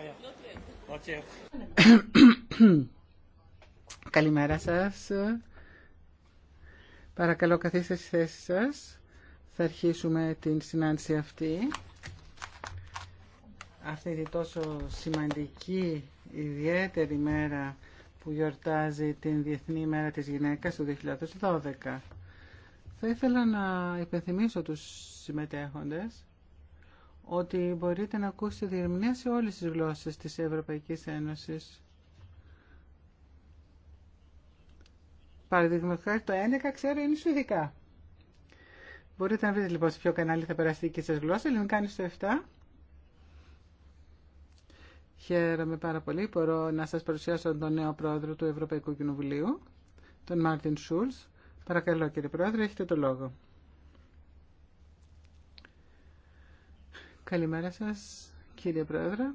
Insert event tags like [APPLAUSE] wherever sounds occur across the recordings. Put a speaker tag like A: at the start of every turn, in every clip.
A: [COUGHS]
B: Καλημέρα σας. Παρακαλώ καθίστε στις θέσεις σας. Θα αρχίσουμε την συνάντηση αυτή. Αυτή τη τόσο σημαντική, ιδιαίτερη μέρα που γιορτάζει την Διεθνή Μέρα της Γυναίκας του 2012. Θα ήθελα να υπενθυμίσω τους συμμετέχοντες ότι μπορείτε να ακούσετε διερμηνία σε όλες τις γλώσσες της Ευρωπαϊκής Ένωσης. χάρη, το 11 ξέρω είναι σουηδικά. Μπορείτε να βρείτε λοιπόν σε ποιο κανάλι θα περάσει η σας γλώσσα, ελληνικά κάνει στο 7. Χαίρομαι πάρα πολύ. Μπορώ να σας παρουσιάσω τον νέο πρόεδρο του Ευρωπαϊκού Κοινοβουλίου, τον Μάρτιν Σούλς. Παρακαλώ κύριε πρόεδρε, έχετε το λόγο. Καλημέρα σας, κύριε Πρόεδρε.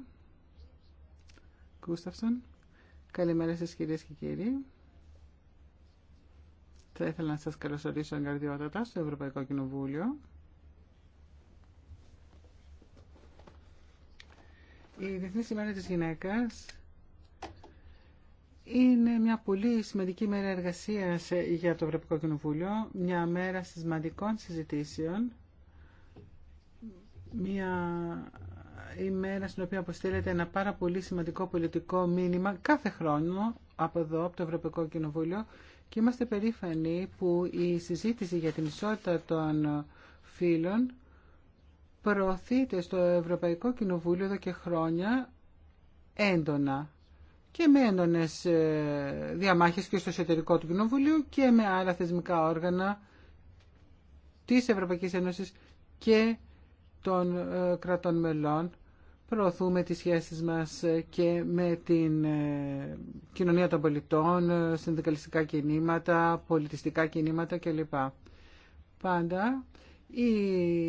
B: Κούσταυσον. Καλημέρα σας, κυρίες και κύριοι. Θα ήθελα να σας καλωσορίσω εγκαρδιότατα στο Ευρωπαϊκό Κοινοβούλιο. Η Διεθνή ημέρα της Γυναίκας είναι μια πολύ σημαντική μέρα εργασίας για το Ευρωπαϊκό Κοινοβούλιο, μια μέρα σημαντικών συζητήσεων μια ημέρα στην οποία αποστέλλεται ένα πάρα πολύ σημαντικό πολιτικό μήνυμα κάθε χρόνο από εδώ, από το Ευρωπαϊκό Κοινοβούλιο και είμαστε περήφανοι που η συζήτηση για την ισότητα των φύλων προωθείται στο Ευρωπαϊκό Κοινοβούλιο εδώ και χρόνια έντονα και με έντονε ε, διαμάχες και στο εσωτερικό του Κοινοβουλίου και με άλλα θεσμικά όργανα της Ευρωπαϊκής Ένωσης και των ε, κρατών μελών. Προωθούμε τις σχέσεις μας ε, και με την ε, κοινωνία των πολιτών, συνδικαλιστικά κινήματα, πολιτιστικά κινήματα κλπ. Πάντα οι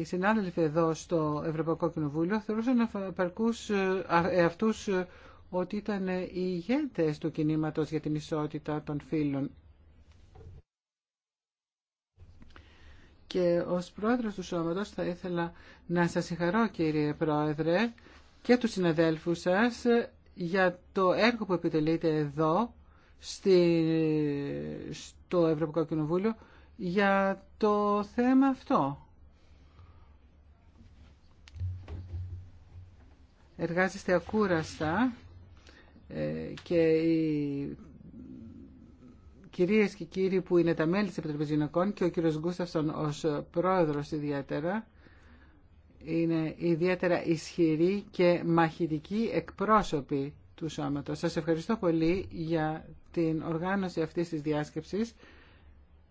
B: συνάδελφοι εδώ στο Ευρωπαϊκό Κοινοβούλιο θεωρούσαν επαρκούς αυτούς ότι ήταν οι ηγέτες του κινήματος για την ισότητα των φίλων. Και ως πρόεδρος του σώματος θα ήθελα να σας συγχαρώ κύριε πρόεδρε και τους συναδέλφους σας για το έργο που επιτελείτε εδώ στη, στο Ευρωπαϊκό Κοινοβούλιο για το θέμα αυτό. Εργάζεστε ακούραστα ε, και η κυρίες και κύριοι που είναι τα μέλη της Επιτροπής Γυναικών και ο κύριος Γκούσταυσον ως πρόεδρος ιδιαίτερα είναι ιδιαίτερα ισχυροί και μαχητικοί εκπρόσωποι του σώματος. Σας ευχαριστώ πολύ για την οργάνωση αυτής της διάσκεψης.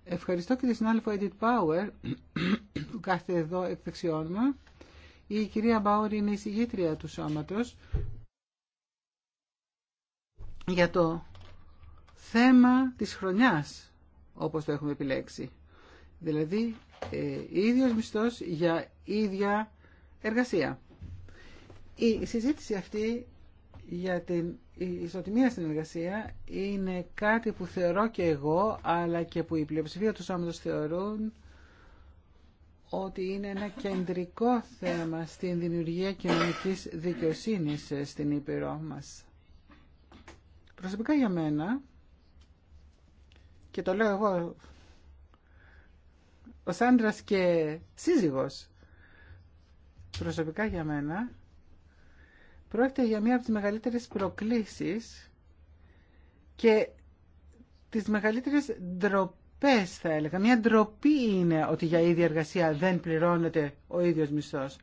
B: Ευχαριστώ και τη συνάδελφο Edit Power [COUGHS] που κάθεται εδώ εκ δεξιών μου. Η κυρία Μπάουρ είναι η συγγήτρια του σώματος για το θέμα της χρονιάς, όπως το έχουμε επιλέξει. Δηλαδή, ε, ίδιος μισθός για ίδια εργασία. Η συζήτηση αυτή για την ισοτιμία στην εργασία είναι κάτι που θεωρώ και εγώ, αλλά και που η πλειοψηφία του σώματος θεωρούν ότι είναι ένα κεντρικό θέμα στην δημιουργία κοινωνικής δικαιοσύνης ε, στην Ήπειρό μας. Προσωπικά για μένα, και το λέω εγώ ο άντρας και σύζυγος προσωπικά για μένα πρόκειται για μία από τις μεγαλύτερες προκλήσεις και τις μεγαλύτερες ντροπέ θα έλεγα. Μια ντροπή είναι ότι για ίδια εργασία δεν πληρώνεται ο ίδιος μισθός.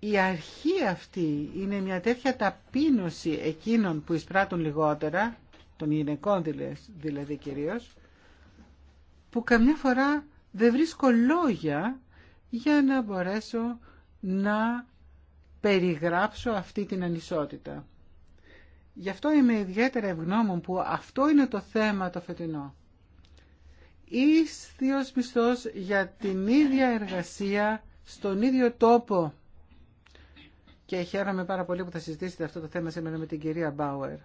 B: Η αρχή αυτή είναι μια τέτοια ταπείνωση εκείνων που εισπράττουν λιγότερα των γυναικών δηλαδή κυρίως, που καμιά φορά δεν βρίσκω λόγια για να μπορέσω να περιγράψω αυτή την ανισότητα. Γι' αυτό είμαι ιδιαίτερα ευγνώμων που αυτό είναι το θέμα το φετινό. Ίσθιος μισθός για την ίδια εργασία στον ίδιο τόπο. Και χαίρομαι πάρα πολύ που θα συζητήσετε αυτό το θέμα σήμερα με την κυρία Μπάουερ.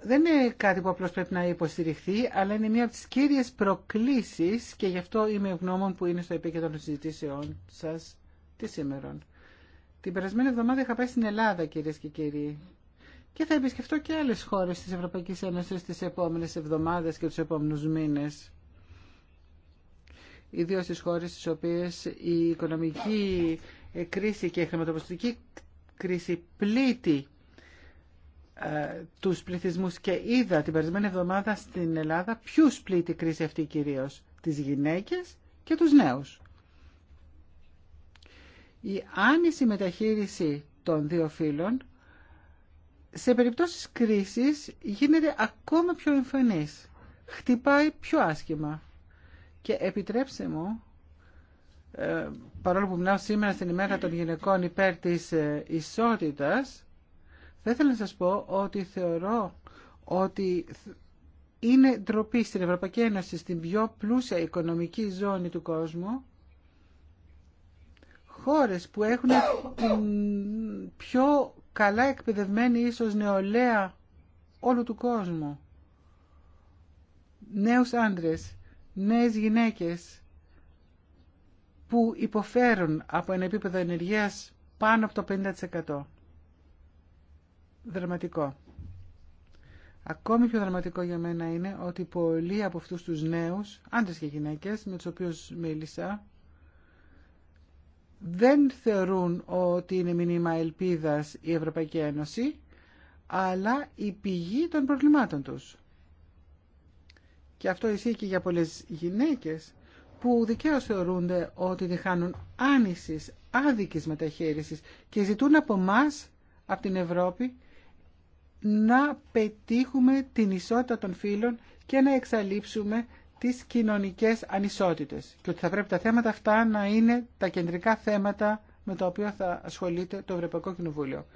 B: δεν είναι κάτι που απλώς πρέπει να υποστηριχθεί, αλλά είναι μία από τις κύριες προκλήσεις και γι' αυτό είμαι ευγνώμων που είναι στο επίκεντρο των συζητήσεών σας τη σήμερα. Την περασμένη εβδομάδα είχα πάει στην Ελλάδα, κυρίε και κύριοι. Και θα επισκεφτώ και άλλες χώρες τη Ευρωπαϊκή Ένωση τι επόμενες εβδομάδε και του επόμενου μήνε. Ιδίω στις χώρε στις οποίε η οικονομική κρίση και η χρηματοπιστική κρίση πλήττει ε, τους πληθυσμούς και είδα την περασμένη εβδομάδα στην Ελλάδα ποιους πλήττει η κρίση αυτή κυρίως, τις γυναίκες και τους νέους. Η άνηση μεταχείριση των δύο φύλων σε περιπτώσεις κρίσης γίνεται ακόμα πιο εμφανής, χτυπάει πιο άσχημα. Και επιτρέψτε μου, ε, παρόλο που μιλάω σήμερα στην ημέρα των γυναικών υπέρ της ε, ισότητας, θα ήθελα να σας πω ότι θεωρώ ότι είναι ντροπή στην Ευρωπαϊκή Ένωση, στην πιο πλούσια οικονομική ζώνη του κόσμου, χώρες που έχουν την πιο καλά εκπαιδευμένη ίσως νεολαία όλου του κόσμου. Νέους άντρες, νέες γυναίκες που υποφέρουν από ένα επίπεδο ενεργείας πάνω από το 50% δραματικό. Ακόμη πιο δραματικό για μένα είναι ότι πολλοί από αυτούς τους νέους, άντρες και γυναίκες, με τους οποίους μίλησα, δεν θεωρούν ότι είναι μηνύμα ελπίδας η Ευρωπαϊκή Ένωση, αλλά η πηγή των προβλημάτων τους. Και αυτό ισχύει και για πολλές γυναίκες που δικαίως θεωρούνται ότι διχανούν χάνουν άνησης, άδικης μεταχείρισης και ζητούν από μας, από την Ευρώπη, να πετύχουμε την ισότητα των φύλων και να εξαλείψουμε τις κοινωνικές ανισότητες και ότι θα πρέπει τα θέματα αυτά να είναι τα κεντρικά θέματα με τα οποία θα ασχολείται το Ευρωπαϊκό Κοινοβούλιο.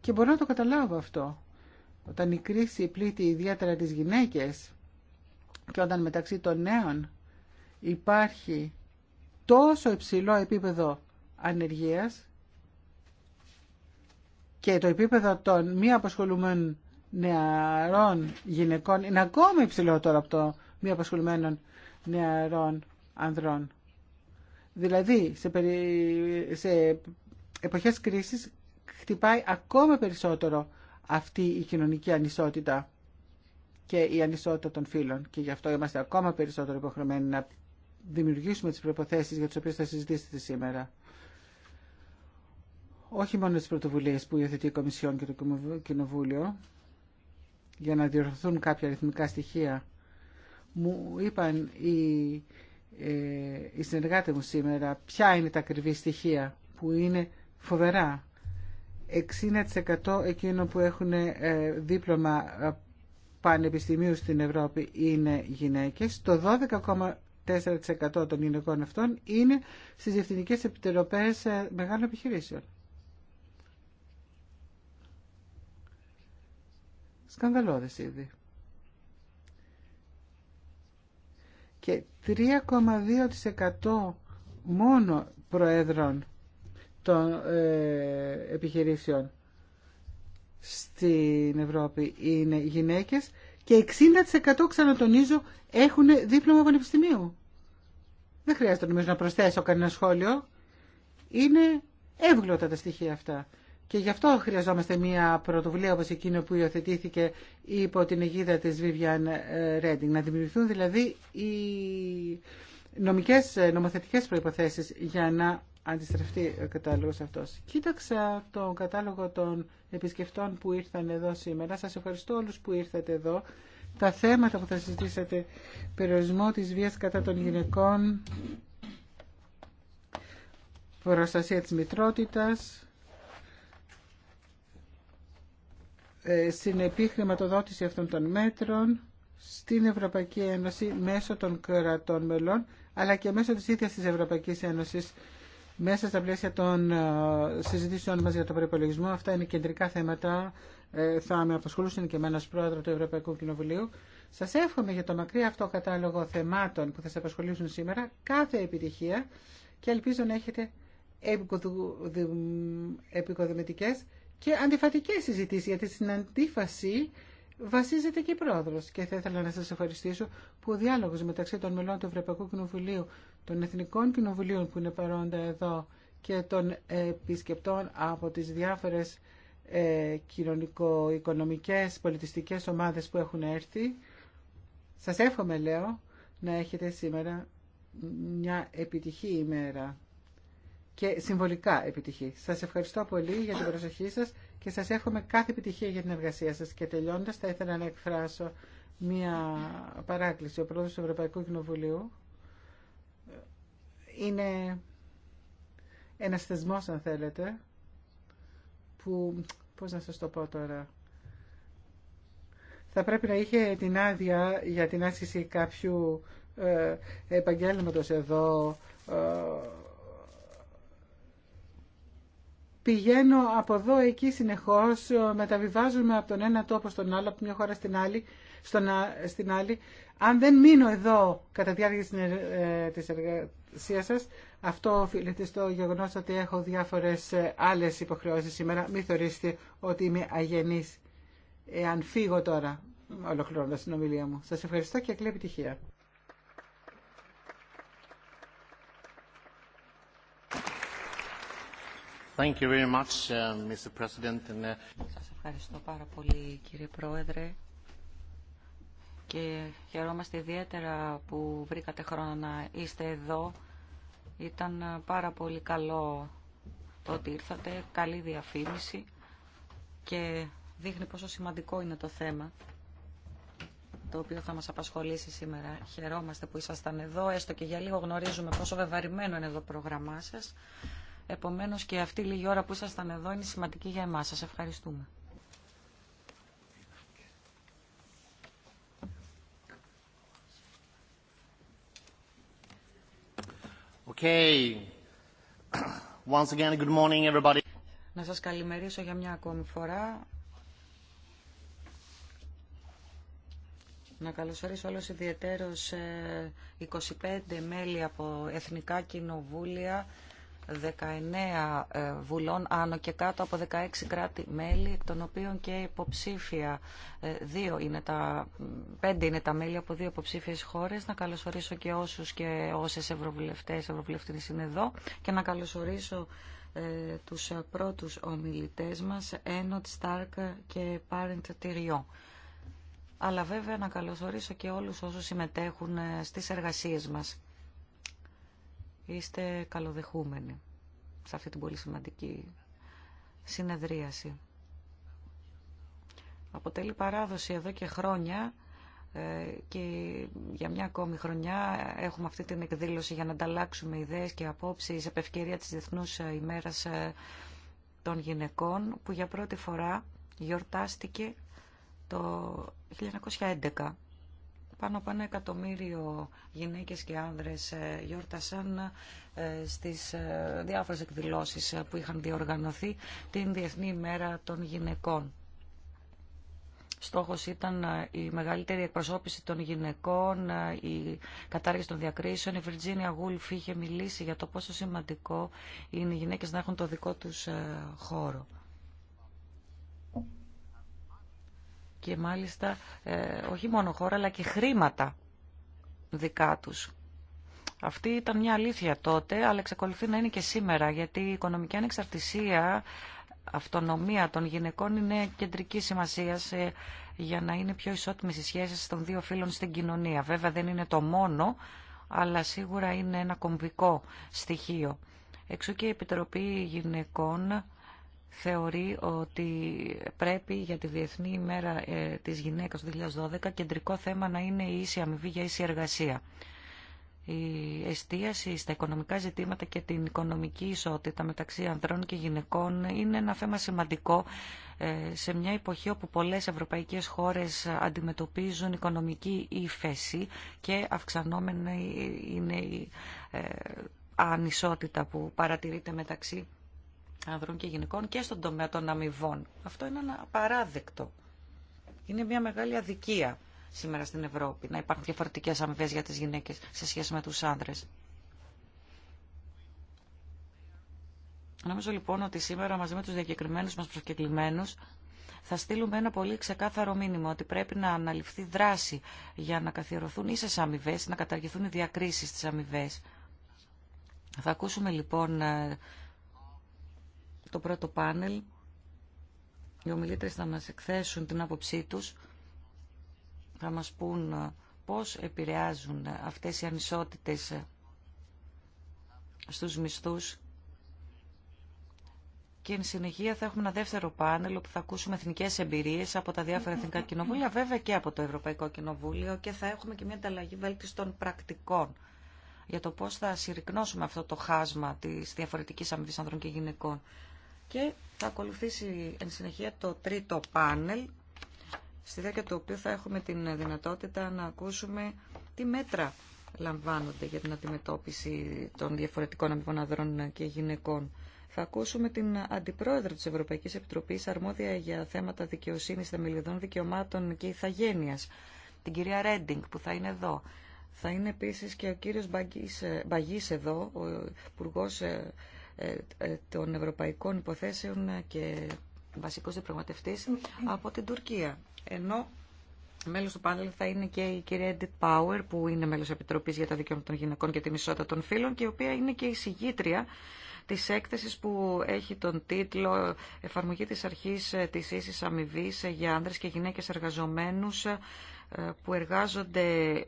B: Και μπορώ να το καταλάβω αυτό. Όταν η κρίση πλήττει ιδιαίτερα τις γυναίκες και όταν μεταξύ των νέων υπάρχει τόσο υψηλό επίπεδο ανεργίας, και το επίπεδο των μη απασχολουμένων νεαρών γυναικών είναι ακόμα υψηλότερο από το μη απασχολουμένων νεαρών ανδρών. Δηλαδή, σε, περι... σε εποχές κρίσης χτυπάει ακόμα περισσότερο αυτή η κοινωνική ανισότητα και η ανισότητα των φίλων. Και γι' αυτό είμαστε ακόμα περισσότερο υποχρεωμένοι να δημιουργήσουμε τις προϋποθέσεις για τις οποίες θα συζητήσετε σήμερα όχι μόνο τις πρωτοβουλίες που υιοθετεί η Κομισιόν και το Κοινοβούλιο για να διορθωθούν κάποια αριθμικά στοιχεία. Μου είπαν οι, ε, συνεργάτες μου σήμερα ποια είναι τα ακριβή στοιχεία που είναι φοβερά. 60% εκείνων που έχουν ε, δίπλωμα ε, πανεπιστημίου στην Ευρώπη είναι γυναίκες. Το 12,4% των γυναικών αυτών είναι στις διευθυντικές επιτροπές ε, μεγάλων επιχειρήσεων. σκανδαλώδες ήδη. Και 3,2% μόνο προέδρων των ε, επιχειρήσεων στην Ευρώπη είναι γυναίκες και 60% ξανατονίζω έχουν δίπλωμα πανεπιστημίου. Δεν χρειάζεται νομίζω να προσθέσω κανένα σχόλιο. Είναι εύγλωτα τα στοιχεία αυτά. Και γι' αυτό χρειαζόμαστε μια πρωτοβουλία όπως εκείνο που υιοθετήθηκε υπό την αιγίδα της Vivian ε, Redding. Να δημιουργηθούν δηλαδή οι νομικές, ε, νομοθετικές προϋποθέσεις για να αντιστρεφτεί ο κατάλογος αυτός. Κοίταξα τον κατάλογο των επισκεφτών που ήρθαν εδώ σήμερα. Σας ευχαριστώ όλους που ήρθατε εδώ. Τα θέματα που θα συζητήσατε, περιορισμό της βίας κατά των γυναικών, προστασία της μητρότητας, Ε, στην επίχρηματοδότηση αυτών των μέτρων στην Ευρωπαϊκή Ένωση μέσω των κρατών μελών αλλά και μέσω της ίδιας της Ευρωπαϊκής Ένωσης μέσα στα πλαίσια των ε, συζητήσεων μας για τον προπολογισμό. Αυτά είναι κεντρικά θέματα. Ε, θα με απασχολούσαν και εμένα ως πρόεδρο του Ευρωπαϊκού Κοινοβουλίου. Σας εύχομαι για το μακρύ αυτό κατάλογο θεμάτων που θα σας απασχολήσουν σήμερα κάθε επιτυχία και ελπίζω να έχετε επικοδομητικές και αντιφατικές συζητήσεις, γιατί στην αντίφαση βασίζεται και η πρόοδος. Και θα ήθελα να σας ευχαριστήσω που ο διάλογος μεταξύ των μελών του Ευρωπαϊκού Κοινοβουλίου, των Εθνικών Κοινοβουλίων που είναι παρόντα εδώ και των επισκεπτών από τις διάφορες ε, κοινωνικο-οικονομικές, πολιτιστικές ομάδες που έχουν έρθει. Σας εύχομαι, λέω, να έχετε σήμερα μια επιτυχή ημέρα και συμβολικά επιτυχή. Σας ευχαριστώ πολύ για την προσοχή σας και σας εύχομαι κάθε επιτυχία για την εργασία σας. Και τελειώντα. θα ήθελα να εκφράσω μία παράκληση. Ο πρόεδρο του Ευρωπαϊκού Κοινοβουλίου ε, είναι ένα θεσμό αν θέλετε, που, πώς να σα το πω τώρα, θα πρέπει να είχε την άδεια για την άσκηση κάποιου ε, επαγγέλματος εδώ, ε, πηγαίνω από εδώ εκεί συνεχώς, ε, μεταβιβάζομαι από τον ένα τόπο στον άλλο, από μια χώρα στην άλλη, στον, στην άλλη. Αν δεν μείνω εδώ κατά διάρκεια ε, της εργασίας σας, αυτό οφείλεται στο γεγονός ότι έχω διάφορες ε, άλλες υποχρεώσεις σήμερα. Μην θεωρήσετε ότι είμαι αγενής εάν φύγω τώρα, ολοκληρώνοντα την ομιλία μου. Σας ευχαριστώ και καλή επιτυχία.
C: Uh, uh, σας
D: ευχαριστώ πάρα πολύ κύριε Πρόεδρε και χαιρόμαστε ιδιαίτερα που βρήκατε χρόνο να είστε εδώ. Ήταν ε, πάρα πολύ καλό το ότι ήρθατε, καλή διαφήμιση και δείχνει πόσο σημαντικό είναι το θέμα το οποίο θα μας απασχολήσει σήμερα. Χαιρόμαστε που ήσασταν εδώ, έστω και για λίγο γνωρίζουμε πόσο βεβαρημένο είναι το πρόγραμμά σας. Επομένως και αυτή η λίγη ώρα που ήσασταν εδώ είναι σημαντική για εμάς. Σας ευχαριστούμε.
C: Okay. Once again, good morning everybody.
D: Να σας καλημερίσω για μια ακόμη φορά. Να καλωσορίσω όλους ιδιαίτερως 25 ε, μέλη από Εθνικά Κοινοβούλια 19 ε, βουλών άνω και κάτω από 16 κράτη-μέλη, των οποίων και υποψήφια ε, δύο είναι τα, πέντε είναι τα μέλη από δύο υποψήφιες χώρες. Να καλωσορίσω και όσους και όσες ευρωβουλευτές, ευρωβουλευτές είναι εδώ και να καλωσορίσω ε, τους πρώτους ομιλητές μας, Ένοτ Στάρκ και Πάρεντ Τυριό. Αλλά βέβαια να καλωσορίσω και όλους όσους συμμετέχουν ε, στις εργασίες μας είστε καλοδεχούμενοι σε αυτή την πολύ σημαντική συνεδρίαση. Αποτελεί παράδοση εδώ και χρόνια ε, και για μια ακόμη χρονιά έχουμε αυτή την εκδήλωση για να ανταλλάξουμε ιδέες και απόψεις επ' ευκαιρία της Διεθνούς ημέρας ε, των γυναικών που για πρώτη φορά γιορτάστηκε το 1911 πάνω από ένα εκατομμύριο γυναίκες και άνδρες ε, γιόρτασαν ε, στις ε, διάφορες εκδηλώσεις που είχαν διοργανωθεί την Διεθνή μέρα των γυναικών. Στόχος ήταν η μεγαλύτερη εκπροσώπηση των γυναικών, η κατάργηση των διακρίσεων. Η Βιρτζίνια Γούλφ είχε μιλήσει για το πόσο σημαντικό είναι οι γυναίκες να έχουν το δικό τους χώρο. και μάλιστα ε, όχι μόνο χώρα αλλά και χρήματα δικά τους. Αυτή ήταν μια αλήθεια τότε, αλλά εξακολουθεί να είναι και σήμερα, γιατί η οικονομική ανεξαρτησία, αυτονομία των γυναικών είναι κεντρική σημασία για να είναι πιο ισότιμες οι σχέσεις των δύο φίλων στην κοινωνία. Βέβαια δεν είναι το μόνο, αλλά σίγουρα είναι ένα κομβικό στοιχείο. Εξού και η Επιτροπή Γυναικών θεωρεί ότι πρέπει για τη Διεθνή ημέρα ε, της γυναίκας του 2012 κεντρικό θέμα να είναι η ίση αμοιβή για ίση εργασία. Η εστίαση στα οικονομικά ζητήματα και την οικονομική ισότητα μεταξύ ανδρών και γυναικών είναι ένα θέμα σημαντικό ε, σε μια εποχή όπου πολλές ευρωπαϊκές χώρες αντιμετωπίζουν οικονομική ύφεση και αυξανόμενη είναι η ε, ανισότητα που παρατηρείται μεταξύ ανδρών και γυναικών και στον τομέα των αμοιβών. Αυτό είναι ένα απαράδεκτο. Είναι μια μεγάλη αδικία σήμερα στην Ευρώπη να υπάρχουν διαφορετικές αμοιβέ για τις γυναίκες σε σχέση με τους άνδρες. Νομίζω λοιπόν ότι σήμερα μαζί με τους διακεκριμένους μας προσκεκλημένους θα στείλουμε ένα πολύ ξεκάθαρο μήνυμα ότι πρέπει να αναλυφθεί δράση για να καθιερωθούν ίσες αμοιβέ, να καταργηθούν οι διακρίσεις στις αμοιβέ. Θα ακούσουμε λοιπόν το πρώτο πάνελ. Οι ομιλήτρες θα μας εκθέσουν την άποψή τους, θα μας πούν ε, πώς επηρεάζουν αυτές οι ανισότητες ε, στους μισθούς και εν συνεχεία θα έχουμε ένα δεύτερο πάνελ όπου θα ακούσουμε εθνικέ εμπειρίε από τα διάφορα εθνικά κοινοβούλια, βέβαια και από το Ευρωπαϊκό Κοινοβούλιο και θα έχουμε και μια ανταλλαγή βέλτιστων πρακτικών για το πώ θα συρρυκνώσουμε αυτό το χάσμα τη διαφορετική αμοιβή ανδρών και γυναικών. Και θα ακολουθήσει εν συνεχεία το τρίτο πάνελ, στη διάρκεια του οποίου θα έχουμε την δυνατότητα να ακούσουμε τι μέτρα λαμβάνονται για την αντιμετώπιση των διαφορετικών αμοιβών αδρών και γυναικών. Θα ακούσουμε την Αντιπρόεδρο της Ευρωπαϊκής Επιτροπής αρμόδια για θέματα δικαιοσύνης, θεμελιωδών δικαιωμάτων και ηθαγένειας, την κυρία Ρέντινγκ που θα είναι εδώ. Θα είναι επίσης και ο κύριος ε, Μπαγής, εδώ, ο υπουργό. Ε, ε, ε, των ευρωπαϊκών υποθέσεων και βασικός διαπραγματευτής από την Τουρκία. Ενώ μέλος του πάνελ θα είναι και η κυρία Edith Power που είναι μέλος Επιτροπής για τα Δικαιώματα των Γυναικών και τη Μισότητα των Φύλων και η οποία είναι και η συγγήτρια της έκθεσης που έχει τον τίτλο «Εφαρμογή της αρχής της ίσης αμοιβή για άνδρες και γυναίκες εργαζομένους ε, που εργάζονται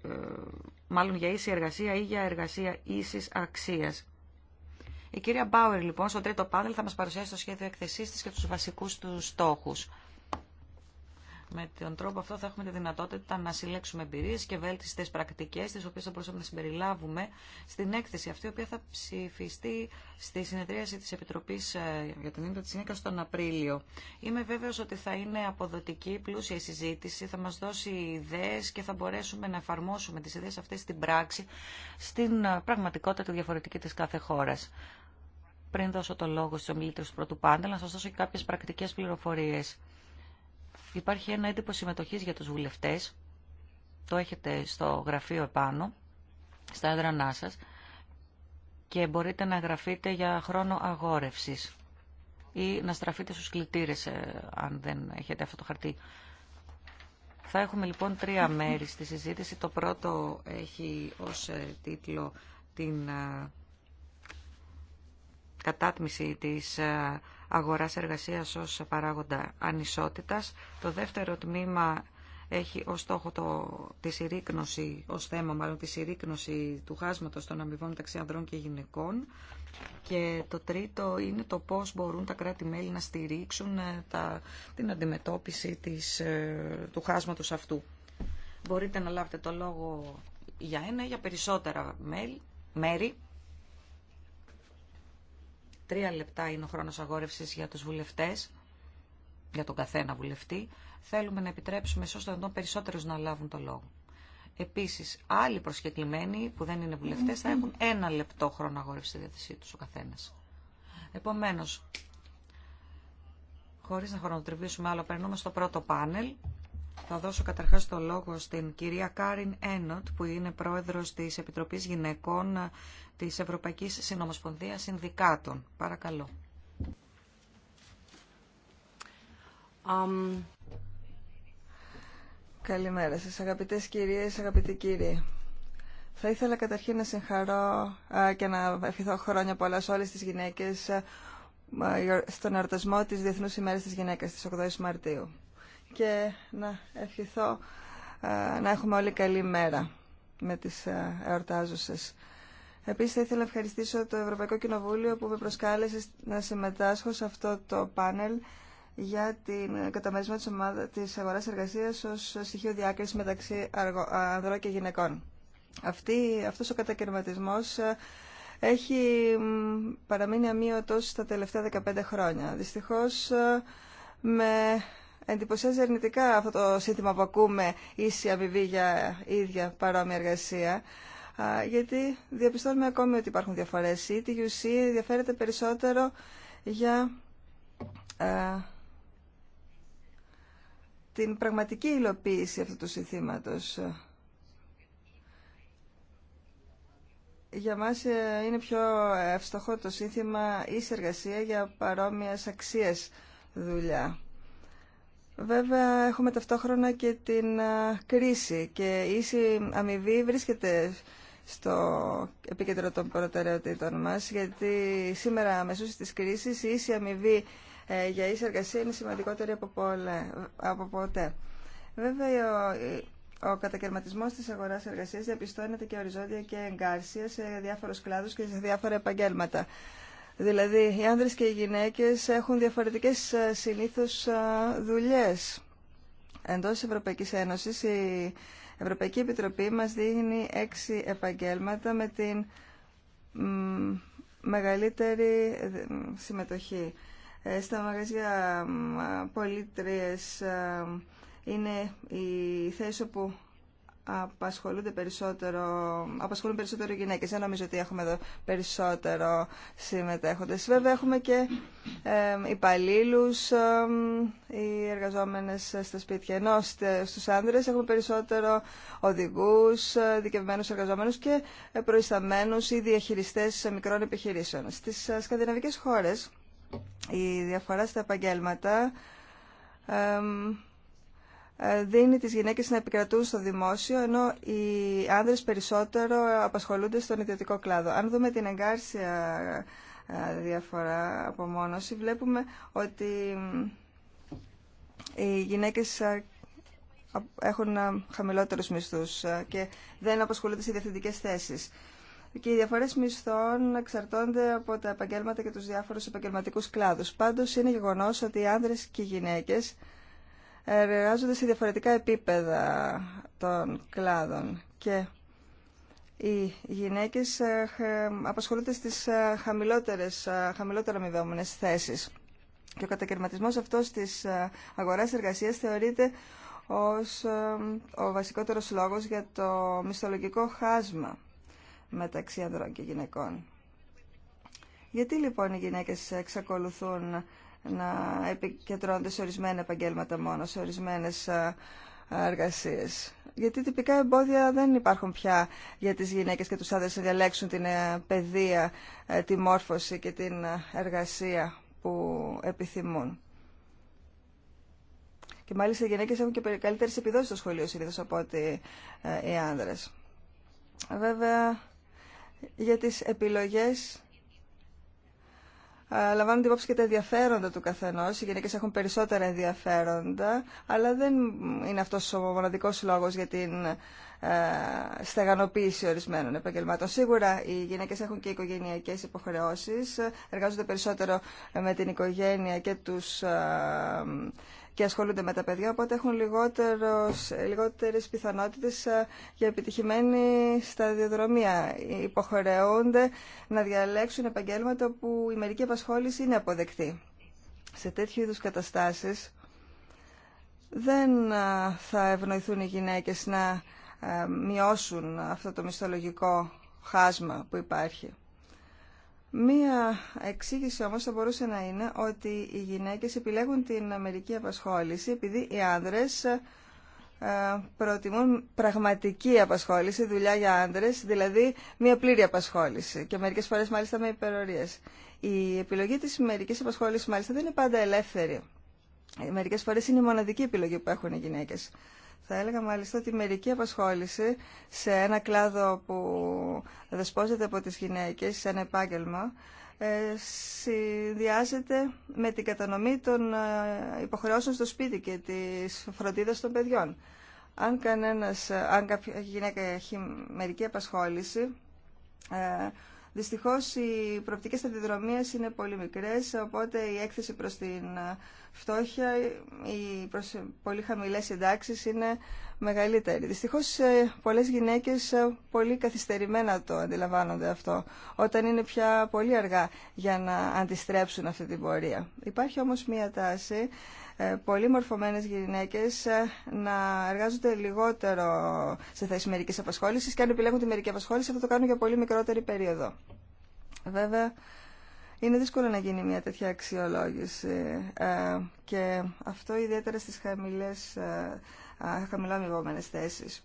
D: μάλλον για ίση εργασία ή για εργασία ίσης αξίας». Η κυρία Μπάουερ, λοιπόν, στο τρίτο πάνελ θα μας παρουσιάσει το σχέδιο εκθεσής της και τους βασικούς του στόχους. Με τον τρόπο αυτό θα έχουμε τη δυνατότητα να συλλέξουμε εμπειρίε και βέλτιστες πρακτικέ τις οποίε θα μπορούσαμε να συμπεριλάβουμε στην έκθεση αυτή, η οποία θα ψηφιστεί στη συνεδρίαση τη Επιτροπή ε, για την Ήπειρο τη Νίκας τον Απρίλιο. Είμαι βέβαιο ότι θα είναι αποδοτική, πλούσια η συζήτηση, θα μα δώσει ιδέε και θα μπορέσουμε να εφαρμόσουμε τι ιδέε αυτέ στην πράξη, στην ε, πραγματικότητα τη διαφορετική τη κάθε χώρα πριν δώσω το λόγο στους ομιλήτρους του πρώτου πάντα, να σας δώσω και κάποιες πρακτικές πληροφορίες. Υπάρχει ένα έντυπο συμμετοχή για τους βουλευτές. Το έχετε στο γραφείο επάνω, στα έδρανά σας. Και μπορείτε να γραφείτε για χρόνο αγόρευσης ή να στραφείτε στους κλητήρες, ε, αν δεν έχετε αυτό το χαρτί. Θα έχουμε λοιπόν τρία μέρη στη συζήτηση. Το πρώτο έχει ως ε, τίτλο την ε, κατάτμιση της ε, αγοράς εργασίας ως παράγοντα ανισότητας. Το δεύτερο τμήμα έχει ως στόχο το, τη συρρήκνωση, ως θέμα μάλλον τη συρρήκνωση του χάσματος των αμοιβών μεταξύ ανδρών και γυναικών. Και το τρίτο είναι το πώς μπορούν τα κράτη-μέλη να στηρίξουν ε, τα, την αντιμετώπιση της, ε, του χάσματος αυτού. Μπορείτε να λάβετε το λόγο για ένα ή για περισσότερα μέλη, μέρη. Τρία λεπτά είναι ο χρόνος αγόρευσης για τους βουλευτές, για τον καθένα βουλευτή. Θέλουμε να επιτρέψουμε να τον περισσότερους να λάβουν το λόγο. Επίσης, άλλοι προσκεκλημένοι που δεν είναι βουλευτές θα έχουν ένα λεπτό χρόνο αγόρευση στη διάθεσή τους ο καθένας. Επομένως, χωρίς να χρονοτριβήσουμε άλλο, περνούμε στο πρώτο πάνελ. Θα δώσω καταρχάς το λόγο στην κυρία Κάριν Ένοτ, που είναι πρόεδρος της Επιτροπής Γυναικών της Ευρωπαϊκής Συνομοσπονδίας
A: Συνδικάτων. Παρακαλώ. Καλημέρα σας, αγαπητές κυρίες, αγαπητοί κύριοι. Θα ήθελα καταρχήν να συγχαρώ και να ευχηθώ χρόνια πολλά σε όλες τις γυναίκες στον εορτασμό της Διεθνούς ημέρας της γυναίκας της 8 Μαρτίου και να ευχηθώ ε, να έχουμε όλοι καλή μέρα με τις ε, εορτάζουσες. Επίσης θα ήθελα να ευχαριστήσω το Ευρωπαϊκό Κοινοβούλιο που με προσκάλεσε να συμμετάσχω σε αυτό το πάνελ για την καταμερισμό της, ομάδα, της αγοράς εργασίας ως στοιχείο διάκρισης μεταξύ ανδρών και γυναικών. Αυτή, αυτός ο κατακαιρματισμός ε, έχει παραμείνει αμύωτος στα τελευταία 15 χρόνια. Δυστυχώς με εντυπωσιάζει αρνητικά αυτό το σύνθημα που ακούμε ίση αμοιβή για ίδια παρόμοια εργασία. Γιατί διαπιστώνουμε ακόμη ότι υπάρχουν διαφορές. Η TUC ενδιαφέρεται περισσότερο για την πραγματική υλοποίηση αυτού του συνθήματος. Για μας ε, είναι πιο ευστοχό το σύνθημα ίση εργασία για παρόμοια αξίες δουλειά. Βέβαια έχουμε ταυτόχρονα και την κρίση και η ίση αμοιβή βρίσκεται στο επίκεντρο των προτεραιοτήτων μας γιατί σήμερα αμέσως της κρίσης η ίση αμοιβή ε, για ίση εργασία είναι σημαντικότερη από, από ποτέ. Βέβαια ο, ο κατακαιρματισμός της αγοράς εργασίας διαπιστώνεται και οριζόντια και εγκάρσια σε διάφορους κλάδους και σε διάφορα επαγγέλματα. Δηλαδή, οι άνδρες και οι γυναίκες έχουν διαφορετικές ε, συνήθως ε, δουλειές. Εντός της Ευρωπαϊκής Ένωσης, η Ευρωπαϊκή Επιτροπή μας δίνει έξι επαγγέλματα με την μεγαλύτερη συμμετοχή. Ε, στα μαγαζιά πολίτριες είναι η θέση όπου απασχολούνται περισσότερο, απασχολούν περισσότερο οι γυναίκες. Δεν νομίζω ότι έχουμε εδώ περισσότερο συμμετέχοντες. Βέβαια έχουμε και ε, υπαλλήλου, οι εργαζόμενες στα σπίτια. Ενώ στους άνδρες έχουμε περισσότερο οδηγούς, ε, δικαιωμένους εργαζόμενους και ε, προϊσταμένους ή διαχειριστές μικρών επιχειρήσεων. Στις ε, σκανδιναβικές χώρες η διαφορά στα επαγγέλματα... Ε, δίνει τις γυναίκες να επικρατούν στο δημόσιο, ενώ οι άνδρες περισσότερο απασχολούνται στον ιδιωτικό κλάδο. Αν δούμε την εγκάρσια ε, διαφορά από μόνωση, βλέπουμε ότι ε, οι γυναίκες έχουν χαμηλότερους μισθούς και δεν απασχολούνται σε διευθυντικές θέσεις. Και οι διαφορές μισθών εξαρτώνται από τα επαγγέλματα και τους διάφορους επαγγελματικούς κλάδους. Πάντως είναι γεγονός ότι οι άνδρες και οι γυναίκες εργάζονται σε διαφορετικά επίπεδα των κλάδων και οι γυναίκες ε, απασχολούνται στις ε, χαμηλότερες, ε, χαμηλότερα μηδόμενες θέσεις. Και ο κατακαιρματισμός αυτός της αγοράς εργασίας θεωρείται ως ο βασικότερος λόγος για το μισθολογικό χάσμα μεταξύ ανδρών και γυναικών. Γιατί λοιπόν οι γυναίκες εξακολουθούν να επικεντρώνονται σε ορισμένα επαγγέλματα μόνο, σε ορισμένες εργασίες. Γιατί τυπικά εμπόδια δεν υπάρχουν πια για τις γυναίκες και τους άντρες να διαλέξουν την ε, παιδεία, ε, τη μόρφωση και την ε, εργασία που επιθυμούν. Και μάλιστα οι γυναίκες έχουν και καλύτερες επιδόσεις στο σχολείο συνήθως από ότι οι άνδρες. Βέβαια, για τις επιλογές λαμβάνονται υπόψη και τα ενδιαφέροντα του καθενό. Οι γυναίκε έχουν περισσότερα ενδιαφέροντα, αλλά δεν είναι αυτό ο μοναδικό λόγο για την ε, στεγανοποίηση ορισμένων επαγγελμάτων. Σίγουρα οι γυναίκε έχουν και οικογενειακέ υποχρεώσει, εργάζονται περισσότερο με την οικογένεια και του ε, και ασχολούνται με τα παιδιά, οπότε έχουν λιγότερε λιγότερες πιθανότητες για επιτυχημένη σταδιοδρομία. Υποχρεούνται να διαλέξουν επαγγέλματα που η μερική απασχόληση είναι αποδεκτή. Σε τέτοιου είδου καταστάσεις δεν θα ευνοηθούν οι γυναίκες να μειώσουν αυτό το μισθολογικό χάσμα που υπάρχει. Μία εξήγηση όμως θα μπορούσε να είναι ότι οι γυναίκες επιλέγουν την αμερική απασχόληση επειδή οι άνδρες ε, προτιμούν πραγματική απασχόληση, δουλειά για ανδρε δηλαδή μία πλήρη απασχόληση και μερικές φορές μάλιστα με υπερορίες. Η επιλογή της μερικής απασχόλησης μάλιστα δεν είναι πάντα ελεύθερη. Ε, μερικές φορές είναι η μοναδική επιλογή που έχουν οι γυναίκες. Θα έλεγα μάλιστα ότι μερική απασχόληση σε ένα κλάδο που δεσπόζεται από τις γυναίκες, σε ένα επάγγελμα, ε, συνδυάζεται με την κατανομή των ε, υποχρεώσεων στο σπίτι και της φροντίδας των παιδιών. Αν, κανένας, ε, αν κάποια γυναίκα έχει μερική απασχόληση, Δυστυχώ, οι προοπτικέ αντιδρομίε είναι πολύ μικρές, οπότε η έκθεση προς την ε, φτώχεια, οι προς ε, πολύ χαμηλέ συντάξει είναι μεγαλύτερη. Δυστυχώς ε, πολλές γυναίκες πολύ καθυστερημένα το αντιλαμβάνονται αυτό, όταν είναι πια πολύ αργά για να αντιστρέψουν αυτή την πορεία. Υπάρχει όμως μία τάση ε, πολύ μορφωμένες γυναίκες ε, να εργάζονται λιγότερο σε θέση μερική απασχόλησης και αν επιλέγουν τη μερική απασχόληση θα το κάνουν για πολύ μικρότερη περίοδο. Βέβαια, είναι δύσκολο να γίνει μια τέτοια αξιολόγηση ε, και αυτό ιδιαίτερα στις χαμηλές, χαμηλά αμοιβόμενες θέσεις.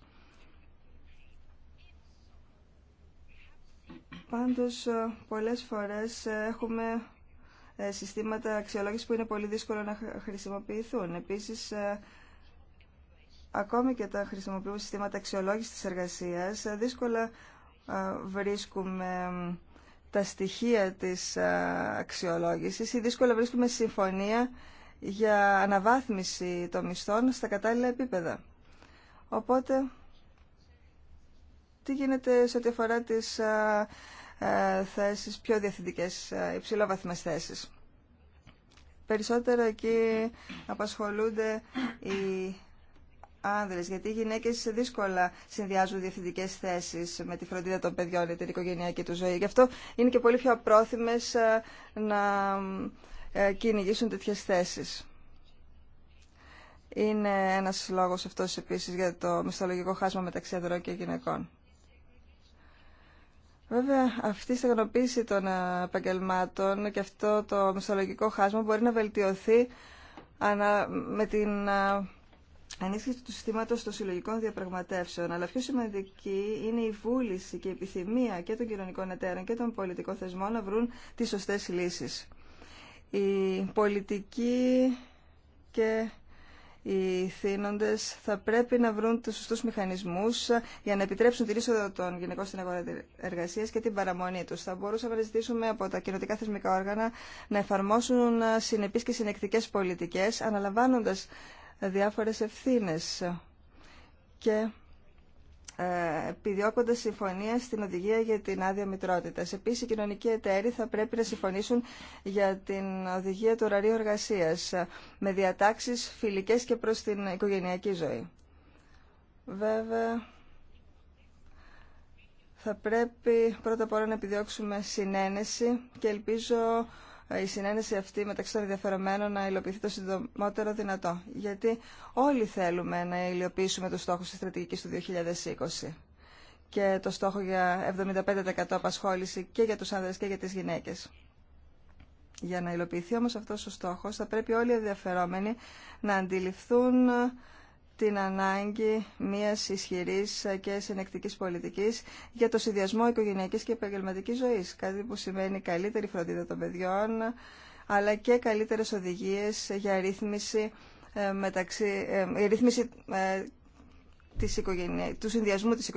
A: Πάντως, πολλές φορές έχουμε ε, συστήματα αξιολόγηση που είναι πολύ δύσκολο να χρησιμοποιηθούν. Επίσης, ε, ακόμη και όταν χρησιμοποιούμε συστήματα αξιολόγηση τη εργασίας, ε, δύσκολα βρίσκουμε τα στοιχεία της αξιολόγησης ή δύσκολα βρίσκουμε συμφωνία για αναβάθμιση των μισθών στα κατάλληλα επίπεδα. Οπότε, τι γίνεται σε ό,τι αφορά τις ε, θέσεις, πιο διευθυντικές ε, υψηλόβαθμες θέσεις. Περισσότερο εκεί απασχολούνται οι άνδρες, γιατί οι γυναίκες δύσκολα συνδυάζουν διευθυντικές θέσεις με τη φροντίδα των παιδιών ή την και του ζωή. Γι' αυτό είναι και πολύ πιο απρόθυμες ε, να κυνηγήσουν τέτοιες θέσεις. Είναι ένας λόγος αυτός επίσης για το μισθολογικό χάσμα μεταξύ ανδρών και γυναικών. Βέβαια, αυτή η στεγνοποίηση των ε, επαγγελμάτων και αυτό το μισθολογικό χάσμα μπορεί να βελτιωθεί με την ανίσχυση ε, του συστήματο των συλλογικών διαπραγματεύσεων. Αλλά πιο σημαντική είναι η βούληση και η επιθυμία και των κοινωνικών εταίρων και των πολιτικών θεσμών να βρουν τι σωστέ λύσεις. Η πολιτική και οι θύνοντες θα πρέπει να βρουν τους σωστούς μηχανισμούς ε, για να επιτρέψουν την είσοδο των γυναικών στην αγορά εργασίας και την παραμονή τους. Θα μπορούσαμε να ζητήσουμε από τα κοινοτικά θεσμικά όργανα να εφαρμόσουν ε, συνεπείς και συνεκτικές πολιτικές, αναλαμβάνοντας ε, διάφορες ευθύνες και ε, επιδιώκοντα συμφωνία στην οδηγία για την άδεια μητρότητα. Επίση, οι κοινωνικοί εταίροι θα πρέπει να συμφωνήσουν για την οδηγία του ωραρίου εργασία με διατάξει φιλικέ και προ την οικογενειακή ζωή. Βέβαια, θα πρέπει πρώτα απ' όλα να επιδιώξουμε συνένεση και ελπίζω η συνένεση αυτή μεταξύ των ενδιαφερομένων να υλοποιηθεί το συντομότερο δυνατό. Γιατί όλοι θέλουμε να υλοποιήσουμε το στόχο τη στρατηγική του 2020 και το στόχο για 75% απασχόληση και για τους άνδρες και για τις γυναίκες. Για να υλοποιηθεί όμως αυτός ο στόχος θα πρέπει όλοι οι ενδιαφερόμενοι να αντιληφθούν την ανάγκη μιας ισχυρής και συνεκτικής πολιτικής για το συνδυασμό οικογενειακής και επαγγελματικής ζωής, κάτι που σημαίνει καλύτερη φροντίδα των παιδιών, αλλά και καλύτερες οδηγίες για ρύθμιση, ε, μεταξύ, ε, ρύθμιση ε, της του συνδυασμού της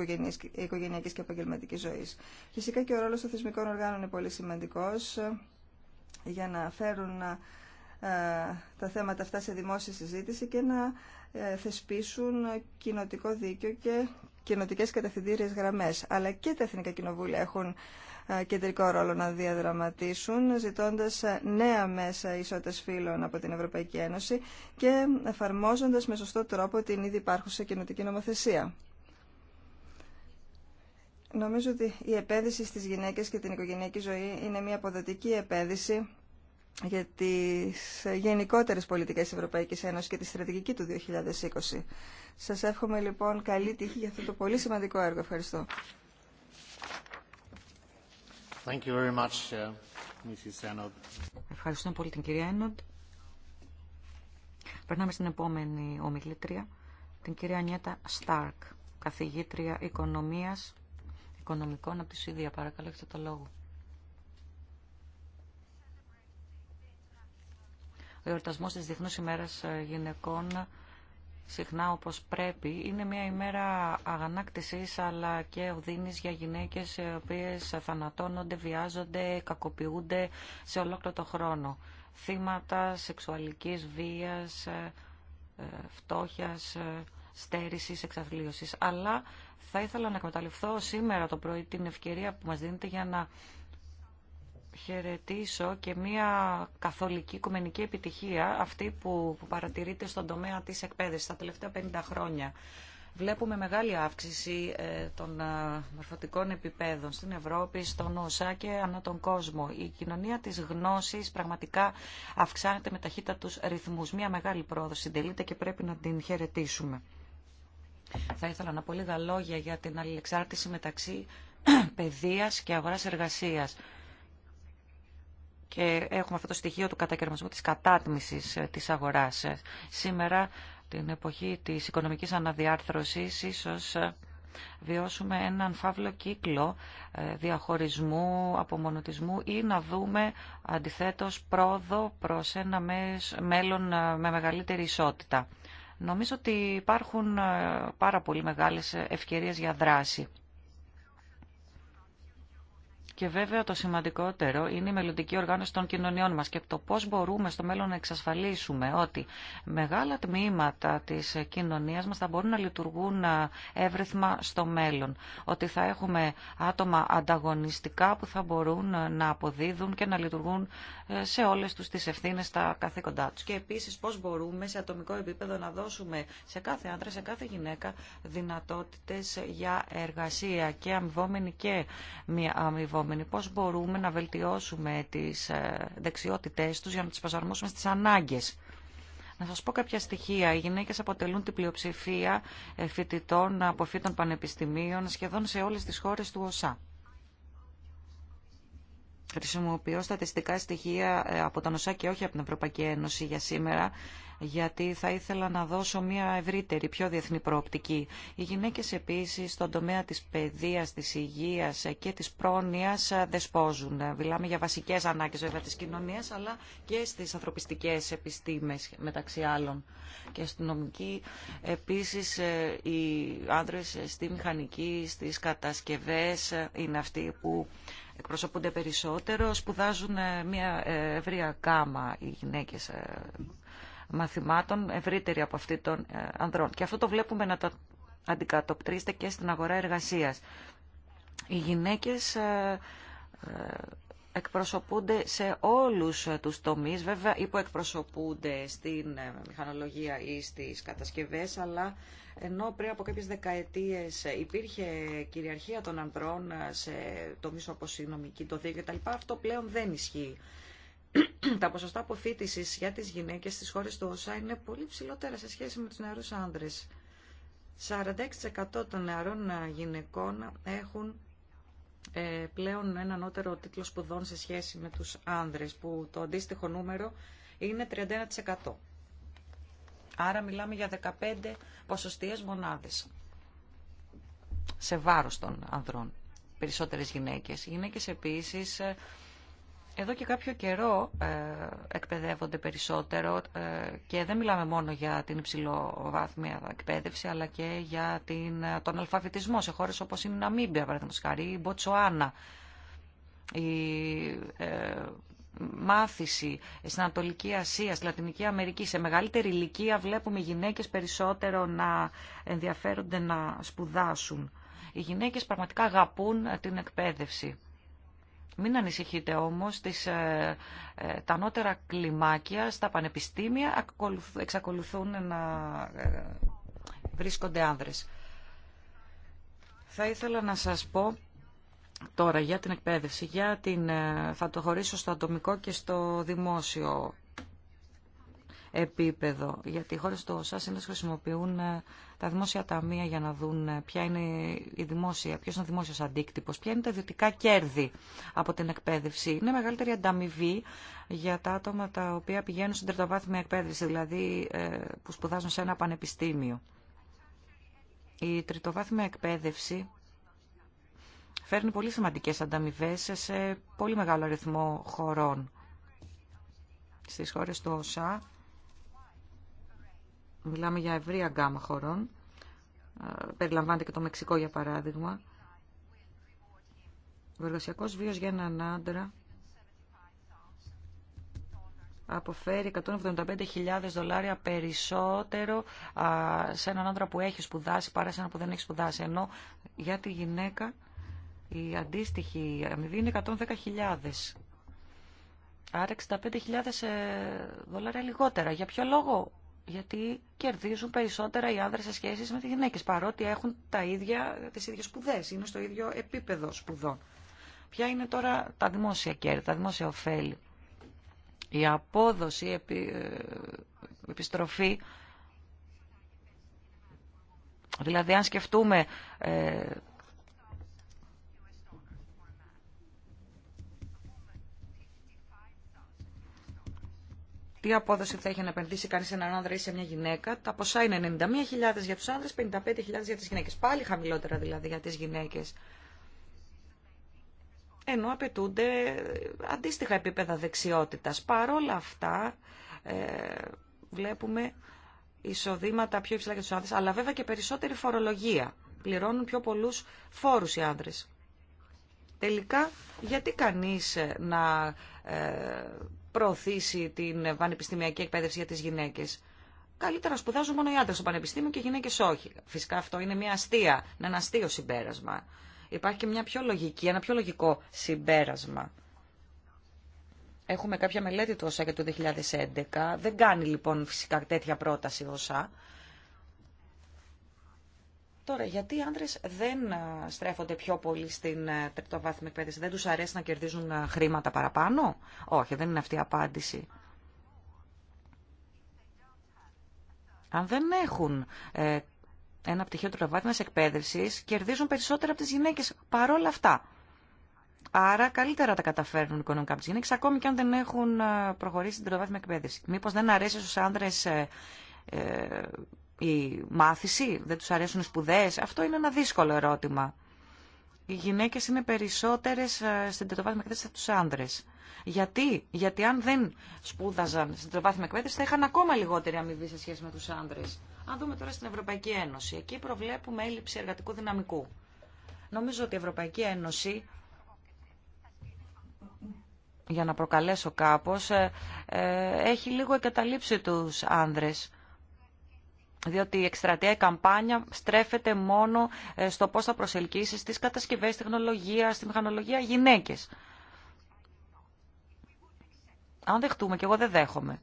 A: οικογενειακής και επαγγελματικής ζωής. Φυσικά και ο ρόλος των θεσμικών οργάνων είναι πολύ σημαντικός για να φέρουν τα θέματα αυτά σε δημόσια συζήτηση και να ε, θεσπίσουν κοινοτικό δίκαιο και κοινοτικέ κατευθυντήριε γραμμέ. Αλλά και τα εθνικά κοινοβούλια έχουν ε, κεντρικό ρόλο να διαδραματίσουν, ζητώντα ε, νέα μέσα ισότητα φύλων από την Ευρωπαϊκή Ένωση και εφαρμόζοντα με σωστό τρόπο την ήδη υπάρχουσα κοινοτική νομοθεσία. Νομίζω ότι η επένδυση στις γυναίκες και την οικογενειακή ζωή είναι μια αποδοτική επένδυση για τις γενικότερες πολιτικές της Ευρωπαϊκής Ένωσης και τη στρατηγική του 2020. Σας εύχομαι λοιπόν καλή τύχη για αυτό το πολύ σημαντικό έργο. Ευχαριστώ.
C: Thank you very much, uh, Mrs.
D: Ευχαριστώ πολύ την κυρία Ένοντ. Περνάμε στην επόμενη ομιλήτρια, την κυρία Νιέτα Στάρκ, καθηγήτρια οικονομίας, οικονομικών από τη Σουηδία. Παρακαλώ, έχετε το λόγο. Ο εορτασμό της Διεθνού ημέρας ε, γυναικών συχνά όπως πρέπει είναι μια ημέρα αγανάκτησης αλλά και οδύνη για γυναίκες οι οποίες θανατώνονται, βιάζονται, κακοποιούνται σε ολόκληρο το χρόνο. Θύματα σεξουαλικής βίας, ε, ε, φτώχεια, στέρηση εξαθλίωση. Αλλά θα ήθελα να εκμεταλλευτώ σήμερα το πρωί την ευκαιρία που μα δίνεται για να χαιρετήσω και μια καθολική οικουμενική επιτυχία, αυτή που, που παρατηρείται στον τομέα της εκπαίδευσης τα τελευταία 50 χρόνια. Βλέπουμε μεγάλη αύξηση ε, των ε, μορφωτικών επιπέδων στην Ευρώπη, στον ΟΣΑ και ανά τον κόσμο. Η κοινωνία της γνώσης πραγματικά αυξάνεται με ταχύτητα τους ρυθμούς. Μια μεγάλη πρόοδος συντελείται και πρέπει να την χαιρετήσουμε. Θα ήθελα να πω λίγα λόγια για την αλληλεξάρτηση μεταξύ [CLEARS THROAT] παιδείας και αγοράς εργασίας και έχουμε αυτό το στοιχείο του κατακαιρματισμού της κατάτμισης ε, της αγοράς. Ε, σήμερα, την εποχή της οικονομικής αναδιάρθρωσης, ίσως ε, βιώσουμε έναν φαύλο κύκλο διαχωρισμού, απομονωτισμού ή να δούμε αντιθέτως πρόοδο προς ένα μέλλον με μεγαλύτερη ισότητα. Νομίζω ότι υπάρχουν πάρα πολύ μεγάλες ευκαιρίες για δράση. Και βέβαια το σημαντικότερο είναι η μελλοντική οργάνωση των κοινωνιών μας και το πώς μπορούμε στο μέλλον να εξασφαλίσουμε ότι μεγάλα τμήματα της κοινωνίας μας θα μπορούν να λειτουργούν εύρυθμα στο μέλλον. Ότι θα έχουμε άτομα ανταγωνιστικά που θα μπορούν να αποδίδουν και να λειτουργούν ε, σε όλες τους τις ευθύνες τα καθήκοντά τους. Και επίσης πώς μπορούμε σε ατομικό επίπεδο να δώσουμε σε κάθε άντρα, σε κάθε γυναίκα δυνατότητες για εργασία και αμοιβόμενη και μη αμοιβόμενη Πώ πώς μπορούμε να βελτιώσουμε τις ε, δεξιότητές τους για να τις πασαρμόσουμε στις ανάγκες. Να σας πω κάποια στοιχεία. Οι γυναίκες αποτελούν την πλειοψηφία ε, φοιτητών από φοιτών πανεπιστημίων σχεδόν σε όλες τις χώρες του ΟΣΑ. Χρησιμοποιώ στατιστικά στοιχεία ε, από τον ΟΣΑ και όχι από την Ευρωπαϊκή Ένωση για σήμερα, γιατί θα ήθελα να δώσω μια ευρύτερη, πιο διεθνή προοπτική. Οι γυναίκες επίσης στον τομέα της παιδείας, της υγείας ε, και της πρόνοιας ε, δεσπόζουν. Μιλάμε για βασικές ανάγκες βέβαια της κοινωνίας, αλλά και στις ανθρωπιστικές επιστήμες μεταξύ άλλων. Και νομική. επίσης οι άνδρες στη μηχανική, στις κατασκευές είναι αυτοί που εκπροσωπούνται περισσότερο, σπουδάζουν ε, μια ε, ευρεία κάμα οι γυναίκες ε, μαθημάτων, ευρύτερη από αυτή των ανδρών. Και αυτό το βλέπουμε να το αντικατοπτρίζεται και στην αγορά εργασίας. Οι γυναίκες εκπροσωπούνται σε όλους τους τομείς, βέβαια υποεκπροσωπούνται στην μηχανολογία ή στις κατασκευές, αλλά ενώ πριν από κάποιες δεκαετίες υπήρχε κυριαρχία των ανδρών σε τομείς όπως η νομική, το δίκαιο κτλ. Αυτό πλέον δεν ισχύει. [CLEARS THROAT] τα ποσοστά αποφύτηση για τις γυναίκες στις χώρες του ΩΣΑ είναι πολύ ψηλότερα σε σχέση με τους νεαρούς άνδρες. 46% των νεαρών γυναικών έχουν ε, πλέον ένα ανώτερο τίτλο σπουδών σε σχέση με τους άνδρες, που το αντίστοιχο νούμερο είναι 31%. Άρα μιλάμε για 15 ποσοστιαίες μονάδες σε βάρος των ανδρών. Περισσότερες γυναίκες. Οι γυναίκες επίσης ε, εδώ και κάποιο καιρό ε, εκπαιδεύονται περισσότερο ε, και δεν μιλάμε μόνο για την υψηλοβάθμια εκπαίδευση αλλά και για την, τον αλφαβητισμό σε χώρες όπως η Ναμίμπια, παραδείγματος χάρη, η Μποτσοάνα, η μάθηση στην Ανατολική Ασία, στη Λατινική Αμερική. Σε μεγαλύτερη ηλικία βλέπουμε οι γυναίκες περισσότερο να ενδιαφέρονται να σπουδάσουν. Οι γυναίκες πραγματικά αγαπούν ε, την εκπαίδευση. Μην ανησυχείτε όμως, τις, ε, ε, τα ανώτερα κλιμάκια στα πανεπιστήμια εξακολουθούν να βρίσκονται άνδρες. Θα ήθελα να σας πω Τώρα για την εκπαίδευση, για την, ε, θα το χωρίσω στο ατομικό και στο δημόσιο επίπεδο. Γιατί οι χώρε του ΩΣΑ χρησιμοποιούν ε, τα δημόσια ταμεία για να δουν ε, ποια είναι η δημόσια, ποιο είναι ο δημόσιο αντίκτυπο, ποια είναι τα ιδιωτικά κέρδη από την εκπαίδευση. Είναι μεγαλύτερη ανταμοιβή για τα άτομα τα οποία πηγαίνουν στην τριτοβάθμια εκπαίδευση, δηλαδή που σπουδάζουν σε ένα πανεπιστήμιο. Η τριτοβάθμια εκπαίδευση φέρνει πολύ σημαντικές ανταμοιβέ σε πολύ μεγάλο αριθμό χωρών. Στις χώρες του ΩΣΑ μιλάμε για ευρία γκάμα χωρών. Περιλαμβάνεται και το Μεξικό για παράδειγμα. Ο εργασιακό βίος για έναν άντρα αποφέρει 175.000 δολάρια περισσότερο σε έναν άντρα που έχει σπουδάσει παρά σε έναν που δεν έχει σπουδάσει. Ενώ για τη γυναίκα η αντίστοιχη αμοιβή είναι 110.000. Άρα 65.000 ε, δολάρια λιγότερα. Για ποιο λόγο? Γιατί κερδίζουν περισσότερα οι άνδρες σε σχέση με τις γυναίκες, παρότι έχουν τα ίδια, τις ίδιες σπουδέ, είναι στο ίδιο επίπεδο σπουδών. Ποια είναι τώρα τα δημόσια κέρδη, τα δημόσια ωφέλη. Η απόδοση, η ε, επιστροφή, δηλαδή αν σκεφτούμε ε, τι απόδοση θα έχει να επενδύσει κανεί σε έναν άνδρα ή σε μια γυναίκα. Τα ποσά είναι 91.000 για του άνδρες, 55.000 για τι γυναίκε. Πάλι χαμηλότερα δηλαδή για τι γυναίκε. Ενώ απαιτούνται αντίστοιχα επίπεδα δεξιότητας. όλα αυτά ε, βλέπουμε εισοδήματα πιο υψηλά για τους άνδρες, αλλά βέβαια και περισσότερη φορολογία. Πληρώνουν πιο πολλού φόρου οι άνδρες. Τελικά, γιατί κανείς ε, να ε, προωθήσει την πανεπιστημιακή εκπαίδευση για τι γυναίκε. Καλύτερα σπουδάζουν μόνο οι άντρε στο πανεπιστήμιο και οι γυναίκε όχι. Φυσικά αυτό είναι μια αστεία, ένα αστείο συμπέρασμα. Υπάρχει και μια πιο λογική, ένα πιο λογικό συμπέρασμα. Έχουμε κάποια μελέτη του ΩΣΑ για το 2011. Δεν κάνει λοιπόν φυσικά τέτοια πρόταση ΩΣΑ. Τώρα, γιατί οι άντρε δεν στρέφονται πιο πολύ στην ε, τριτοβάθμια εκπαίδευση, δεν του αρέσει να κερδίζουν χρήματα παραπάνω. Όχι, δεν είναι αυτή η απάντηση. Αν δεν έχουν ε, ένα πτυχίο τριτοβάθμια εκπαίδευση, κερδίζουν περισσότερα από τι γυναίκε παρόλα αυτά. Άρα καλύτερα τα καταφέρνουν οικονομικά από τι γυναίκε, ακόμη και αν δεν έχουν προχωρήσει στην τριτοβάθμια εκπαίδευση. Μήπω δεν αρέσει στου άντρε ε, η μάθηση, δεν τους αρέσουν οι σπουδές. Αυτό είναι ένα δύσκολο ερώτημα. Οι γυναίκες είναι περισσότερες ε, στην τετοβάθμια εκπαίδευση από τους άνδρες. Γιατί? Γιατί αν δεν σπούδαζαν στην τετοβάθμια εκπαίδευση θα είχαν ακόμα λιγότερη αμοιβή σε σχέση με τους άνδρες. Αν δούμε τώρα στην Ευρωπαϊκή Ένωση, εκεί προβλέπουμε έλλειψη εργατικού δυναμικού. Νομίζω ότι η Ευρωπαϊκή Ένωση για να προκαλέσω κάπως, ε, ε, έχει λίγο εγκαταλείψει τους άνδρες διότι η εκστρατεία, η καμπάνια στρέφεται μόνο ε, στο πώς θα προσελκύσει στις κατασκευές, στη τεχνολογία, στη μηχανολογία γυναίκες. Αν δεχτούμε, και εγώ δεν δέχομαι,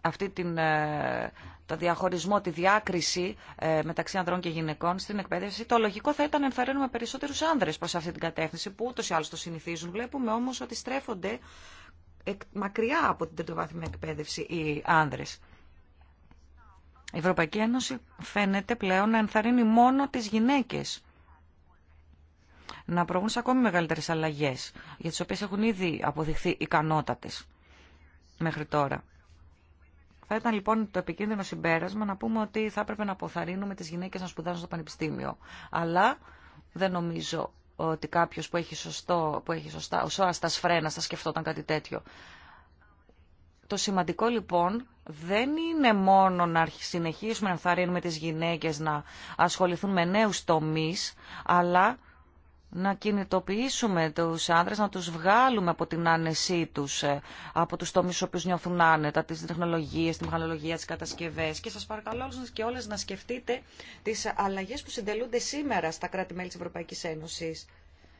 D: αυτή την, ε, το διαχωρισμό, τη διάκριση ε, μεταξύ ανδρών και γυναικών στην εκπαίδευση, το λογικό θα ήταν να ενθαρρύνουμε περισσότερους άνδρες προς αυτή την κατεύθυνση που ούτω ή άλλως το συνηθίζουν. Βλέπουμε όμως ότι στρέφονται μακριά από την τριτοβάθμια εκπαίδευση οι άνδρες. Η Ευρωπαϊκή Ένωση φαίνεται πλέον να ενθαρρύνει μόνο τις γυναίκες να προβούν σε ακόμη μεγαλύτερες αλλαγές, για τις οποίες έχουν ήδη αποδειχθεί ικανότατες μέχρι τώρα. Θα ήταν λοιπόν το επικίνδυνο συμπέρασμα να πούμε ότι θα έπρεπε να αποθαρρύνουμε τις γυναίκες να σπουδάσουν στο πανεπιστήμιο. Αλλά δεν νομίζω ότι κάποιος που έχει, σωστό, που έχει σωστά, στα σφρένα θα σκεφτόταν κάτι τέτοιο. Το σημαντικό λοιπόν δεν είναι μόνο να συνεχίσουμε να ενθαρρύνουμε τις γυναίκες να ασχοληθούν με νέους τομείς, αλλά να κινητοποιήσουμε τους άνδρες, να τους βγάλουμε από την άνεσή τους, ε, από τους τομείς στους οποίους νιώθουν άνετα, τις τεχνολογίες, τη μηχανολογία, τις κατασκευές. Και σας παρακαλώ όλους και όλες να σκεφτείτε τις αλλαγές που συντελούνται σήμερα στα κράτη-μέλη της Ευρωπαϊκής Ένωσης.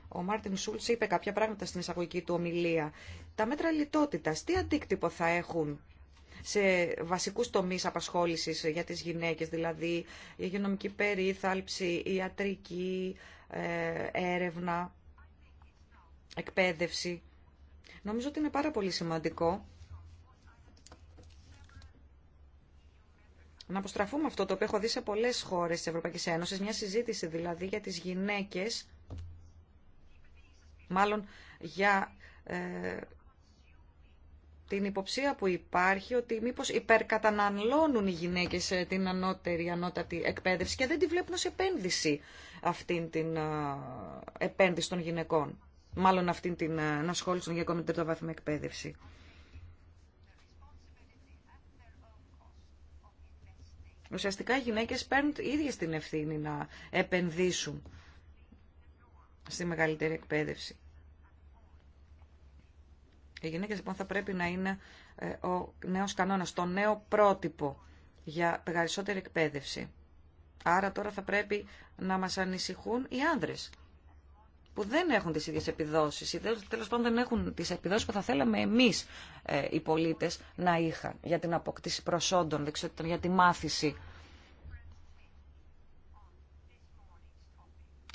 D: Ο Μάρτιν Σούλτ είπε κάποια πράγματα στην εισαγωγική του ομιλία. Τα μέτρα λιτότητα, τι αντίκτυπο θα έχουν σε βασικού τομεί απασχόληση για τι γυναίκε, δηλαδή η υγειονομική περίθαλψη, η ιατρική, ε, έρευνα, εκπαίδευση. Νομίζω ότι είναι πάρα πολύ σημαντικό να αποστραφούμε αυτό το οποίο έχω δει σε πολλές χώρες της Ευρωπαϊκής Ένωσης, μια συζήτηση δηλαδή για τις γυναίκες μάλλον για ε, την υποψία που υπάρχει ότι μήπως υπερκαταναλώνουν οι γυναίκες ε, την ανώτερη, ανώτατη εκπαίδευση και δεν τη βλέπουν ως επένδυση αυτήν την ε, επένδυση των γυναικών. Μάλλον αυτήν την ε, ενασχόληση των γυναικών με την τριτοβάθμια εκπαίδευση. Ουσιαστικά οι γυναίκες παίρνουν ίδιες την ευθύνη να επενδύσουν στη μεγαλύτερη εκπαίδευση. Οι γυναίκε λοιπόν θα πρέπει να είναι ε, ο νέος κανόνας, το νέο πρότυπο για περισσότερη εκπαίδευση. Άρα τώρα θα πρέπει να μας ανησυχούν οι άνδρες που δεν έχουν τις ίδιες επιδόσεις ή τέλος πάντων δεν έχουν τις επιδόσεις που θα θέλαμε εμείς ε, οι πολίτες να είχαν για την αποκτήση προσόντων, δεξιότητων, για τη μάθηση.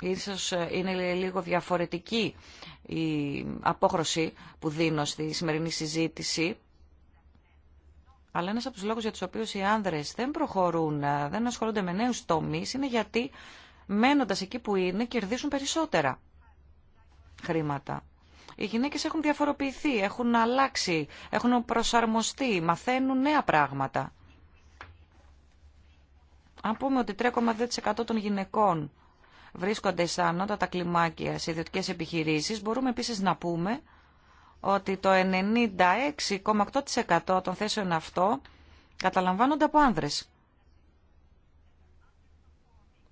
D: Ίσως ε, είναι λίγο διαφορετική η απόχρωση που δίνω στη σημερινή συζήτηση. Αλλά ένας από τους λόγους για τους οποίους οι άνδρες δεν προχωρούν, ε, δεν ασχολούνται με νέους τομείς, είναι γιατί μένοντας εκεί που είναι κερδίζουν περισσότερα χρήματα. Οι γυναίκες έχουν διαφοροποιηθεί, έχουν αλλάξει, έχουν προσαρμοστεί, μαθαίνουν νέα πράγματα. Αν πούμε ότι 3,2% των γυναικών βρίσκονται σε ανώτατα κλιμάκια σε ιδιωτικέ επιχειρήσεις, μπορούμε επίσης να πούμε ότι το 96,8% των θέσεων αυτό καταλαμβάνονται από άνδρες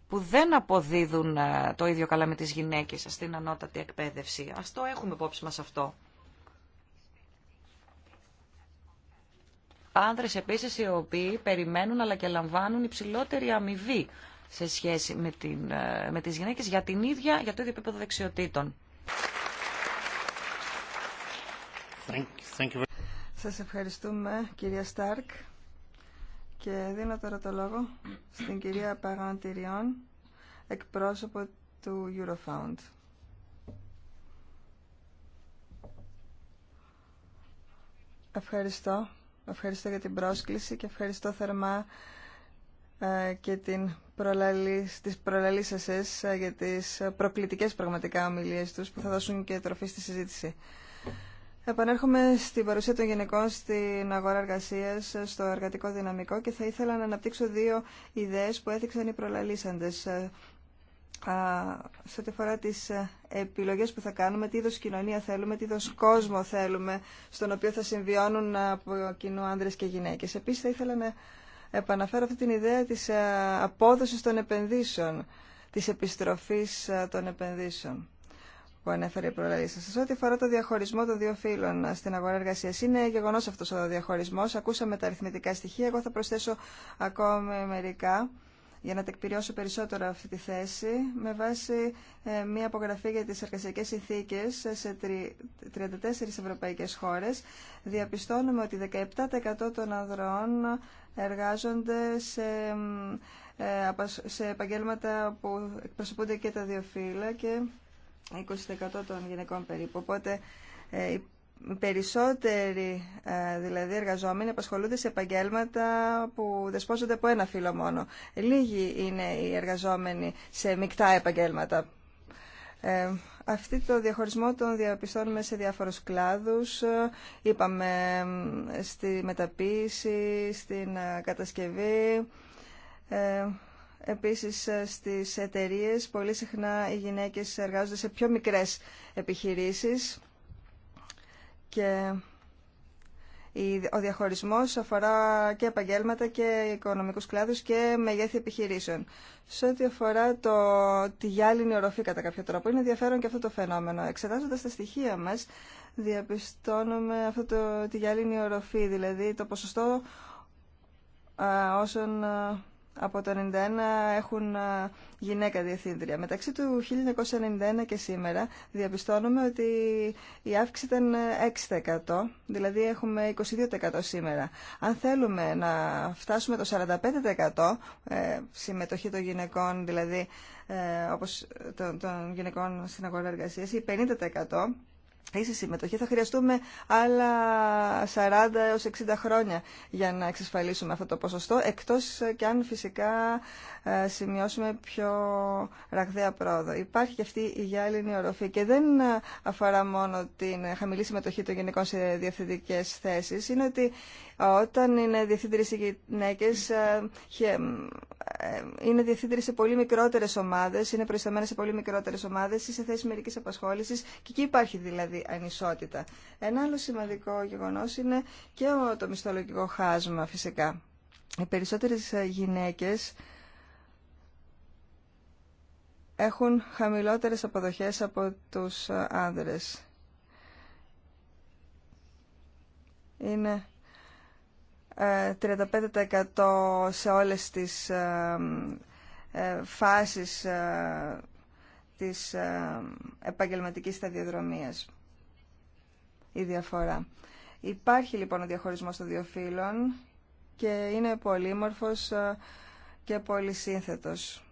D: που δεν αποδίδουν ε, το ίδιο καλά με τις γυναίκες στην ανώτατη εκπαίδευση. Ας το έχουμε υπόψη μας αυτό. Άνδρες επίσης οι οποίοι περιμένουν αλλά και λαμβάνουν υψηλότερη αμοιβή σε σχέση με, την, ε, με τις γυναίκες για την ίδια,
A: για το ίδιο επίπεδο δεξιοτήτων. Thank you. Σας ευχαριστούμε κυρία Στάρκ και δίνω τώρα το λόγο στην κυρία Παγαντηριών, εκπρόσωπο του Eurofound. Ευχαριστώ. Ευχαριστώ για την πρόσκληση και ευχαριστώ θερμά ε, και την προλαλής, τις ε, για τις προκλητικές πραγματικά ομιλίες τους που θα δώσουν και τροφή στη συζήτηση. Επανέρχομαι στην παρουσία των γυναικών στην αγορά εργασία, ε, στο εργατικό δυναμικό και θα ήθελα να αναπτύξω δύο ιδέες που έδειξαν οι προλαλήσαντες. Σε ό,τι αφορά τι επιλογέ που θα κάνουμε, τι είδο κοινωνία θέλουμε, τι είδο κόσμο θέλουμε, στον οποίο θα συμβιώνουν από κοινού άνδρε και γυναίκε. Επίση, θα ήθελα επαναφέρω αυτή την ιδέα της ε, απόδοσης των επενδύσεων, της επιστροφής ε, των επενδύσεων που ανέφερε η προλαλή σα. Ό,τι αφορά το διαχωρισμό των δύο φύλων ε, στην αγορά εργασίας. είναι γεγονό αυτός ο διαχωρισμός. Ακούσαμε τα αριθμητικά στοιχεία. Εγώ θα προσθέσω ακόμη μερικά για να τεκπηριώσω περισσότερο αυτή τη θέση με βάση μία απογραφή για τις εργασιακές ηθίκες σε 34 ευρωπαϊκές χώρες διαπιστώνουμε ότι 17% των ανδρών εργάζονται σε, ε, σε επαγγέλματα που εκπροσωπούνται και τα δύο φύλλα και 20% των γυναικών περίπου. Οπότε ε, οι περισσότεροι ε, δηλαδή εργαζόμενοι απασχολούνται σε επαγγέλματα που δεσπόζονται από ένα φύλλο μόνο. Λίγοι είναι οι εργαζόμενοι σε μεικτά επαγγέλματα αυτή το διαχωρισμό τον διαπιστώνουμε σε διάφορους κλάδους. Είπαμε στη μεταποίηση, στην ε, κατασκευή, ε, Επίσης ε, στις εταιρείες πολύ συχνά οι γυναίκες εργάζονται σε πιο μικρές επιχειρήσεις και ο διαχωρισμός αφορά και επαγγέλματα και οικονομικούς κλάδους και μεγέθη επιχειρήσεων. Σε ό,τι αφορά το, τη γυάλινη οροφή κατά κάποιο τρόπο, είναι ενδιαφέρον και αυτό το φαινόμενο. Εξετάζοντας τα στοιχεία μας, διαπιστώνουμε αυτό το, τη γυάλινη οροφή, δηλαδή το ποσοστό α, όσων από το 1991 έχουν γυναίκα διευθύντρια. Μεταξύ του 1991 και σήμερα διαπιστώνουμε ότι η αύξηση ήταν 6%, ε, δηλαδή έχουμε 22% σήμερα. Αν θέλουμε να φτάσουμε το 45% ε, συμμετοχή των γυναικών, δηλαδή ε, όπως των γυναικών στην αγορά εργασίας, ή 50%, ίση συμμετοχή θα χρειαστούμε άλλα 40 έως 60 χρόνια για να εξασφαλίσουμε αυτό το ποσοστό, εκτός και αν φυσικά ε, σημειώσουμε πιο ραγδαία πρόοδο. Υπάρχει και αυτή η γυάλινη οροφή και δεν αφορά μόνο την χαμηλή συμμετοχή των γενικών σε διευθυντικές θέσεις, είναι ότι όταν είναι διευθύντρες οι γυναίκες, ε, ε, είναι διευθύντρες σε πολύ μικρότερες ομάδες, είναι προϊσταμένες σε πολύ μικρότερες ομάδες ή σε θέσεις μερικής απασχόλησης και εκεί υπάρχει δηλαδή ανισότητα. Ένα άλλο σημαντικό γεγονός είναι και το μισθολογικό χάσμα φυσικά. Οι περισσότερες ε, γυναίκες έχουν χαμηλότερες αποδοχές από τους άνδρες. Είναι 35% ε, σε όλες τις ε, ε, φάσεις της επαγγελματικής σταδιοδρομίας η διαφορά. Υπάρχει λοιπόν ο διαχωρισμός των δύο φύλων και είναι πολύμορφος και πολύ σύνθετος.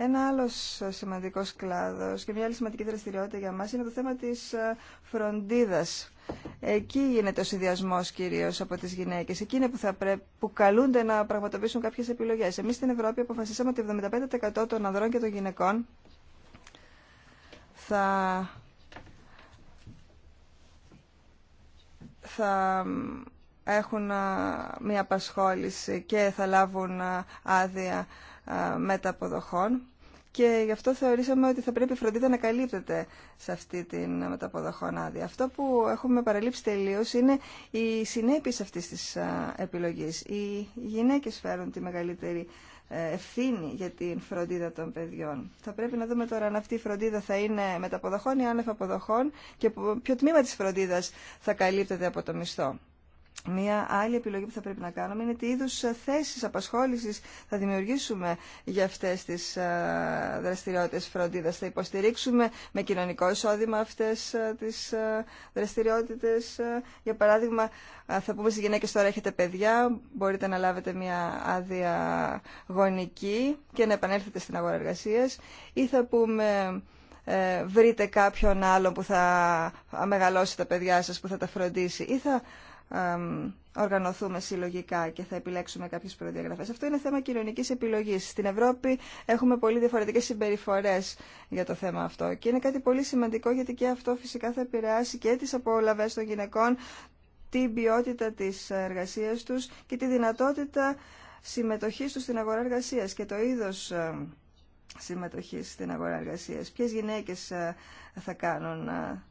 A: Ένα άλλο σημαντικό κλάδο και μια άλλη σημαντική δραστηριότητα για μα είναι το θέμα τη ε, φροντίδα. Εκεί γίνεται ο συνδυασμό κυρίω από τι γυναίκε. Εκεί είναι που, θα που καλούνται να πραγματοποιήσουν κάποιε επιλογέ. Εμεί στην Ευρώπη αποφασίσαμε ότι 75% των ανδρών και των γυναικών θα, θα έχουν ε, μια απασχόληση και θα λάβουν ε, άδεια μεταποδοχών και γι' αυτό θεωρήσαμε ότι θα πρέπει η φροντίδα να καλύπτεται σε αυτή την μεταποδοχών άδεια. Αυτό που έχουμε παραλείψει τελείω είναι οι συνέπειε αυτή τη επιλογή. Οι γυναίκε φέρουν τη μεγαλύτερη ε, ευθύνη για την φροντίδα των παιδιών. Θα πρέπει να δούμε τώρα αν αυτή η φροντίδα θα είναι μεταποδοχών ή άνευ αποδοχών και ποιο τμήμα της φροντίδας θα καλύπτεται από το μισθό. Μία άλλη επιλογή που θα πρέπει να κάνουμε είναι τι είδου ε, θέσεις απασχόλησης θα δημιουργήσουμε για αυτές τις ε, δραστηριότητες φροντίδας. Θα υποστηρίξουμε με κοινωνικό εισόδημα αυτές ε, τις δραστηριότητες. Για παράδειγμα, θα πούμε στις γυναίκε τώρα έχετε παιδιά, μπορείτε να λάβετε μία άδεια γονική και να επανέλθετε στην αγορά εργασία Ή θα πούμε βρείτε κάποιον άλλον που θα μεγαλώσει τα παιδιά σας, που θα τα φροντίσει. Ή θα οργανωθούμε συλλογικά και θα επιλέξουμε κάποιες προδιαγραφές. Αυτό είναι θέμα κοινωνικής επιλογής. Στην Ευρώπη έχουμε πολύ διαφορετικές συμπεριφορές για το θέμα αυτό και είναι κάτι πολύ σημαντικό γιατί και αυτό φυσικά θα επηρεάσει και τις απολαβές των γυναικών, την ποιότητα της εργασίας τους και τη δυνατότητα συμμετοχής τους στην αγορά εργασίας και το είδος ε, συμμετοχής στην αγορά εργασίας. Ποιες γυναίκες ε, θα κάνουν ε,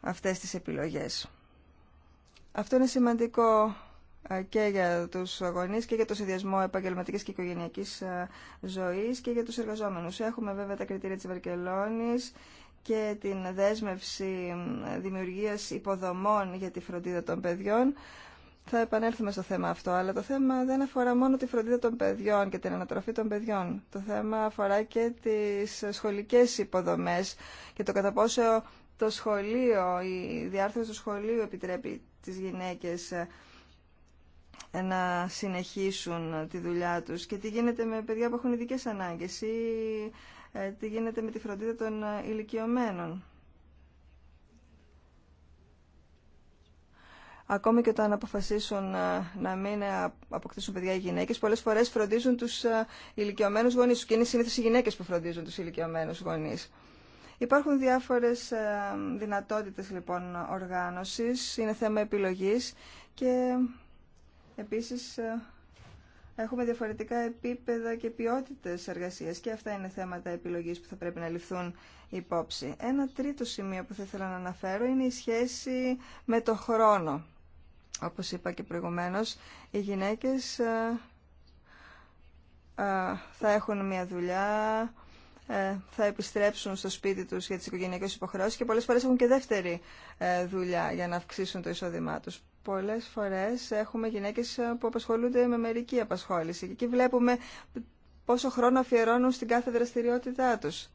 A: αυτές τις επιλογές. Αυτό είναι σημαντικό ε, και για τους γονείς και για το συνδυασμό επαγγελματικής και οικογενειακής ε, ζωής και για τους εργαζόμενους. Έχουμε βέβαια τα κριτήρια της Βαρκελόνης και την δέσμευση ε, δημιουργίας υποδομών για τη φροντίδα των παιδιών. Θα επανέλθουμε στο θέμα αυτό, αλλά το θέμα δεν αφορά μόνο τη φροντίδα των παιδιών και την ανατροφή των παιδιών. Το θέμα αφορά και τις σχολικές υποδομές και το κατά πόσο το σχολείο, η διάρθρωση του σχολείου επιτρέπει τις γυναίκες ε, να συνεχίσουν τη δουλειά τους και τι γίνεται με παιδιά που έχουν ειδικέ ανάγκες ή ε, τι γίνεται με τη φροντίδα των ε, ηλικιωμένων. Ακόμη και όταν αποφασίσουν να μην αποκτήσουν παιδιά οι γυναίκες, πολλές φορές φροντίζουν τους ηλικιωμένους γονείς και είναι συνήθως οι γυναίκες που φροντίζουν τους ηλικιωμένους γονείς. Υπάρχουν διάφορες ε, δυνατότητες λοιπόν οργάνωσης, είναι θέμα επιλογής και επίσης ε, έχουμε διαφορετικά επίπεδα και ποιότητες εργασίας και αυτά είναι θέματα επιλογής που θα πρέπει να ληφθούν υπόψη. Ένα τρίτο σημείο που θα ήθελα να αναφέρω είναι η σχέση με το χρόνο. Όπως είπα και προηγουμένως, οι γυναίκες ε, θα έχουν μια δουλειά, ε, θα επιστρέψουν στο σπίτι τους για τις οικογενειακές υποχρεώσεις και πολλές φορές έχουν και δεύτερη ε, δουλειά για να αυξήσουν το εισόδημά τους. Πολλές φορές έχουμε γυναίκες ε, που απασχολούνται με μερική απασχόληση και εκεί βλέπουμε πόσο χρόνο αφιερώνουν στην κάθε δραστηριότητά τους.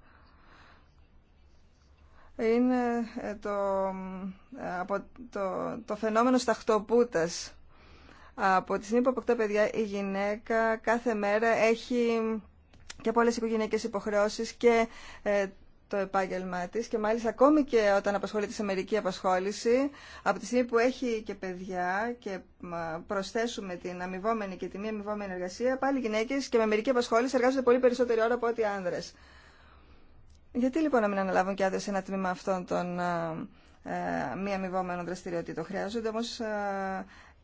A: Είναι το, από το, το φαινόμενο σταχτοπούτας. Από τη στιγμή που αποκτά παιδιά η γυναίκα κάθε μέρα έχει και από όλες οικογενειακές υποχρεώσεις και ε, το επάγγελμά τη και μάλιστα ακόμη και όταν απασχολείται σε μερική απασχόληση, από τη στιγμή που έχει και παιδιά και προσθέσουμε την αμοιβόμενη και τη μη αμοιβόμενη εργασία, πάλι γυναίκε και με μερική απασχόληση εργάζονται πολύ περισσότερη ώρα από ό,τι άνδρε. Γιατί λοιπόν να μην αναλάβουν και άνδρες ένα τμήμα αυτών των ε, ε, μη αμοιβόμενων δραστηριοτήτων. Χρειάζονται όμω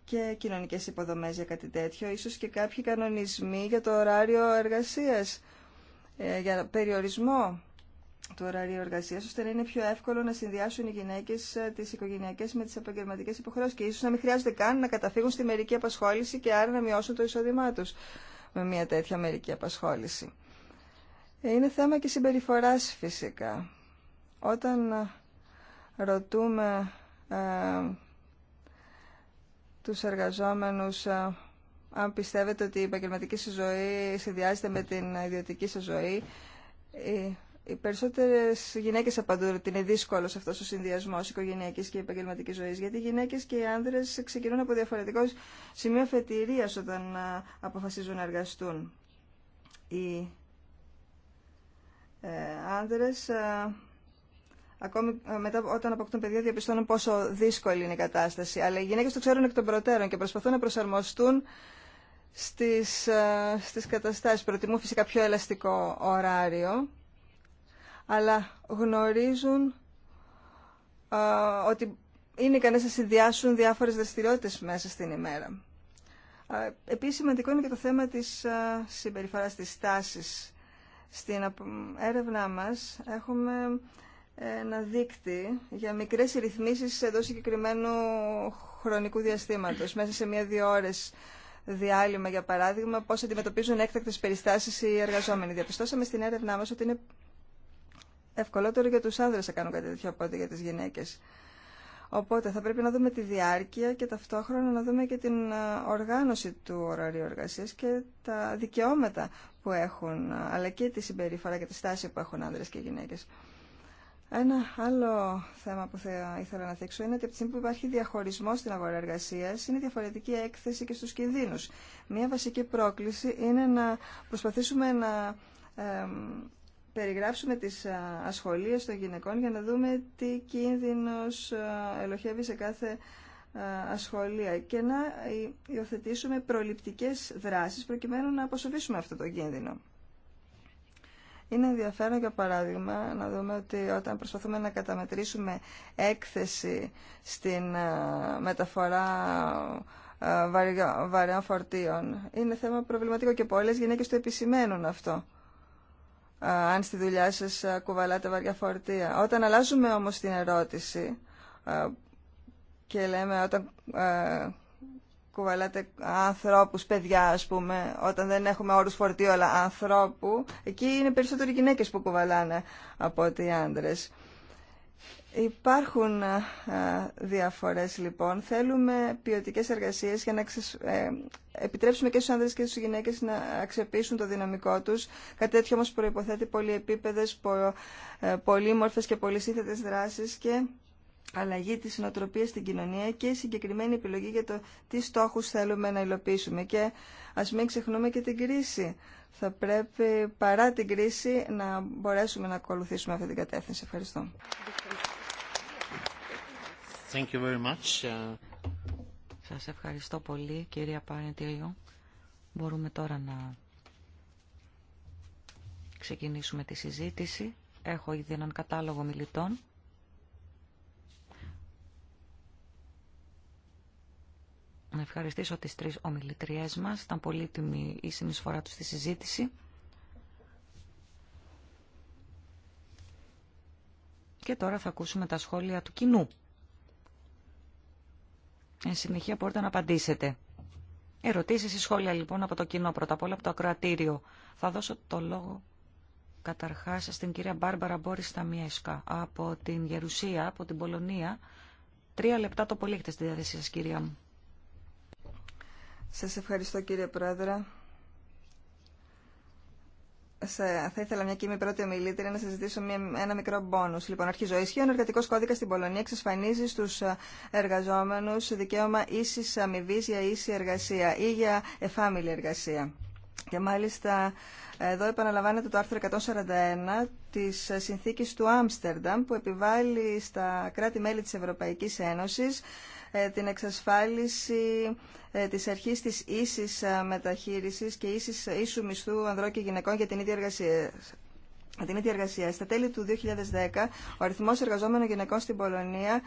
A: και κοινωνικέ υποδομές για κάτι τέτοιο, ίσω και κάποιοι κανονισμοί για το ωράριο εργασία, ε, για περιορισμό του ωραρίου εργασία, ώστε να είναι πιο εύκολο να συνδυάσουν οι γυναίκε ε, τι οικογενειακέ με τι επαγγελματικέ υποχρεώσει και ίσω να μην χρειάζεται καν να καταφύγουν στη μερική απασχόληση και άρα να μειώσουν το εισόδημά του με μια τέτοια μερική απασχόληση. Ε, είναι θέμα και συμπεριφορά φυσικά. Όταν ρωτούμε τους εργαζόμενους ε, αν πιστεύετε ότι η επαγγελματική σας ζωή συνδυάζεται με την ιδιωτική σας ζωή. Ε, οι περισσότερες γυναίκες απαντούν ότι είναι σε αυτός ο συνδυασμός οικογενειακής και επαγγελματικής ζωής, γιατί οι γυναίκες και οι άνδρες ξεκινούν από διαφορετικό σημείο φετηρίας όταν ε, αποφασίζουν να εργαστούν. Οι άνδρες Ακόμη ε, μετά, όταν αποκτούν παιδιά, διαπιστώνουν πόσο δύσκολη είναι η κατάσταση. Αλλά οι γυναίκε το ξέρουν εκ των προτέρων και προσπαθούν να προσαρμοστούν στι στις ε, καταστάσει. Προτιμούν φυσικά πιο ελαστικό ωράριο, αλλά γνωρίζουν α, ε, ότι είναι ικανέ να συνδυάσουν διάφορε δραστηριότητε μέσα στην ημέρα. Επίσης σημαντικό είναι και το θέμα της συμπεριφοράς της τάσης. Στην έρευνά μας έχουμε ένα δείκτη για μικρές ρυθμίσεις εντό συγκεκριμένου χρονικού διαστήματος. Μέσα σε μία-δύο ώρες διάλειμμα, για παράδειγμα, πώς αντιμετωπίζουν έκτακτες περιστάσεις οι εργαζόμενοι. Διαπιστώσαμε στην έρευνά μας ότι είναι ευκολότερο για τους άνδρες να κάνουν κάτι τέτοιο από ό,τι για τις γυναίκες. Οπότε θα πρέπει να δούμε τη διάρκεια και ταυτόχρονα να δούμε και την ε, οργάνωση του ωραρίου εργασίας και τα δικαιώματα που έχουν, ε, αλλά και τη συμπεριφορά και τη στάση που έχουν άνδρες και γυναίκες. Ένα άλλο θέμα που θα ήθελα να θέξω είναι ότι από τη στιγμή που υπάρχει διαχωρισμό στην αγορά εργασία, είναι διαφορετική έκθεση και στου κινδύνου. Μία βασική πρόκληση είναι να προσπαθήσουμε να περιγράψουμε τις ε, ασχολίες των γυναικών για να δούμε τι κίνδυνο ε, ελοχεύει σε κάθε ε, ασχολία και να υιοθετήσουμε προληπτικές δράσεις προκειμένου να αποσοβήσουμε αυτό το κίνδυνο. Είναι ενδιαφέρον για παράδειγμα να δούμε ότι όταν προσπαθούμε να καταμετρήσουμε έκθεση στην ε, μεταφορά ε, βαριών φορτίων είναι θέμα προβληματικό και πολλές γυναίκες το επισημαίνουν αυτό ε, αν στη δουλειά σας κουβαλάτε βαριά φορτία. Όταν αλλάζουμε όμως την ερώτηση και λέμε όταν κουβαλάτε ανθρώπους, παιδιά ας πούμε, όταν δεν έχουμε όρους φορτίου αλλά ανθρώπου, εκεί είναι περισσότεροι γυναίκες που κουβαλάνε από ότι οι άντρε. Υπάρχουν ε, διαφορές λοιπόν. Θέλουμε ποιοτικέ εργασίες για να ε, επιτρέψουμε και στους άνδρες και στις γυναίκες να αξιοποιήσουν το δυναμικό τους. Κάτι τέτοιο όμως προϋποθέτει πολυεπίπεδε πο... Ε, και πολυσύθετες δράσεις και αλλαγή της νοοτροπίας στην κοινωνία και η συγκεκριμένη επιλογή για το τι στόχους θέλουμε να υλοποιήσουμε. Και ας μην ξεχνούμε και την κρίση. Θα πρέπει παρά την κρίση να μπορέσουμε να ακολουθήσουμε αυτή την κατεύθυνση. Ευχαριστώ.
C: Thank you very much. Σας ευχαριστώ πολύ
D: κυρία Πανετήριο. Μπορούμε τώρα να ξεκινήσουμε τη συζήτηση. Έχω ήδη έναν κατάλογο μιλητών. Να ευχαριστήσω τις τρεις ομιλητριές μας. Ήταν πολύτιμη η συνεισφορά τους στη συζήτηση. Και τώρα θα ακούσουμε τα σχόλια του κοινού. Εν συνεχεία μπορείτε να απαντήσετε. Ερωτήσεις ή σχόλια λοιπόν από το κοινό, πρώτα απ' όλα από το ακροατήριο. Θα δώσω το λόγο καταρχάς στην κυρία Μπάρμπαρα Μπόρις Σταμιέσκα από την Γερουσία, από την Πολωνία. Τρία
A: λεπτά το πολύ έχετε στη διάθεσή σας κυρία μου. Σας ευχαριστώ κύριε Πρόεδρε. Θα ήθελα, μια και είμαι η πρώτη ομιλήτρια, να σα ζητήσω ένα μικρό μπόνου. Λοιπόν, αρχίζω. Ισχύει ο εργατικό κώδικα στην Πολωνία εξασφανίζει στου ε, εργαζόμενου δικαίωμα ίση αμοιβή για ίση εργασία ή για εφάμιλη εργασία. Και μάλιστα εδώ επαναλαμβάνεται το άρθρο 141 τη συνθήκη του Άμστερνταμ που επιβάλλει στα κράτη-μέλη τη Ευρωπαϊκή Ένωση. Ε, την εξασφάλιση ε, της αρχής της ίσης ε, μεταχείρισης και ίσης, ίσου μισθού ανδρών και γυναικών για την ίδια εργασία. Την ίδια εργασία. Στα τέλη του 2010, ο αριθμός εργαζόμενων γυναικών στην Πολωνία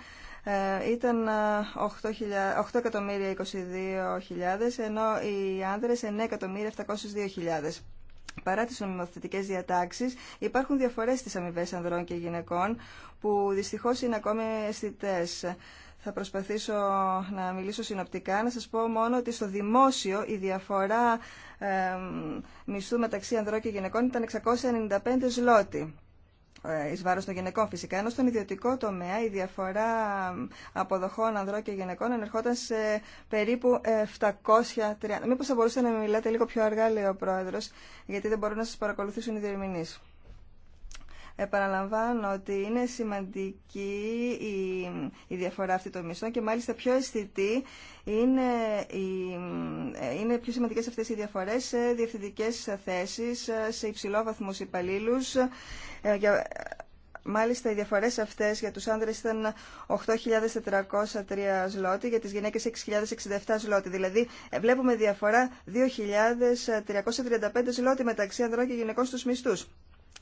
A: ήταν 8.022.000, ενώ οι άνδρες 9.702.000. Παρά τις νομιμοθετικές διατάξεις, υπάρχουν διαφορές στις αμοιβέ ανδρών και γυναικών, που δυστυχώς είναι ακόμη αισθητές. Θα προσπαθήσω να μιλήσω συνοπτικά, να σας πω μόνο ότι στο δημόσιο η διαφορά ε, μισθού μεταξύ ανδρών και γυναικών ήταν 695 ζλότη ε, εις βάρος των γυναικών φυσικά, ενώ στον ιδιωτικό τομέα η διαφορά αποδοχών ανδρών και γυναικών ενερχόταν σε περίπου 730. Μήπως θα μπορούσατε να μιλάτε λίγο πιο αργά, λέει ο Πρόεδρος, γιατί δεν μπορούν να σας παρακολουθήσουν οι διερμηνείς. Επαναλαμβάνω ότι είναι σημαντική η, διαφορά αυτή των μισθών και μάλιστα πιο αισθητή είναι, είναι πιο σημαντικές αυτές οι διαφορές σε διευθυντικές θέσεις, σε υψηλόβαθμους υπαλλήλου. Ε, μάλιστα, οι διαφορέ αυτέ για του άνδρε ήταν 8.403 ζλότι, για τι γυναίκε 6.067 ζλότι. Δηλαδή, ε, βλέπουμε διαφορά 2.335 ζλότι μεταξύ ανδρών και γυναικών στου μισθού.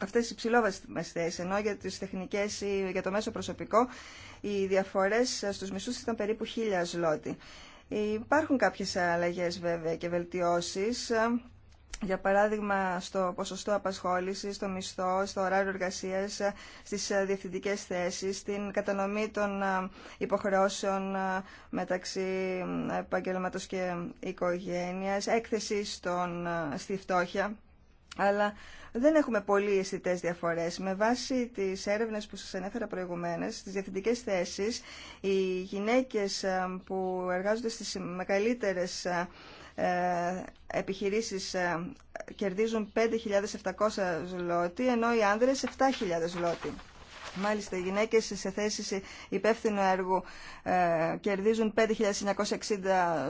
A: Αυτέ οι ψηλόβαστες θέσεις, ενώ για τις τεχνικές ή για το μέσο προσωπικό οι διαφορές στους μισθού ήταν περίπου χίλια σλότη. Υπάρχουν κάποιε αλλαγέ βέβαια και βελτιώσεις, για παράδειγμα στο ποσοστό απασχόληση, στο μισθό, στο ωράριο εργασίας, στις διευθυντικέ θέσεις, στην κατανομή των υποχρεώσεων μεταξύ επαγγελματό και οικογένεια, έκθεση στη φτώχεια αλλά δεν έχουμε πολύ αισθητέ διαφορέ. Με βάση τι έρευνε που σα ανέφερα προηγουμένω, στι διευθυντικέ θέσει, οι γυναίκε ε, που εργάζονται στι μεγαλύτερε ε, ε, επιχειρήσεις κερδίζουν 5.700 ζλότι, ενώ οι άνδρες 7.000 ζλότι. Μάλιστα, οι γυναίκες σε θέση υπεύθυνου έργου ε, κερδίζουν 5.960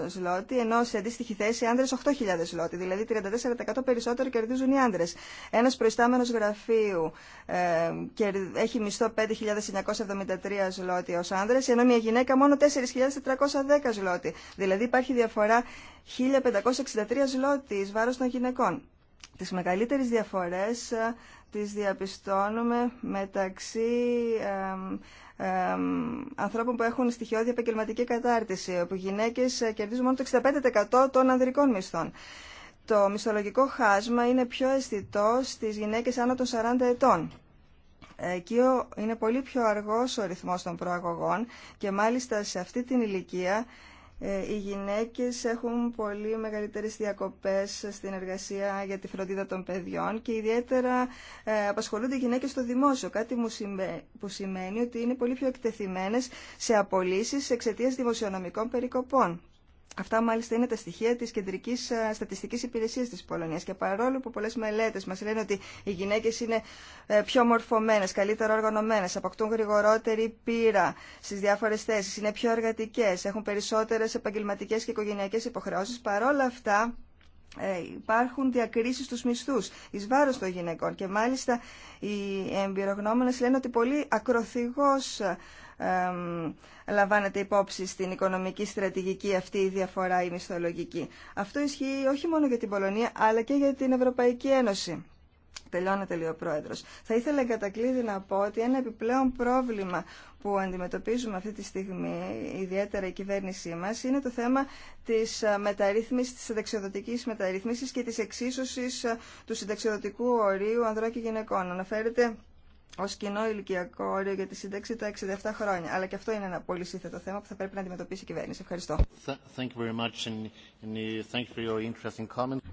A: ζλότι, ενώ σε αντίστοιχη θέση οι άνδρες 8.000 ζλότι. δηλαδή 34% περισσότερο κερδίζουν οι άντρε. Ένας προϊστάμενος γραφείου ε, έχει μισθό 5.973 ζλότι ω άντρε, ενώ μια γυναίκα μόνο 4.410 ζλότι. Δηλαδή υπάρχει διαφορά 1.563 ζλότι ει βάρο των γυναικών. Τις μεγαλύτερες διαφορές ε, τις διαπιστώνουμε μεταξύ ανθρώπων που έχουν στοιχειώδη επαγγελματική κατάρτιση, όπου γυναίκες ε, κερδίζουν μόνο το 65% των ανδρικών μισθών. Το μισθολογικό χάσμα είναι πιο αισθητό στις γυναίκες άνω των 40 ετών. Εκεί είναι πολύ πιο αργός ο ρυθμός των προαγωγών και μάλιστα σε αυτή την ηλικία ε, οι γυναίκες έχουν πολύ μεγαλύτερες διακοπές στην εργασία για τη φροντίδα των παιδιών και ιδιαίτερα ε, απασχολούνται οι γυναίκες στο δημόσιο, κάτι που σημαίνει ότι είναι πολύ πιο εκτεθειμένες σε απολύσεις εξαιτίας δημοσιονομικών περικοπών. Αυτά μάλιστα είναι τα στοιχεία της Κεντρικής ε, Στατιστικής Υπηρεσίας της Πολωνίας και παρόλο που πολλές μελέτες μας λένε ότι οι γυναίκες είναι ε, πιο μορφωμένες, καλύτερα οργανωμένες, αποκτούν γρηγορότερη πείρα στις διάφορες θέσεις, είναι πιο εργατικές, έχουν περισσότερες επαγγελματικές και οικογενειακές υποχρεώσεις, παρόλα αυτά ε, υπάρχουν διακρίσεις στους μισθούς εις βάρος των γυναικών και μάλιστα οι εμπειρογνώμονες λένε ότι πολύ ακροθυγώς λαμβάνεται υπόψη στην οικονομική στρατηγική αυτή η διαφορά η μισθολογική. Αυτό ισχύει όχι μόνο για την Πολωνία αλλά και για την Ευρωπαϊκή Ένωση. Τελειώνεται λέει ο Πρόεδρος. Θα ήθελα εγκατακλείδη να πω ότι ένα επιπλέον πρόβλημα που αντιμετωπίζουμε αυτή τη στιγμή, ιδιαίτερα η κυβέρνησή μας, είναι το θέμα της ε, μεταρρύθμισης, της συνταξιοδοτικής μεταρρύθμισης και της εξίσωσης ε, του συνταξιοδοτικού ορίου ανδρών και γυναικών. Αναφέρεται ω κοινό ηλικιακό όριο για τη σύνταξη τα 67 χρόνια. Αλλά και αυτό είναι ένα πολύ σύνθετο θέμα που θα πρέπει να αντιμετωπίσει η κυβέρνηση. Ευχαριστώ.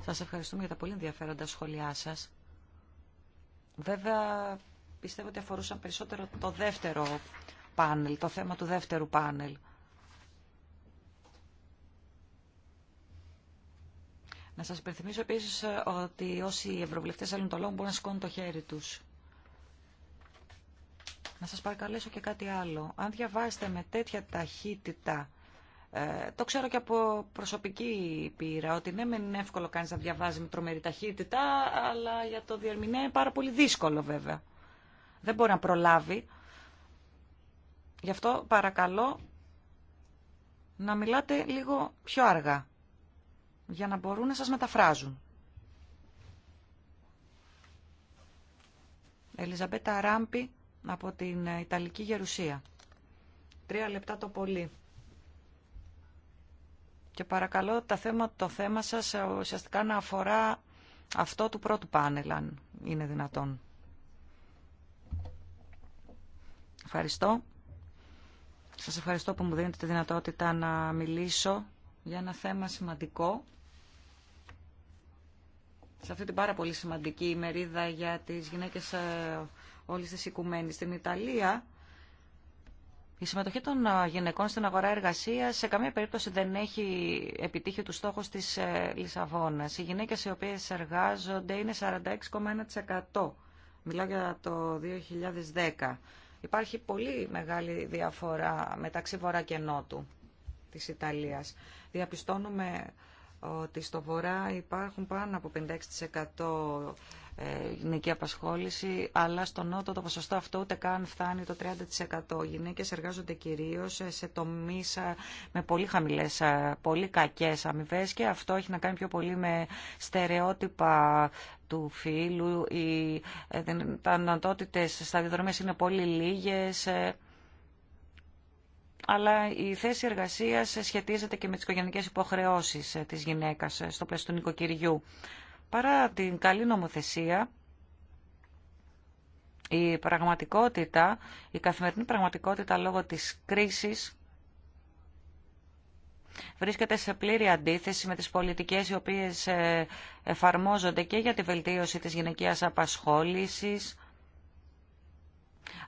C: Σας ευχαριστούμε για τα πολύ ενδιαφέροντα σχόλιά σας.
D: Βέβαια, πιστεύω ότι αφορούσαν περισσότερο το δεύτερο πάνελ, το θέμα του δεύτερου πάνελ. Να σας υπενθυμίσω επίσης ε, ότι όσοι ευρωβουλευτές θέλουν το λόγο μπορούν να σηκώνουν το χέρι τους. Να σας παρακαλέσω και κάτι άλλο. Αν διαβάζετε με τέτοια ταχύτητα, ε, το ξέρω και από προσωπική πείρα, ότι ναι, μεν είναι εύκολο κανείς να διαβάζει με τρομερή ταχύτητα, αλλά για το διερμηνέ είναι πάρα πολύ δύσκολο βέβαια. Δεν μπορεί να προλάβει. Γι' αυτό παρακαλώ να μιλάτε λίγο πιο αργά, για να μπορούν να σας μεταφράζουν. Ελιζαμπέτα Ράμπη, από την Ιταλική Γερουσία. Τρία λεπτά το πολύ. Και παρακαλώ τα θέμα, το θέμα σας ε, ουσιαστικά να αφορά αυτό του πρώτου πάνελ, αν είναι δυνατόν. Ευχαριστώ. Σας ευχαριστώ που μου δίνετε τη δυνατότητα να μιλήσω για ένα θέμα σημαντικό. Σε αυτή την πάρα πολύ σημαντική ημερίδα για τις γυναίκες ε, όλη τη οικουμένη. Στην Ιταλία, η συμμετοχή των ε, γυναικών στην αγορά εργασία σε καμία περίπτωση δεν έχει επιτύχει του στόχου τη ε, Λισαβόνα. Οι γυναίκε οι οποίε εργάζονται είναι 46,1%. Μιλάω για το 2010. Υπάρχει πολύ μεγάλη διαφορά μεταξύ βορρά και νότου της Ιταλίας. Διαπιστώνουμε ότι στο βορρά υπάρχουν πάνω από 56% ε, γυναική απασχόληση, αλλά στο Νότο το ποσοστό αυτό ούτε καν φτάνει το 30%. Οι γυναίκες εργάζονται κυρίως σε τομείς ε, με πολύ χαμηλές, ε, πολύ κακές αμοιβέ και αυτό έχει να κάνει πιο πολύ με στερεότυπα του φύλου. Οι, τα δυνατότητες στα διδρομές είναι πολύ λίγες αλλά η θέση εργασίας σχετίζεται και με τις οικογενειακές υποχρεώσεις της γυναίκας στο πλαίσιο του νοικοκυριού. Παρά την καλή νομοθεσία, η πραγματικότητα, η καθημερινή πραγματικότητα λόγω της κρίσης βρίσκεται σε πλήρη αντίθεση με τις πολιτικές οι οποίες ε, εφαρμόζονται και για τη βελτίωση της γυναικείας απασχόλησης,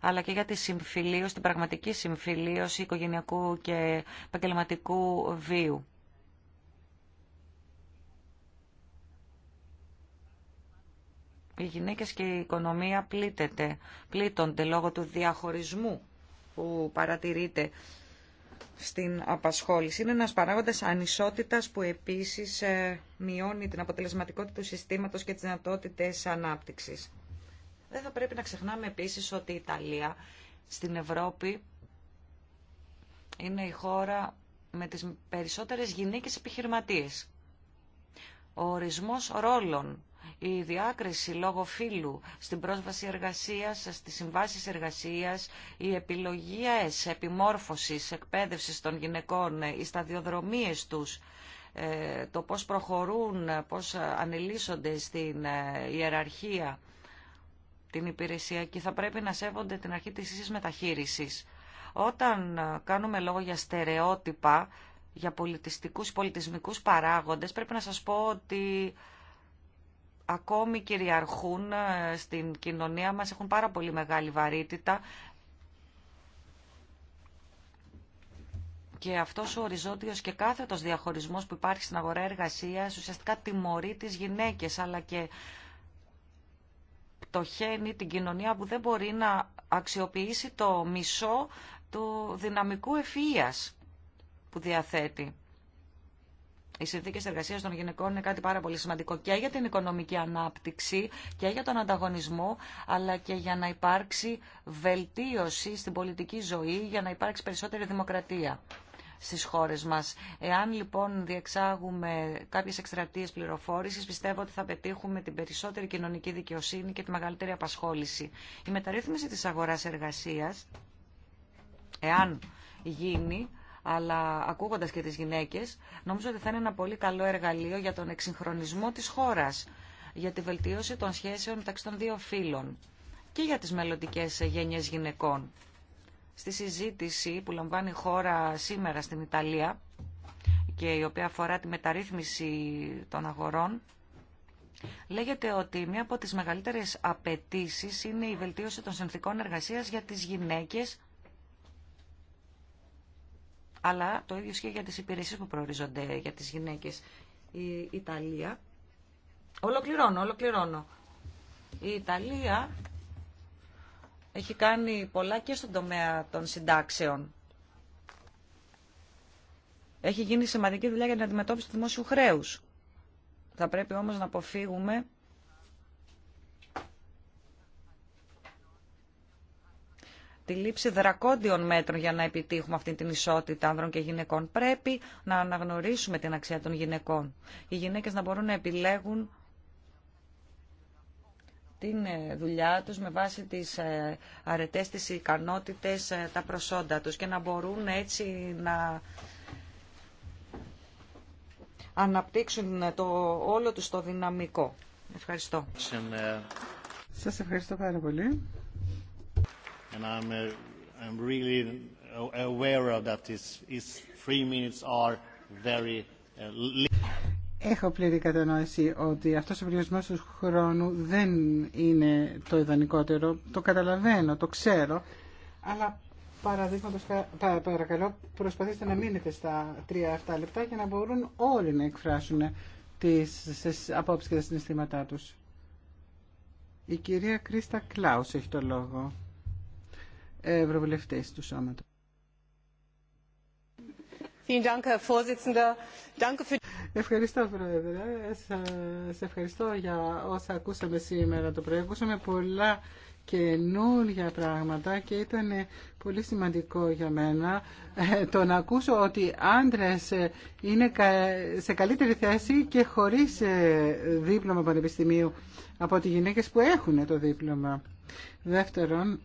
D: αλλά και για τη συμφιλίωση, την πραγματική συμφιλίωση οικογενειακού και επαγγελματικού βίου. οι γυναίκες και η οικονομία πλήτεται, πλήττονται λόγω του διαχωρισμού που παρατηρείται στην απασχόληση. Είναι ένας παράγοντας ανισότητας που επίσης ε, μειώνει την αποτελεσματικότητα του συστήματος και τις δυνατότητε ανάπτυξης. Δεν θα πρέπει να ξεχνάμε επίσης ότι η Ιταλία στην Ευρώπη είναι η χώρα με τις περισσότερες γυναίκες επιχειρηματίες. Ο ορισμός ρόλων η διάκριση λόγω φύλου στην πρόσβαση εργασίας, στις συμβάσεις εργασίας, οι επιλογές επιμόρφωσης, εκπαίδευσης των γυναικών, ε, οι σταδιοδρομίες τους, ε, το πώς προχωρούν, πώς ανελίσσονται στην ε, ιεραρχία, την υπηρεσία... και θα πρέπει να σέβονται την αρχή της ίσης μεταχείρισης. Όταν κάνουμε λόγο για στερεότυπα, για πολιτιστικούς, πολιτισμικούς παράγοντες, πρέπει να σας πω ότι ακόμη κυριαρχούν ε, στην κοινωνία μας, έχουν πάρα πολύ μεγάλη βαρύτητα και αυτός ο οριζόντιος και κάθετος διαχωρισμός που υπάρχει στην αγορά εργασίας ουσιαστικά τιμωρεί τις γυναίκες αλλά και πτωχαίνει την κοινωνία που δεν μπορεί να αξιοποιήσει το μισό του δυναμικού ευφυΐας που διαθέτει οι συνθήκε εργασία των γυναικών είναι κάτι πάρα πολύ σημαντικό και για την οικονομική ανάπτυξη και για τον ανταγωνισμό, αλλά και για να υπάρξει βελτίωση στην πολιτική ζωή, για να υπάρξει περισσότερη δημοκρατία στις χώρες μας. Εάν λοιπόν διεξάγουμε κάποιες εκστρατείες πληροφόρησης, πιστεύω ότι θα πετύχουμε την περισσότερη κοινωνική δικαιοσύνη και τη μεγαλύτερη απασχόληση. Η μεταρρύθμιση της αγοράς εργασίας, εάν γίνει, αλλά ακούγοντας και τις γυναίκες, νομίζω ότι θα είναι ένα πολύ καλό εργαλείο για τον εξυγχρονισμό της χώρας, για τη βελτίωση των σχέσεων μεταξύ των δύο φύλων και για τις μελλοντικέ γένειες γυναικών. Στη συζήτηση που λαμβάνει η χώρα σήμερα στην Ιταλία και η οποία αφορά τη μεταρρύθμιση των αγορών, Λέγεται ότι μία από τις μεγαλύτερες απαιτήσει είναι η βελτίωση των συνθήκων εργασίας για τις γυναίκες αλλά το ίδιο ισχύει για τις υπηρεσίες που προορίζονται για τις γυναίκες. Η Ιταλία, ολοκληρώνω, ολοκληρώνω, η Ιταλία έχει κάνει πολλά και στον τομέα των συντάξεων. Έχει γίνει σημαντική δουλειά για την αντιμετώπιση του δημόσιου χρέους. Θα πρέπει όμως να αποφύγουμε τη λήψη δρακόντιων μέτρων για να επιτύχουμε αυτή την ισότητα άνδρων και γυναικών. Πρέπει να αναγνωρίσουμε την αξία των γυναικών. Οι γυναίκες να μπορούν να επιλέγουν την ε, δουλειά τους με βάση τις ε, αρετές, τις ικανότητες, ε, τα προσόντα τους και να μπορούν έτσι να αναπτύξουν το όλο τους
C: το δυναμικό. Ευχαριστώ.
B: Σας ευχαριστώ πάρα πολύ. Έχω πλήρη κατανόηση ότι αυτός ο περιορισμός του χρόνου δεν είναι το ιδανικότερο. Το καταλαβαίνω, το ξέρω, αλλά παραδείγματος, παρακαλώ προσπαθήστε να μείνετε στα τρία αυτά λεπτά για να μπορούν όλοι να εκφράσουν τις απόψεις και τα συναισθήματά τους. Η κυρία Κρίστα Κλάους έχει το λόγο ευρωβουλευτές του σώματος. Ευχαριστώ, Πρόεδρε. Σα ευχαριστώ για όσα ακούσαμε σήμερα το πρωί. Ακούσαμε πολλά καινούργια πράγματα και ήταν πολύ σημαντικό για μένα ε, το να ακούσω ότι άντρες ε, είναι σε καλύτερη θέση και χωρίς ε, δίπλωμα πανεπιστημίου από τις γυναίκες που έχουν το δίπλωμα. Δεύτερον,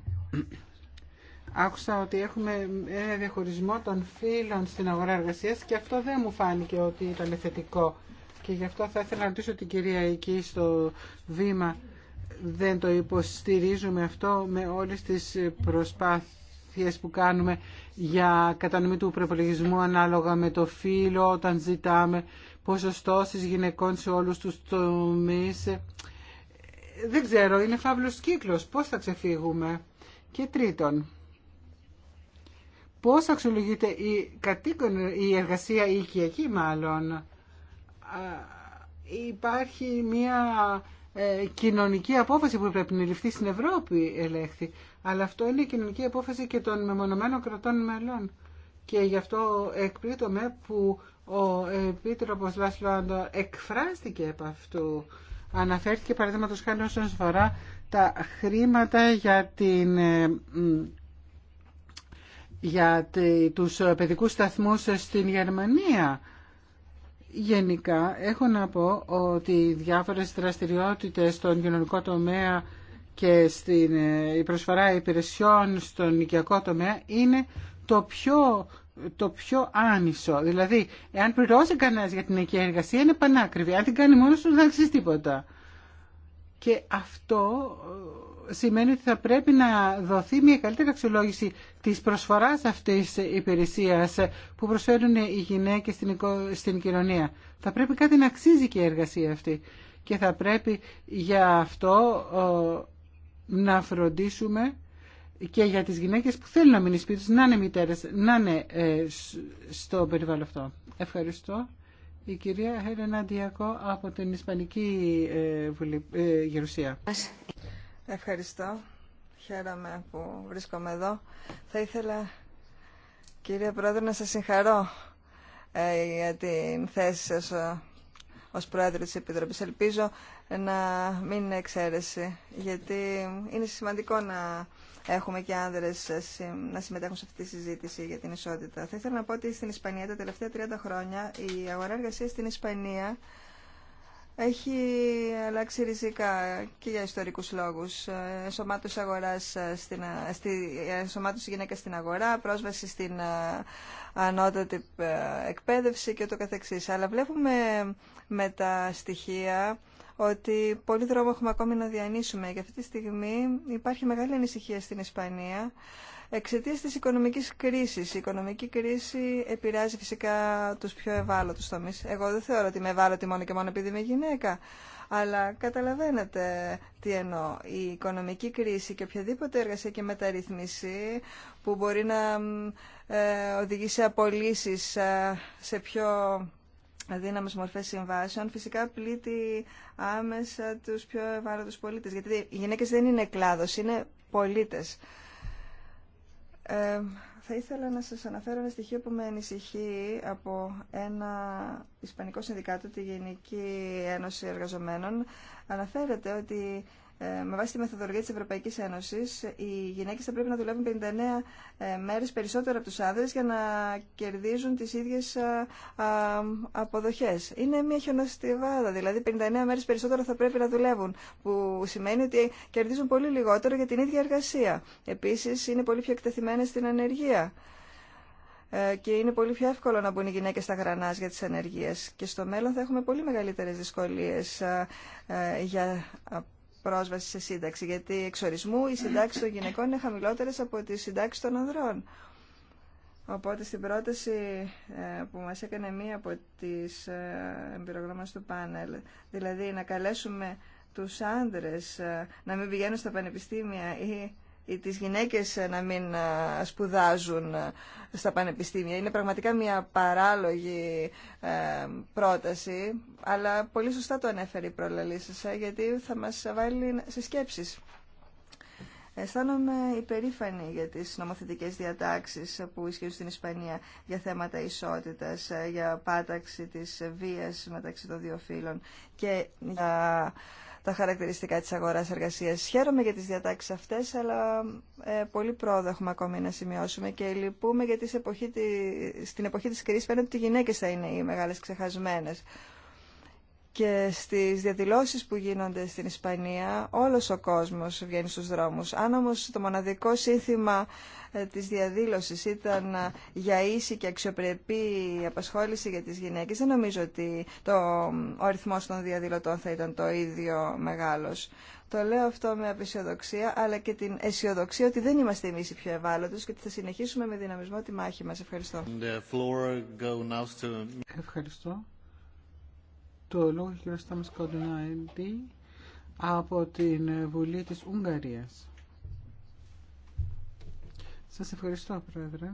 B: Άκουσα ότι έχουμε ένα διαχωρισμό των φύλων στην αγορά εργασία και αυτό δεν μου φάνηκε ότι ήταν θετικό. Και γι' αυτό θα ήθελα να ρωτήσω την κυρία εκεί στο βήμα. Δεν το υποστηρίζουμε αυτό με όλες τις προσπάθειες που κάνουμε για κατανομή του προπολογισμού ανάλογα με το φίλο όταν ζητάμε στις γυναικών σε όλους τους τομείς. Δεν ξέρω, είναι φαύλος κύκλος. Πώς θα ξεφύγουμε. Και τρίτον, πώς αξιολογείται η, κατοίκον, η εργασία η οικιακή μάλλον. Υπάρχει μια ε, κοινωνική απόφαση που πρέπει να ληφθεί στην Ευρώπη, ελέγχθη. Αλλά αυτό είναι η κοινωνική απόφαση και των μεμονωμένων κρατών μελών. Και γι' αυτό εκπλήττομαι που ο Επίτροπος Λάσλο εκφράστηκε από αυτού. Αναφέρθηκε παραδείγματο χάρη όσον αφορά τα χρήματα για την ε, για τους παιδικούς σταθμούς στην Γερμανία. Γενικά έχω να πω ότι οι διάφορες δραστηριότητες στον κοινωνικό τομέα και στην, ε, η προσφορά υπηρεσιών στον οικιακό τομέα είναι το πιο, το πιο άνισο. Δηλαδή, εάν πληρώσει κανένας για την οικιακή εργασία είναι πανάκριβη. Αν την κάνει μόνος του δεν αξίζει τίποτα. Και αυτό σημαίνει ότι θα πρέπει να δοθεί μια καλύτερη αξιολόγηση της προσφοράς αυτής τη υπηρεσίας που προσφέρουν οι γυναίκες στην κοινωνία. Θα πρέπει κάτι να αξίζει και η εργασία αυτή και θα πρέπει για αυτό να φροντίσουμε και για τις γυναίκες που θέλουν να μείνουν σπίτι να είναι μητέρες, να είναι ε, στο περιβάλλον αυτό. Ευχαριστώ. Η κυρία Χέλενα Διακό από την Ισπανική ε, Βουλή, ε, Γερουσία.
A: Ευχαριστώ. Χαίρομαι που βρίσκομαι εδώ. Θα ήθελα, κύριε Πρόεδρε, να σας συγχαρώ ε, για την θέση σας ε, ως Πρόεδρο της Επιτροπής. Ελπίζω να μην είναι εξαίρεση, γιατί είναι σημαντικό να έχουμε και άνδρες ε, να συμμετέχουν σε αυτή τη συζήτηση για την ισότητα. Θα ήθελα να πω ότι στην Ισπανία τα τελευταία 30 χρόνια η αγορά εργασία στην Ισπανία έχει αλλάξει ριζικά και για ιστορικούς λόγους. Ενσωμάτωση, αγοράς ε, ε, στη, ε, γυναίκα στην αγορά, πρόσβαση στην ανώτατη εκπαίδευση και το καθεξής. Αλλά βλέπουμε με τα στοιχεία ότι πολύ δρόμο έχουμε ακόμη να διανύσουμε. Και αυτή τη στιγμή υπάρχει μεγάλη ανησυχία στην Ισπανία Εξαιτία τη οικονομική κρίση. Η οικονομική κρίση επηρεάζει φυσικά του πιο ευάλωτου τομεί. Εγώ δεν θεωρώ ότι είμαι ευάλωτη μόνο και μόνο επειδή είμαι γυναίκα. Αλλά καταλαβαίνετε τι εννοώ. Η οικονομική κρίση και οποιαδήποτε εργασία και μεταρρύθμιση που μπορεί να ε, οδηγήσει απολύσεις ε, σε πιο αδύναμες μορφές συμβάσεων, φυσικά πλήττει άμεσα τους πιο ευάλωτους πολίτες. Γιατί οι γυναίκες δεν είναι κλάδος, είναι πολίτες. Ε, θα ήθελα να σας αναφέρω ένα στοιχείο που με ανησυχεί από ένα Ισπανικό Συνδικάτο, τη Γενική Ένωση Εργαζομένων. Αναφέρεται ότι με βάση τη μεθοδολογία της Ευρωπαϊκής Ένωσης, οι γυναίκες θα πρέπει να δουλεύουν 59 ε, μέρες περισσότερο από τους άνδρες για να κερδίζουν τις ίδιες ε, αποδοχές. Είναι μια χιονοστιβάδα, δηλαδή 59 μέρες περισσότερο θα πρέπει να δουλεύουν, που σημαίνει ότι κερδίζουν πολύ λιγότερο για την ίδια εργασία. Επίσης, είναι πολύ πιο εκτεθειμένες στην ανεργία ε, και είναι πολύ πιο εύκολο να μπουν οι γυναίκες στα γρανάζια για τι ανεργίε. Και στο μέλλον θα έχουμε πολύ μεγαλύτερες δυσκολίες για πρόσβαση σε σύνταξη, γιατί εξορισμού οι συντάξει των γυναικών είναι χαμηλότερε από τι συντάξει των ανδρών. Οπότε στην πρόταση ε, που μας έκανε μία από τις ε, εμπειρογνώμες του πάνελ, δηλαδή να καλέσουμε τους άνδρες ε, να μην πηγαίνουν στα πανεπιστήμια ή ή τις γυναίκες ε, να μην ε, σπουδάζουν ε, στα πανεπιστήμια. Είναι πραγματικά μια παράλογη πρόταση, αλλά πολύ σωστά το ανέφερε η προλαλή σας, γιατί θα μας βάλει σε σκέψεις. Αισθάνομαι υπερήφανη για τις νομοθετικές διατάξεις που ισχύουν στην Ισπανία για θέματα ισότητας, για πάταξη της βίας μεταξύ των δύο φύλων και για τα χαρακτηριστικά της αγοράς εργασίας. Χαίρομαι για τις διατάξεις αυτές, αλλά ε, πολύ πρόοδο έχουμε ακόμη να σημειώσουμε και λυπούμε γιατί στην εποχή της κρίσης φαίνεται ότι οι γυναίκες θα είναι οι μεγάλες ξεχασμένες και στις διαδηλώσεις που γίνονται στην Ισπανία όλος ο κόσμος βγαίνει στους δρόμους. Αν όμως το μοναδικό σύνθημα ε, της διαδήλωσης ήταν ε, για ίση και αξιοπρεπή απασχόληση για τις γυναίκες, δεν νομίζω ότι το, ο αριθμός των διαδηλωτών θα ήταν το ίδιο μεγάλος. Το λέω αυτό με απεσιοδοξία, αλλά και την αισιοδοξία ότι δεν είμαστε εμείς οι πιο ευάλωτες και ότι θα συνεχίσουμε με δυναμισμό τη μάχη μας. Ευχαριστώ.
C: Το λόγο και ο κ.
B: από την Βουλή της Ουγγαρίας. Σας ευχαριστώ, Πρόεδρε.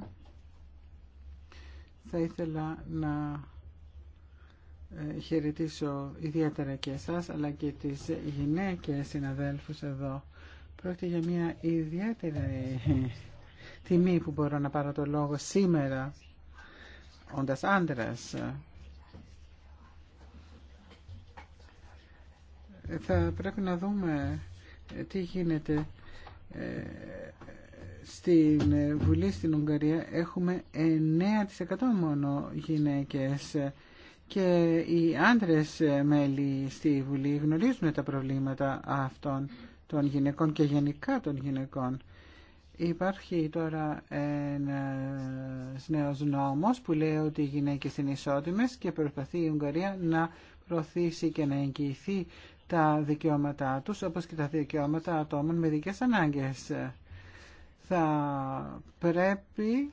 B: Θα ήθελα να ε, χαιρετήσω ιδιαίτερα και εσάς, αλλά και τις γυναίκες συναδέλφους εδώ. Πρόκειται για μια ιδιαίτερη ε, τιμή που μπορώ να πάρω το λόγο σήμερα, όντας άντρας θα πρέπει να δούμε ε, τι γίνεται. Ε, στην ε, Βουλή στην Ουγγαρία έχουμε 9% μόνο γυναίκες και οι άντρες μέλη στη Βουλή γνωρίζουν τα προβλήματα αυτών των γυναικών και γενικά των γυναικών. Υπάρχει τώρα ένα νέο νόμος που λέει ότι οι γυναίκες είναι ισότιμες και προσπαθεί η Ουγγαρία να προωθήσει και να εγγυηθεί τα δικαιώματά τους, όπως και τα δικαιώματα ατόμων με δικές ανάγκες. Θα πρέπει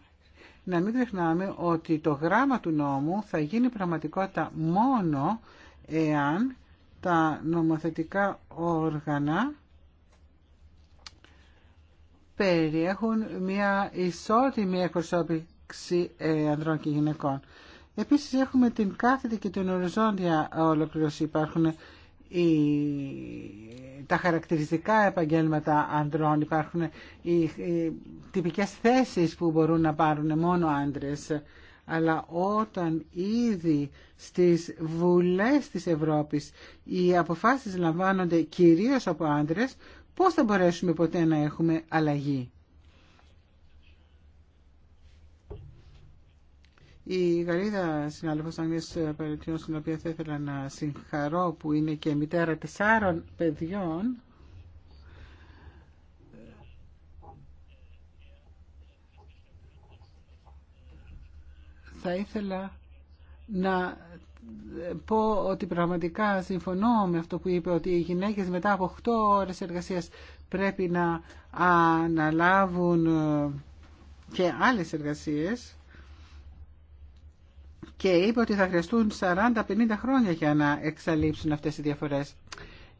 B: να μην ξεχνάμε ότι το γράμμα του νόμου θα γίνει πραγματικότητα μόνο εάν τα νομοθετικά όργανα περιέχουν μια ισότιμη εκπροσώπηση ε, ανδρών και γυναικών. Επίσης έχουμε την κάθετη και την οριζόντια ολοκληρώση. Υπάρχουν η, τα χαρακτηριστικά επαγγέλματα ανδρών, υπάρχουν οι, οι τυπικές θέσεις που μπορούν να πάρουν μόνο άντρες. Αλλά όταν ήδη στις βουλές της Ευρώπης οι αποφάσεις λαμβάνονται κυρίως από άντρες, πώς θα μπορέσουμε ποτέ να έχουμε αλλαγή. Η Γαλλίδα συνάδελφος Αγνής Παριτιών, στην οποία θα ήθελα να συγχαρώ, που είναι και μητέρα τεσσάρων παιδιών, θα ήθελα να πω ότι πραγματικά συμφωνώ με αυτό που είπε ότι οι γυναίκες μετά από 8 ώρες εργασίας πρέπει να αναλάβουν ε, και άλλες εργασίες και είπε ότι θα χρειαστούν 40-50 χρόνια για να εξαλείψουν αυτές οι διαφορές.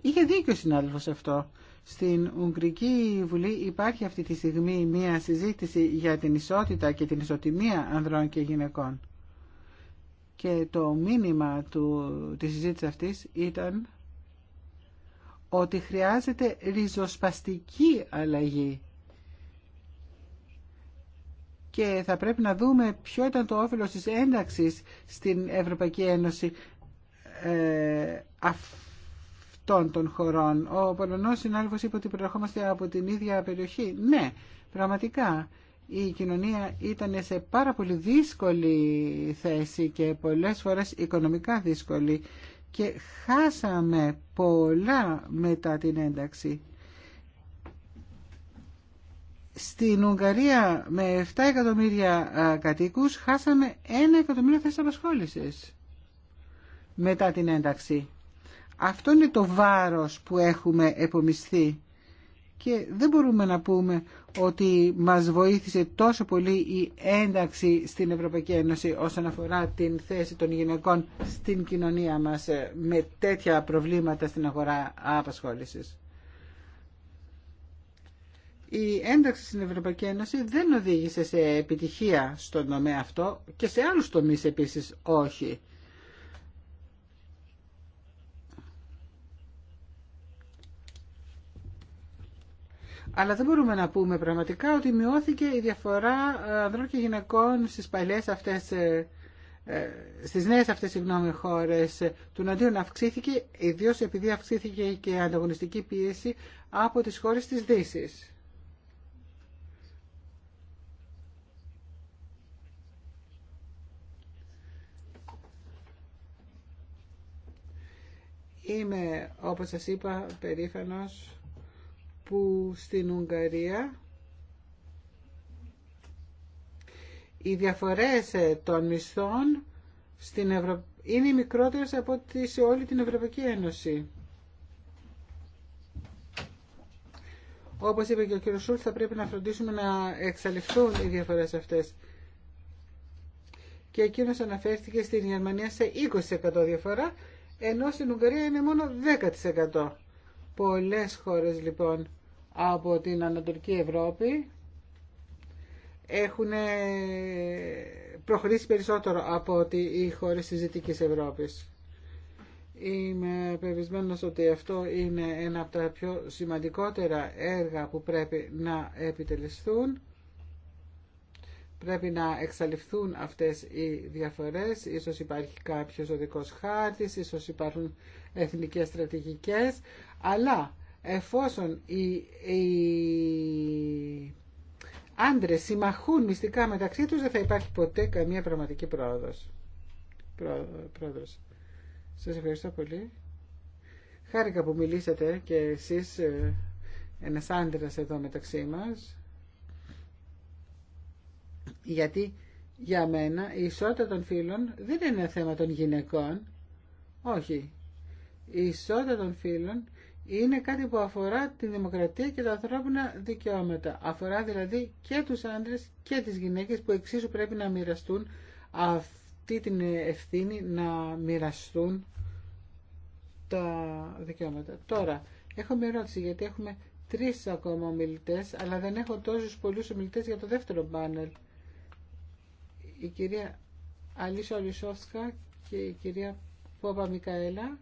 B: Είχε δίκιο ο συνάδελφος αυτό. Στην Ουγγρική Βουλή υπάρχει αυτή τη στιγμή μια συζήτηση για την ισότητα και την ισοτιμία ανδρών και γυναικών. Και το μήνυμα του, της συζήτησης αυτής ήταν ότι χρειάζεται ριζοσπαστική αλλαγή και θα πρέπει να δούμε ποιο ήταν το όφελος της ένταξης στην Ευρωπαϊκή Ένωση ε, αυτών των χωρών. Ο Πολωνός συνάδελφος είπε ότι προερχόμαστε από την ίδια περιοχή. Ναι, πραγματικά η κοινωνία ήταν σε πάρα πολύ δύσκολη θέση και πολλές φορές οικονομικά δύσκολη και χάσαμε πολλά μετά την ένταξη. Στην Ουγγαρία με 7 εκατομμύρια κατοίκους χάσαμε 1 εκατομμύριο θέσεις απασχόλησης μετά την ένταξη. Αυτό είναι το βάρος που έχουμε επομισθεί και δεν μπορούμε να πούμε ότι μας βοήθησε τόσο πολύ η ένταξη στην Ευρωπαϊκή Ένωση όσον αφορά την θέση των γυναικών στην κοινωνία μας ε, με τέτοια προβλήματα στην αγορά απασχόλησης η ένταξη στην Ευρωπαϊκή Ένωση δεν οδήγησε σε επιτυχία στον τομέα αυτό και σε άλλους τομείς επίσης όχι. Αλλά δεν μπορούμε να πούμε πραγματικά ότι μειώθηκε η διαφορά ε, ανδρών και γυναικών στις παλιές αυτές ε, ε, στις νέες αυτές συγγνώμη χώρες του Ναντίον αυξήθηκε ιδίως επειδή αυξήθηκε και η ανταγωνιστική πίεση από τις χώρες της Δύσης. Είμαι, όπως σας είπα, περήφανος που στην Ουγγαρία οι διαφορές ε, των μισθών στην είναι μικρότερε μικρότερες από ό,τι σε όλη την Ευρωπαϊκή Ένωση. Όπως είπε και ο κ. Σούλτ, θα πρέπει να φροντίσουμε να εξαλειφθούν οι διαφορές αυτές. Και εκείνος αναφέρθηκε στην Γερμανία σε 20% διαφορά ενώ στην Ουγγαρία είναι μόνο 10%. Πολλές χώρες λοιπόν από την Ανατολική Ευρώπη έχουν προχωρήσει περισσότερο από ότι οι χώρες της Δυτικής Ευρώπης. Είμαι πεπισμένος ότι αυτό είναι ένα από τα πιο σημαντικότερα έργα που πρέπει να επιτελεστούν πρέπει να εξαλειφθούν αυτές οι διαφορές. Ίσως υπάρχει κάποιος οδικός χάρτης, ίσως υπάρχουν εθνικές στρατηγικές, αλλά εφόσον οι, οι άντρες συμμαχούν μυστικά μεταξύ τους, δεν θα υπάρχει ποτέ καμία πραγματική πρόοδος. Πρό, πρόοδος. Σας ευχαριστώ πολύ. Χάρηκα που μιλήσατε και εσείς ε, ένας άντρας εδώ μεταξύ μας. Γιατί για μένα η ισότητα των φίλων δεν είναι θέμα των γυναικών. Όχι. Η ισότητα των φίλων είναι κάτι που αφορά τη δημοκρατία και τα ανθρώπινα δικαιώματα. Αφορά δηλαδή και τους άντρες και τις γυναίκες που εξίσου πρέπει να μοιραστούν αυτή την ευθύνη να μοιραστούν τα δικαιώματα. Τώρα, έχω μια ερώτηση γιατί έχουμε τρεις ακόμα ομιλητές, αλλά δεν έχω τόσους πολλούς ομιλητές για το δεύτερο πάνελ η κυρία Αλίσσα Ολισόφσκα και η κυρία Πόπα Μικαέλα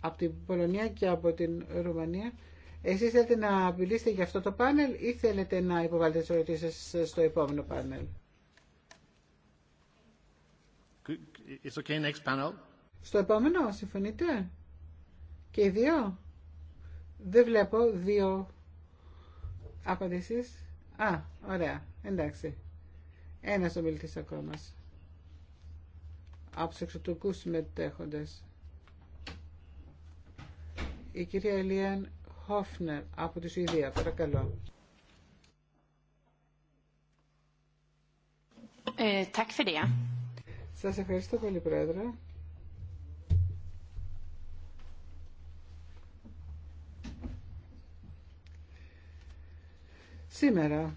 B: από την Πολωνία και από την Ρουμανία. Εσείς θέλετε να μιλήσετε για αυτό το πάνελ ή θέλετε να υποβάλλετε τι ερωτήσει στο επόμενο πάνελ.
C: It's okay, next panel.
B: Στο επόμενο, συμφωνείτε. Και οι δύο. Δεν βλέπω δύο απαντήσεις. Α, ωραία. Εντάξει. Ένας ομιλητής ακόμα. Από του εξωτερικού συμμετέχοντε. Η κυρία Ελίαν Χόφνερ από τη Σουηδία. Παρακαλώ. Ε, Σας ευχαριστώ πολύ, Πρόεδρε. Σήμερα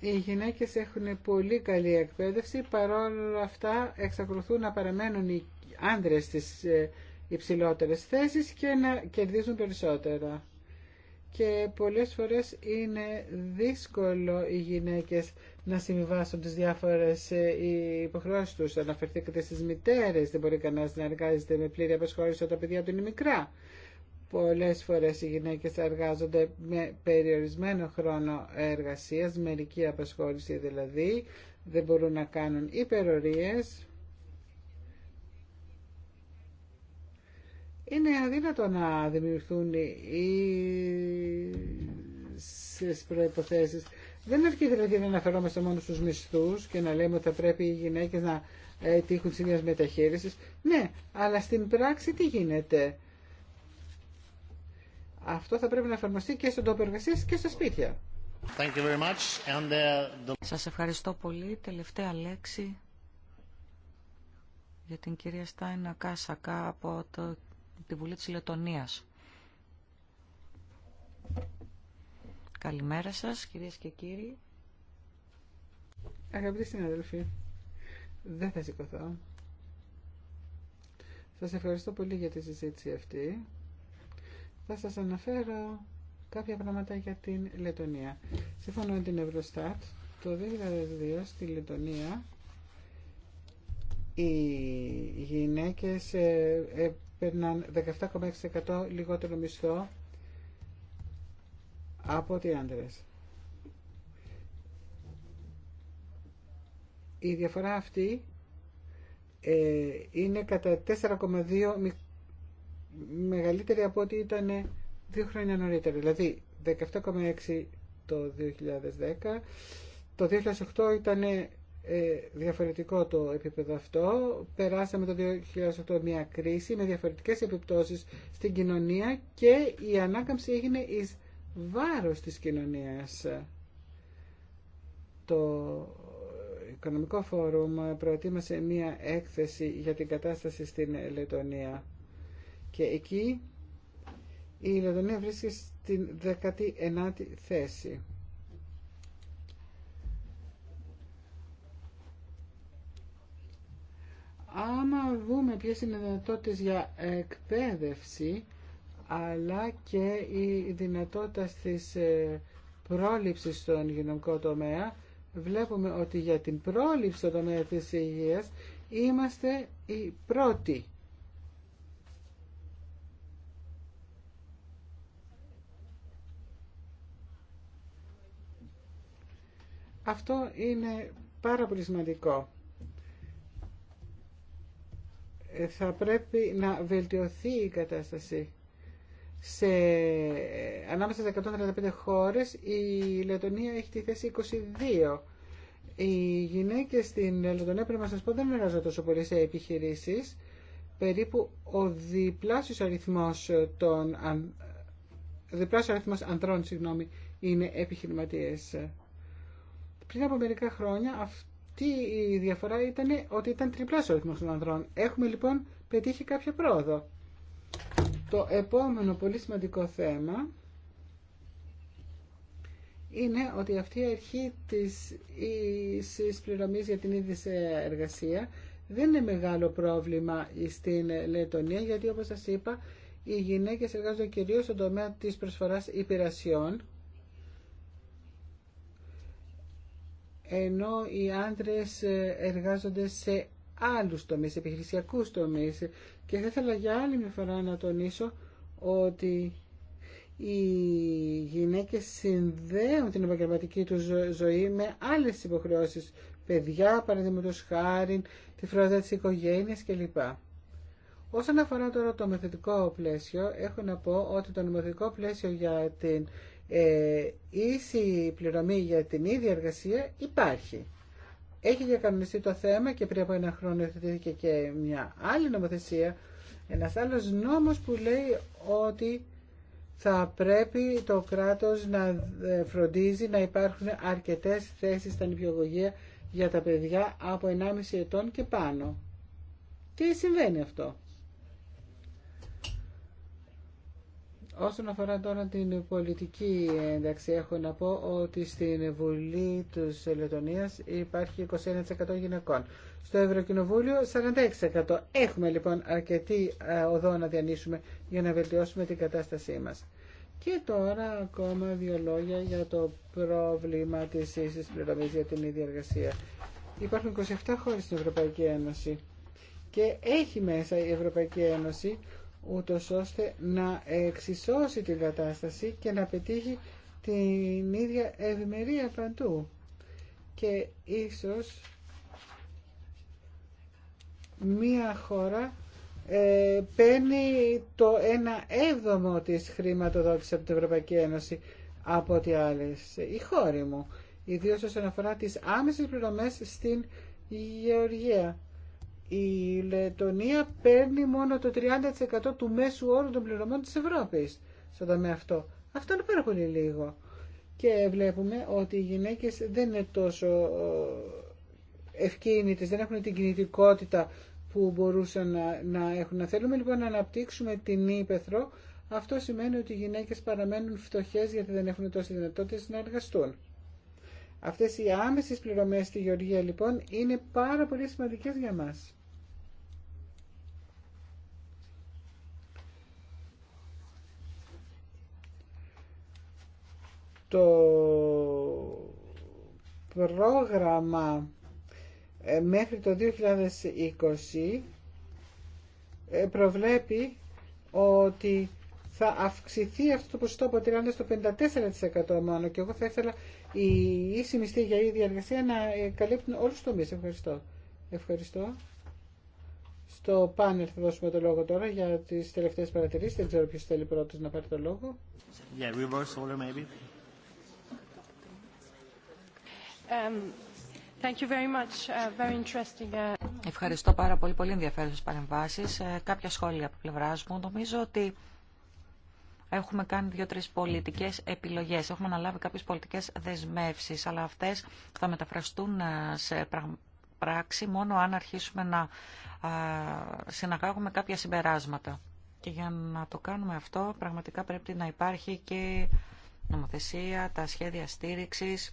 B: οι γυναίκες έχουν πολύ καλή εκπαίδευση, παρόλα αυτά εξακολουθούν να παραμένουν οι άνδρες στις ε, υψηλότερες θέσεις και να κερδίζουν περισσότερα. Και πολλές φορές είναι δύσκολο οι γυναίκες να συμβιβάσουν τις διάφορες ε, υποχρεώσεις τους. Αναφερθήκατε στις μητέρες, δεν μπορεί κανένας να εργάζεται με πλήρη απασχόληση όταν τα παιδιά του είναι μικρά. Πολλές φορές οι γυναίκες εργάζονται με περιορισμένο χρόνο εργασίας, μερική απασχόληση δηλαδή, δεν μπορούν να κάνουν υπερορίες. Είναι αδύνατο να δημιουργηθούν οι προϋποθέσεις. Δεν αρκεί δηλαδή να αναφερόμαστε μόνο στους μισθούς και να λέμε ότι θα πρέπει οι γυναίκες να ε, τύχουν σημείας μεταχείρισης. Ναι, αλλά στην πράξη τι γίνεται αυτό θα πρέπει να εφαρμοστεί και στον τόπο εργασία και στα σπίτια.
D: Thank uh, Σας ευχαριστώ πολύ. Τελευταία λέξη για την κυρία Στάινα Κάσακα από το, τη Βουλή της Λετωνίας. Καλημέρα σας κυρίες και κύριοι. Αγαπητοί συναδελφοί,
B: δεν θα σηκωθώ. Σας ευχαριστώ πολύ για τη συζήτηση αυτή. Θα σας αναφέρω κάποια πράγματα για την Λετωνία. Σύμφωνα με την Ευρωστάτ, το 2002 στη Λετωνία οι γυναίκες ε, παίρναν 17,6% λιγότερο μισθό από ότι άντρες. Η διαφορά αυτή ε, είναι κατά 4,2 μεγαλύτερη από ό,τι ήταν δύο χρόνια νωρίτερα. Δηλαδή 17,6 το 2010. Το 2008 ήταν ε, διαφορετικό το επίπεδο αυτό. Περάσαμε το 2008 μια κρίση με διαφορετικές επιπτώσεις στην κοινωνία και η ανάκαμψη έγινε εις βάρος της κοινωνίας. Το Οικονομικό Φόρουμ προετοίμασε μια έκθεση για την κατάσταση στην Λετωνία και εκεί η Λετωνία βρίσκεται στην 19η θέση. Άμα δούμε ποιες είναι οι δυνατότητες για εκπαίδευση, αλλά και η δυνατότητα της ε, πρόληψης στον υγειονομικό τομέα, βλέπουμε ότι για την πρόληψη στον τομέα της υγείας είμαστε οι πρώτοι Αυτό είναι πάρα πολύ σημαντικό. Ε, θα πρέπει να βελτιωθεί η κατάσταση. Σε, ανάμεσα σε 135 χώρες η Λετωνία έχει τη θέση 22. Οι γυναίκες στην Λετωνία πρέπει να σας πω δεν εργάζονται τόσο πολύ σε επιχειρήσεις. Περίπου ο διπλάσιος αριθμός των διπλάσιος αριθμός ανδρών συγγνώμη, είναι επιχειρηματίες. Πριν από μερικά χρόνια αυτή η διαφορά ήταν ότι ήταν τριπλάσιο ο αριθμό των ανδρών. Έχουμε λοιπόν πετύχει κάποια πρόοδο. Το επόμενο πολύ σημαντικό θέμα είναι ότι αυτή η αρχή της εισπληρωμής για την ίδια εργασία δεν είναι μεγάλο πρόβλημα στην Λετωνία γιατί όπως σας είπα οι γυναίκες εργάζονται κυρίως στον τομέα της προσφοράς υπηρεσιών ενώ οι άντρες ε, εργάζονται σε άλλους τομείς, επιχειρησιακούς τομείς. Και θα ήθελα για άλλη μια φορά να τονίσω ότι οι γυναίκες συνδέουν την επαγγελματική τους ζωή με άλλες υποχρεώσεις, παιδιά, παραδείγματο χάρη, τη φροντίδα της οικογένειας κλπ. Όσον αφορά τώρα το νομοθετικό πλαίσιο, έχω να πω ότι το νομοθετικό πλαίσιο για την ε, ίση πληρωμή για την ίδια εργασία υπάρχει. Έχει διακανονιστεί το θέμα και πριν από ένα χρόνο εθετήθηκε και μια άλλη νομοθεσία, ένας άλλος νόμος που λέει ότι θα πρέπει το κράτος να ε, φροντίζει να υπάρχουν αρκετές θέσεις στα νηπιογωγεία για τα παιδιά από 1,5 ετών και πάνω. Τι συμβαίνει αυτό. Όσον αφορά τώρα την πολιτική ένταξη, έχω να πω ότι στην Βουλή της Λετωνίας υπάρχει 21% γυναικών. Στο Ευρωκοινοβούλιο 46%. Έχουμε λοιπόν αρκετή ε, οδό να διανύσουμε για να βελτιώσουμε την κατάστασή μας. Και τώρα ακόμα δύο λόγια για το πρόβλημα της ίσης πληρωμής για την ίδια εργασία. Υπάρχουν 27 χώρες στην Ευρωπαϊκή Ένωση και έχει μέσα η Ευρωπαϊκή Ένωση ούτως ώστε να εξισώσει την κατάσταση και να πετύχει την ίδια ευημερία παντού. Και ίσως μία χώρα ε, παίρνει το ένα έβδομο της χρηματοδότησης από την Ευρωπαϊκή Ένωση από ό,τι άλλες. Η χώρη μου, ιδίως όσον αφορά τις άμεσες πληρωμές στην Γεωργία η Λετωνία παίρνει μόνο το 30% του μέσου όρου των πληρωμών της Ευρώπης στον τομέα αυτό. Αυτό είναι πάρα πολύ λίγο. Και βλέπουμε ότι οι γυναίκες δεν είναι τόσο ε, ευκίνητες, δεν έχουν την κινητικότητα που μπορούσαν να, να έχουν. Να θέλουμε λοιπόν να αναπτύξουμε την ύπεθρο. Αυτό σημαίνει ότι οι γυναίκες παραμένουν φτωχές γιατί δεν έχουν τόσες δυνατότητες να εργαστούν. Αυτές οι άμεσες πληρωμές στη Γεωργία λοιπόν είναι πάρα πολύ σημαντικές για μας. το πρόγραμμα ε, μέχρι το 2020 ε, προβλέπει ότι θα αυξηθεί αυτό το ποσοστό από 30% στο 54% μόνο και εγώ θα ήθελα η ίση μισθή για η εργασία να ε, καλύπτουν όλους τους τομείς. Ευχαριστώ. Ευχαριστώ. Στο πάνελ θα δώσουμε το λόγο τώρα για τις τελευταίες παρατηρήσεις. Δεν ξέρω ποιος θέλει πρώτος να πάρει το λόγο.
C: Yeah, reverse order maybe.
E: Um, uh, uh,
D: Ευχαριστώ πάρα πολύ. Πολύ ενδιαφέρουσες παρεμβάσεις. Ε, κάποια σχόλια από πλευράς μου. Νομίζω ότι έχουμε κάνει δύο-τρεις πολιτικές επιλογές. Έχουμε αναλάβει κάποιες πολιτικές δεσμεύσεις, αλλά αυτές θα μεταφραστούν ε, σε πράξη μόνο αν αρχίσουμε να ε, συναγάγουμε κάποια συμπεράσματα. Και για να το κάνουμε αυτό, πραγματικά πρέπει να υπάρχει και νομοθεσία, τα σχέδια στήριξης,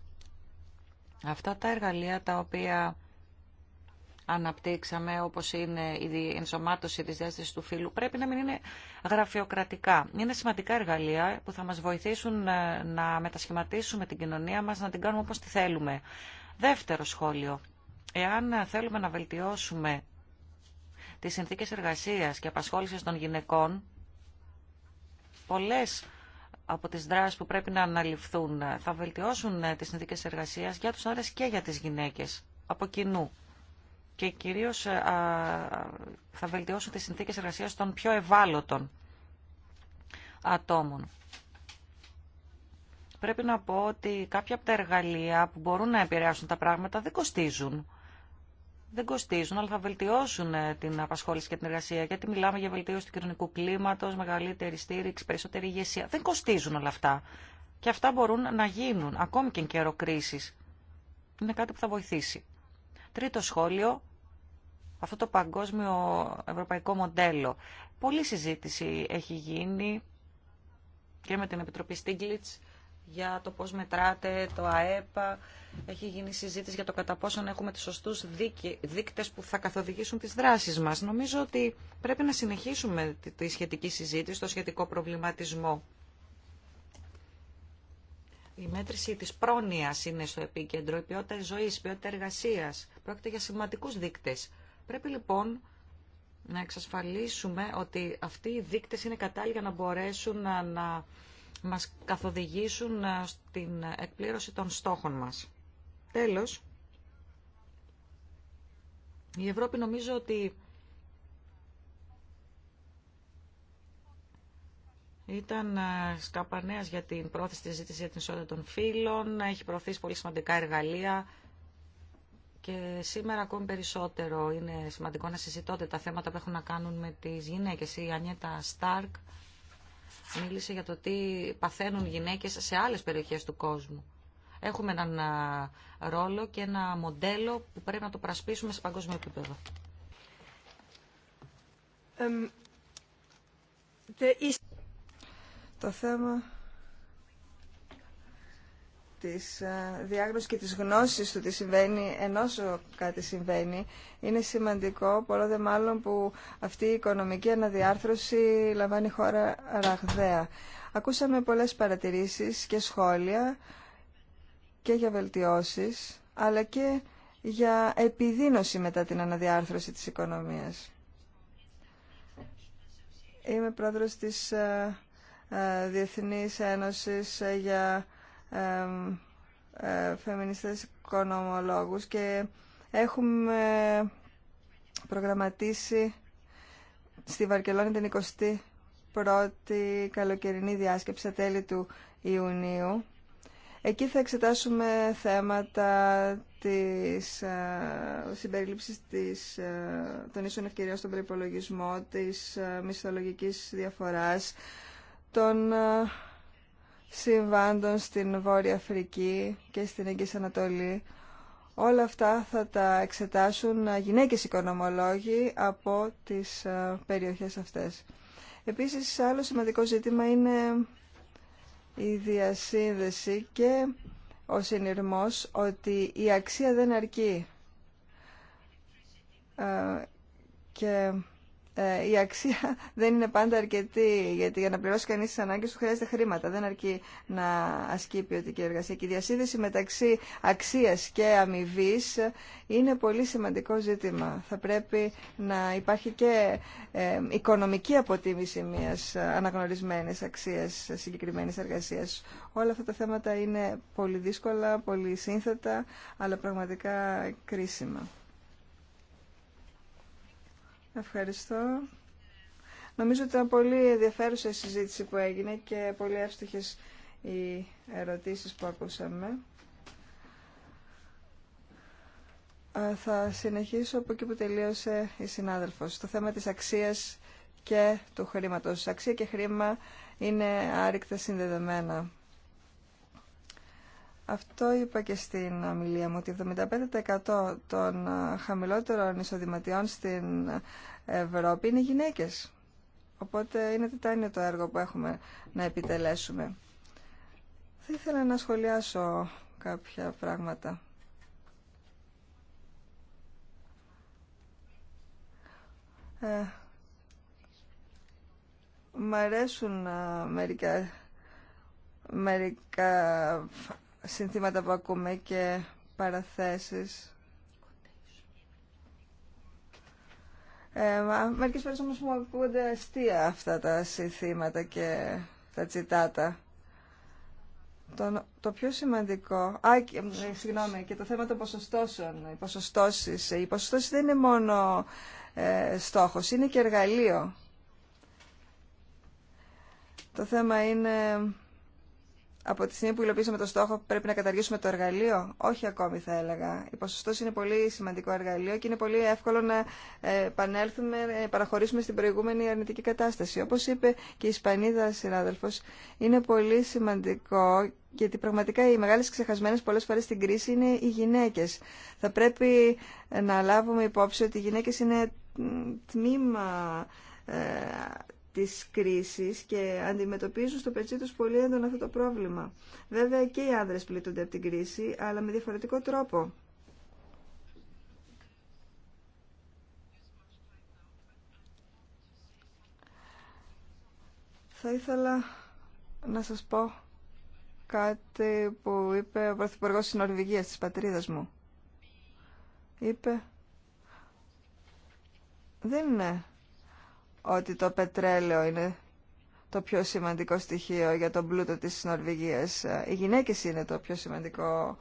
D: Αυτά τα εργαλεία τα οποία αναπτύξαμε, όπως είναι η ενσωμάτωση της διάστησης του φύλου, πρέπει να μην είναι γραφειοκρατικά. Είναι σημαντικά εργαλεία που θα μας βοηθήσουν ε, να μετασχηματίσουμε την κοινωνία μας, να την κάνουμε όπως τη θέλουμε. Δεύτερο σχόλιο. Εάν θέλουμε να βελτιώσουμε τις συνθήκες εργασίας και απασχόλησης των γυναικών, πολλές από τις δράσεις που πρέπει να αναλυφθούν θα βελτιώσουν ε, τις συνθήκες εργασίας για τους άνδρες και για τις γυναίκες από κοινού και κυρίως ε, θα βελτιώσουν τις συνθήκες εργασίας των πιο ευάλωτων ατόμων. Πρέπει να πω ότι κάποια από τα εργαλεία που μπορούν να επηρεάσουν τα πράγματα δεν κοστίζουν δεν κοστίζουν, αλλά θα βελτιώσουν ε, την απασχόληση και την εργασία. Γιατί μιλάμε για βελτίωση του κοινωνικού κλίματο, μεγαλύτερη στήριξη, περισσότερη ηγεσία. Δεν κοστίζουν όλα αυτά. Και αυτά μπορούν να γίνουν ακόμη και εν καιρό κρίση. Είναι κάτι που θα βοηθήσει. Τρίτο σχόλιο, αυτό το παγκόσμιο ευρωπαϊκό μοντέλο. Πολλή συζήτηση έχει γίνει και με την Επιτροπή Στίγκλιτς για το πώς μετράτε το ΑΕΠΑ. Έχει γίνει συζήτηση για το κατά πόσον έχουμε τις σωστούς δείκτες που θα καθοδηγήσουν τις δράσεις μας. Νομίζω ότι πρέπει να συνεχίσουμε τη σχετική συζήτηση, το σχετικό προβληματισμό. Η μέτρηση της πρόνοιας είναι στο επίκεντρο, η ποιότητα ζωής, η ποιότητα εργασίας. Πρόκειται για σημαντικούς δείκτες. Πρέπει λοιπόν να εξασφαλίσουμε ότι αυτοί οι δείκτες είναι κατάλληλοι για να μπορέσουν να, να μας καθοδηγήσουν ε, στην εκπλήρωση των στόχων μας. Τέλος, η Ευρώπη νομίζω ότι Ήταν ε, σκαπανέας για την πρόθεση της ζήτηση για την ισότητα των φύλων. Έχει προωθήσει πολύ σημαντικά εργαλεία. Και σήμερα ακόμη περισσότερο είναι σημαντικό να συζητώνται τα θέματα που έχουν να κάνουν με τις γυναίκες. Η Ανιέτα Στάρκ μίλησε για το τι παθαίνουν γυναίκες σε άλλες περιοχές του κόσμου. Έχουμε έναν ρόλο και ένα μοντέλο που πρέπει να το πρασπίσουμε σε παγκόσμιο επίπεδο.
A: Το θέμα της ε, διάγνωσης και της γνώσης του τι συμβαίνει ενώ κάτι συμβαίνει είναι σημαντικό, πολλό δε μάλλον που αυτή η οικονομική αναδιάρθρωση λαμβάνει χώρα ραγδαία. Ακούσαμε πολλές παρατηρήσεις και σχόλια και για βελτιώσεις, αλλά και για επιδίνωση μετά την αναδιάρθρωση της οικονομίας. Είμαι πρόεδρος της ε, ε, Διεθνής Ένωσης για ε, φεμινιστές οικονομολόγους και έχουμε προγραμματίσει στη Βαρκελόνη την 21η καλοκαιρινή διάσκεψη τέλη του Ιουνίου. Εκεί θα εξετάσουμε θέματα της ε, συμπερίληψης της, ε, των ίσων ευκαιριών στον προπολογισμό, της ε, μισθολογικής διαφοράς, των συμβάντων στην Βόρεια Αφρική και στην Αγγής Ανατολή. Όλα αυτά θα τα εξετάσουν ε, γυναίκες οικονομολόγοι από τις ε, περιοχές αυτές. Επίσης, άλλο σημαντικό ζήτημα είναι η διασύνδεση και ο συνειρμός ότι η αξία δεν αρκεί. Ε, και ε, η αξία [LAUGHS] δεν είναι πάντα αρκετή, γιατί για να πληρώσει κανείς τις ανάγκες του χρειάζεται χρήματα. Δεν αρκεί να ασκεί ποιοτική εργασία. Και η διασύνδεση μεταξύ αξίας και αμοιβή είναι πολύ σημαντικό ζήτημα. Θα πρέπει να υπάρχει και ε, οικονομική αποτίμηση μιας αναγνωρισμένης αξίας συγκεκριμένη εργασία. Όλα αυτά τα θέματα είναι πολύ δύσκολα, πολύ σύνθετα, αλλά πραγματικά κρίσιμα. Ευχαριστώ. Νομίζω ότι ήταν πολύ ενδιαφέρουσα η συζήτηση που έγινε και πολύ εύστοχες οι ερωτήσεις που ακούσαμε. Θα συνεχίσω από εκεί που τελείωσε η συνάδελφος. Το θέμα της αξίας και του χρήματος. Αξία και χρήμα είναι άρρηκτα συνδεδεμένα. Αυτό είπα και στην ομιλία μου, ότι 75% των ε, χαμηλότερων εισοδηματιών στην Ευρώπη είναι γυναίκες. Οπότε είναι τετάνιο το έργο που έχουμε να επιτελέσουμε. Θα ήθελα να σχολιάσω κάποια πράγματα. Ε, μ' αρέσουν ε, μερικά, μερικά συνθήματα που ακούμε και παραθέσεις. Ε, μερικές φορές όμως μου ακούγονται αστεία αυτά τα συνθήματα και τα τσιτάτα. Το, το πιο σημαντικό... Α, και, συγγνώμη, και το θέμα των ποσοστώσεων, οι ποσοστώσεις. Ε, οι ποσοστώσεις δεν είναι μόνο ε, στόχος, είναι και εργαλείο. Το θέμα είναι από τη στιγμή που υλοποιήσαμε το στόχο πρέπει να καταργήσουμε το εργαλείο. Όχι ακόμη θα έλεγα. Η ποσοστό είναι πολύ σημαντικό εργαλείο και είναι πολύ εύκολο να ε, επανέλθουμε, να παραχωρήσουμε στην προηγούμενη αρνητική κατάσταση. Όπως είπε και η Ισπανίδα Συνάδελφο, είναι πολύ σημαντικό γιατί πραγματικά οι μεγάλε ξεχασμένε πολλέ φορέ στην κρίση είναι οι γυναίκε. Θα πρέπει να λάβουμε υπόψη ότι οι γυναίκε είναι τμήμα ε, της κρίσης και αντιμετωπίζουν στο πετσί τους πολύ έντονα αυτό το πρόβλημα. Βέβαια και οι άνδρες πλήττονται από την κρίση, αλλά με διαφορετικό τρόπο. Θα ήθελα να σας πω κάτι που είπε ο Πρωθυπουργός της Νορβηγίας, της πατρίδας μου. Είπε, δεν είναι ότι το πετρέλαιο είναι το πιο σημαντικό στοιχείο για τον πλούτο της Νορβηγίας. Ε, οι γυναίκες είναι το πιο σημαντικό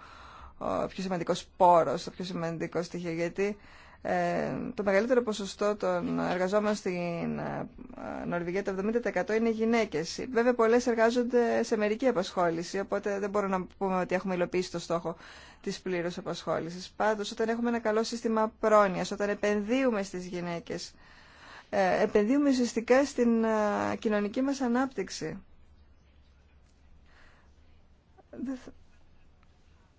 A: ο πιο σημαντικός πόρος, το πιο σημαντικό στοιχείο, γιατί ε, το μεγαλύτερο ποσοστό των εργαζόμενων στην ε, Νορβηγία, το 70% είναι γυναίκες. Βέβαια, πολλές εργάζονται σε μερική απασχόληση, οπότε δεν μπορούμε να πούμε ότι έχουμε υλοποιήσει το στόχο της πλήρους απασχόλησης. Πάντως, όταν έχουμε ένα καλό σύστημα πρόνοιας, όταν επενδύουμε στις γυναίκες, ε, επενδύουμε ουσιαστικά στην ε, κοινωνική μας ανάπτυξη.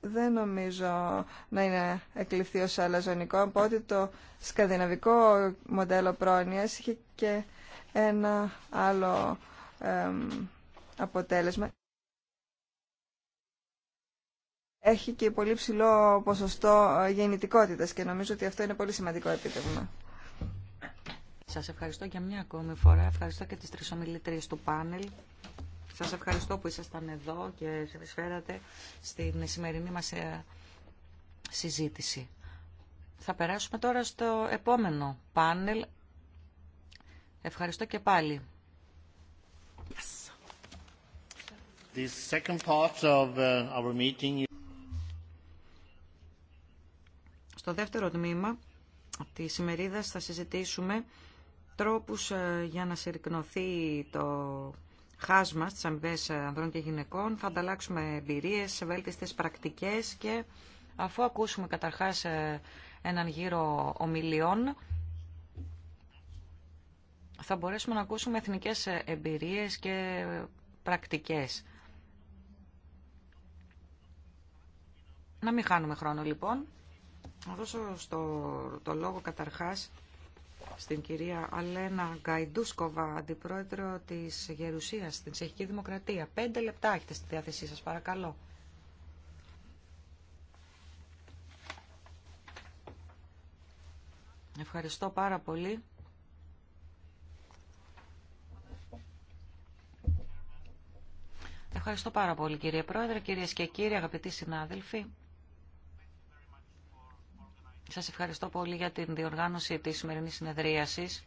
A: Δεν νομίζω να είναι εκλειφθεί ως αλαζονικό, από ότι το σκανδιναβικό μοντέλο πρόνοιας είχε και ένα άλλο αποτέλεσμα. Έχει και πολύ ψηλό ποσοστό ε, γεννητικότητας και νομίζω ότι αυτό είναι πολύ σημαντικό επίτευγμα.
D: Σας ευχαριστώ για μια ακόμη φορά. Ευχαριστώ και τις τρεις ομιλητρίες του πάνελ. Σας ευχαριστώ που ήσασταν εδώ και συνεισφέρατε στην σημερινή μας ε, συζήτηση. Θα περάσουμε τώρα στο επόμενο πάνελ. Ευχαριστώ και πάλι. Uh,
C: στο δεύτερο τμήμα της
D: ημερίδας θα συζητήσουμε τρόπους ε, για να συρρυκνωθεί το χάσμα στις αμοιβές ανδρών και γυναικών. Θα ανταλλάξουμε εμπειρίες, βέλτιστες πρακτικές και αφού ακούσουμε καταρχάς ε, έναν γύρο ομιλιών, θα μπορέσουμε να ακούσουμε εθνικές ε, εμπειρίες και πρακτικές. Να μην χάνουμε χρόνο λοιπόν. Να δώσω στο, το λόγο καταρχάς στην κυρία Αλένα Γκαϊντούσκοβα, αντιπρόεδρο της Γερουσίας στην Τσεχική Δημοκρατία. Πέντε λεπτά έχετε στη διάθεσή σας, παρακαλώ. Ευχαριστώ πάρα πολύ. Ευχαριστώ πάρα πολύ κύριε Πρόεδρε, κυρίες και κύριοι, αγαπητοί συνάδελφοι. Σας ευχαριστώ πολύ για την διοργάνωση της σημερινής συνεδρίασης.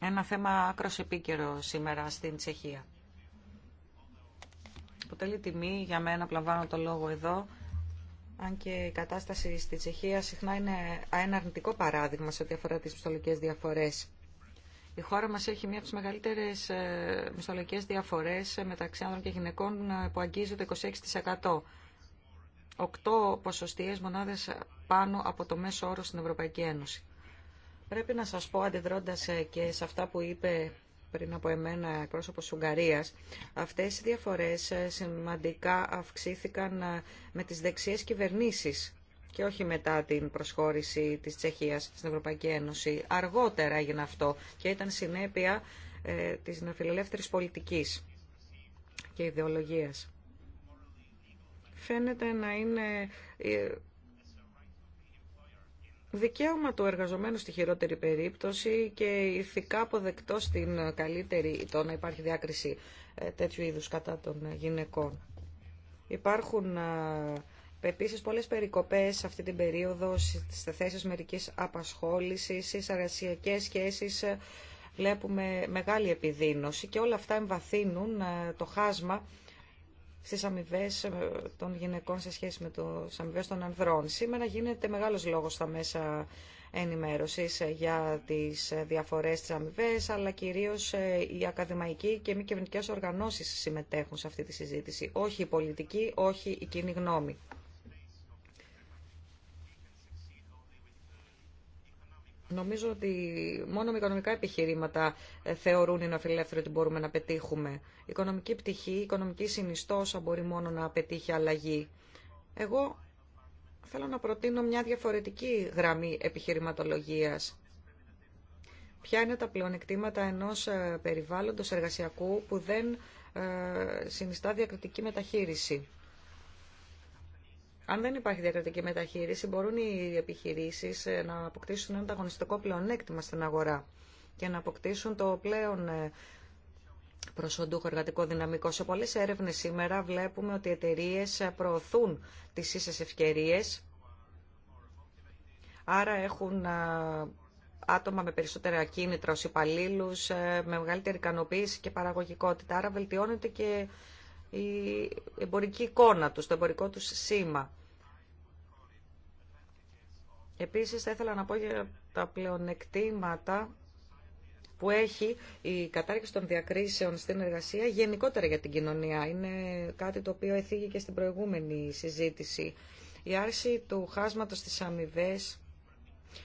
D: Ένα θέμα άκρος επίκαιρο σήμερα στην Τσεχία. Αποτελεί τιμή για μένα απλαμβάνω λαμβάνω το λόγο εδώ, αν και η κατάσταση στη Τσεχία συχνά είναι ένα αρνητικό παράδειγμα σε ό,τι αφορά τις μισθολογικές διαφορές. Η χώρα μας έχει μία από τις μεγαλύτερες ε, μισθολογικές διαφορές μεταξύ άνδρων και γυναικών ε, που αγγίζει το 26%. 8 ποσοστιαίες μονάδες πάνω από το μέσο όρο στην Ευρωπαϊκή Ένωση. Πρέπει να σας πω, αντιδρώντας ε, και σε αυτά που είπε πριν από εμένα πρόσωπο της Ουγγαρίας, αυτές οι διαφορές ε, σημαντικά αυξήθηκαν ε, με τις δεξιές κυβερνήσει και όχι μετά την προσχώρηση της Τσεχίας στην Ευρωπαϊκή Ένωση. Αργότερα έγινε αυτό και ήταν συνέπεια της νεοφιλελεύθερης πολιτικής και ιδεολογίας φαίνεται να είναι ε, δικαίωμα του εργαζομένου στη χειρότερη περίπτωση και ηθικά αποδεκτό στην καλύτερη το να υπάρχει διάκριση ε, τέτοιου είδους κατά των γυναικών. Υπάρχουν ε, Επίσης, πολλές περικοπές σε αυτή την περίοδο στις θέσεις μερικής απασχόλησης, στις αργασιακές σχέσεις, βλέπουμε μεγάλη επιδείνωση και όλα αυτά εμβαθύνουν το χάσμα στις αμοιβέ ε, των γυναικών σε σχέση με τις αμοιβέ των ανδρών. Σήμερα γίνεται μεγάλος λόγος στα μέσα ενημέρωσης ε, για τις ε, διαφορές της αμοιβέ, αλλά κυρίως οι ακαδημαϊκοί και μη κυβερνητικέ οργανώσεις συμμετέχουν σε αυτή τη συζήτηση. Όχι η πολιτική, όχι η κοινή γνώμη. Νομίζω ότι μόνο με οικονομικά επιχειρήματα ε, θεωρούν οι νοφιλεύθεροι ότι μπορούμε να πετύχουμε. οικονομική πτυχή, η οικονομική συνιστόσα μπορεί μόνο να πετύχει αλλαγή. Εγώ θέλω να προτείνω μια διαφορετική γραμμή επιχειρηματολογίας. Ποια είναι τα πλεονεκτήματα ενός ε, περιβάλλοντος εργασιακού που δεν ε, συνιστά διακριτική μεταχείριση. Αν δεν υπάρχει διακριτική μεταχείριση, μπορούν οι επιχειρήσει ε, να αποκτήσουν ένα ανταγωνιστικό πλεονέκτημα στην αγορά και να αποκτήσουν το πλέον ε, προσοντούχο εργατικό δυναμικό. Σε πολλέ έρευνε σήμερα βλέπουμε ότι οι εταιρείε ε, προωθούν τις ίσες ευκαιρίες, άρα έχουν άτομα με περισσότερα κίνητρα ως υπαλλήλου, με μεγαλύτερη ικανοποίηση και παραγωγικότητα. Άρα βελτιώνεται και η εμπορική εικόνα τους, το εμπορικό τους σήμα. Επίσης θα ήθελα να πω για τα πλεονεκτήματα που έχει η κατάργηση των διακρίσεων στην εργασία γενικότερα για την κοινωνία. Είναι κάτι το οποίο εθίγει και στην προηγούμενη συζήτηση. Η άρση του χάσματος της αμοιβέ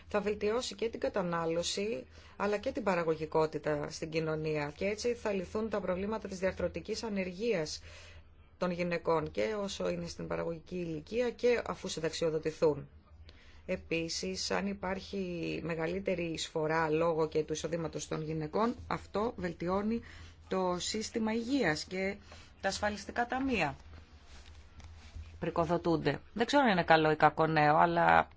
D: θα βελτιώσει και την κατανάλωση αλλά και την παραγωγικότητα στην κοινωνία και έτσι θα λυθούν τα προβλήματα της διαρθρωτικής ανεργίας των γυναικών και όσο είναι στην παραγωγική ηλικία και αφού συνταξιοδοτηθούν. Επίσης, αν υπάρχει μεγαλύτερη εισφορά λόγω και του εισοδήματο των γυναικών, αυτό βελτιώνει το σύστημα υγείας και τα ασφαλιστικά ταμεία. Πρικοδοτούνται. Δεν ξέρω αν είναι καλό ή κακό νέο, αλλά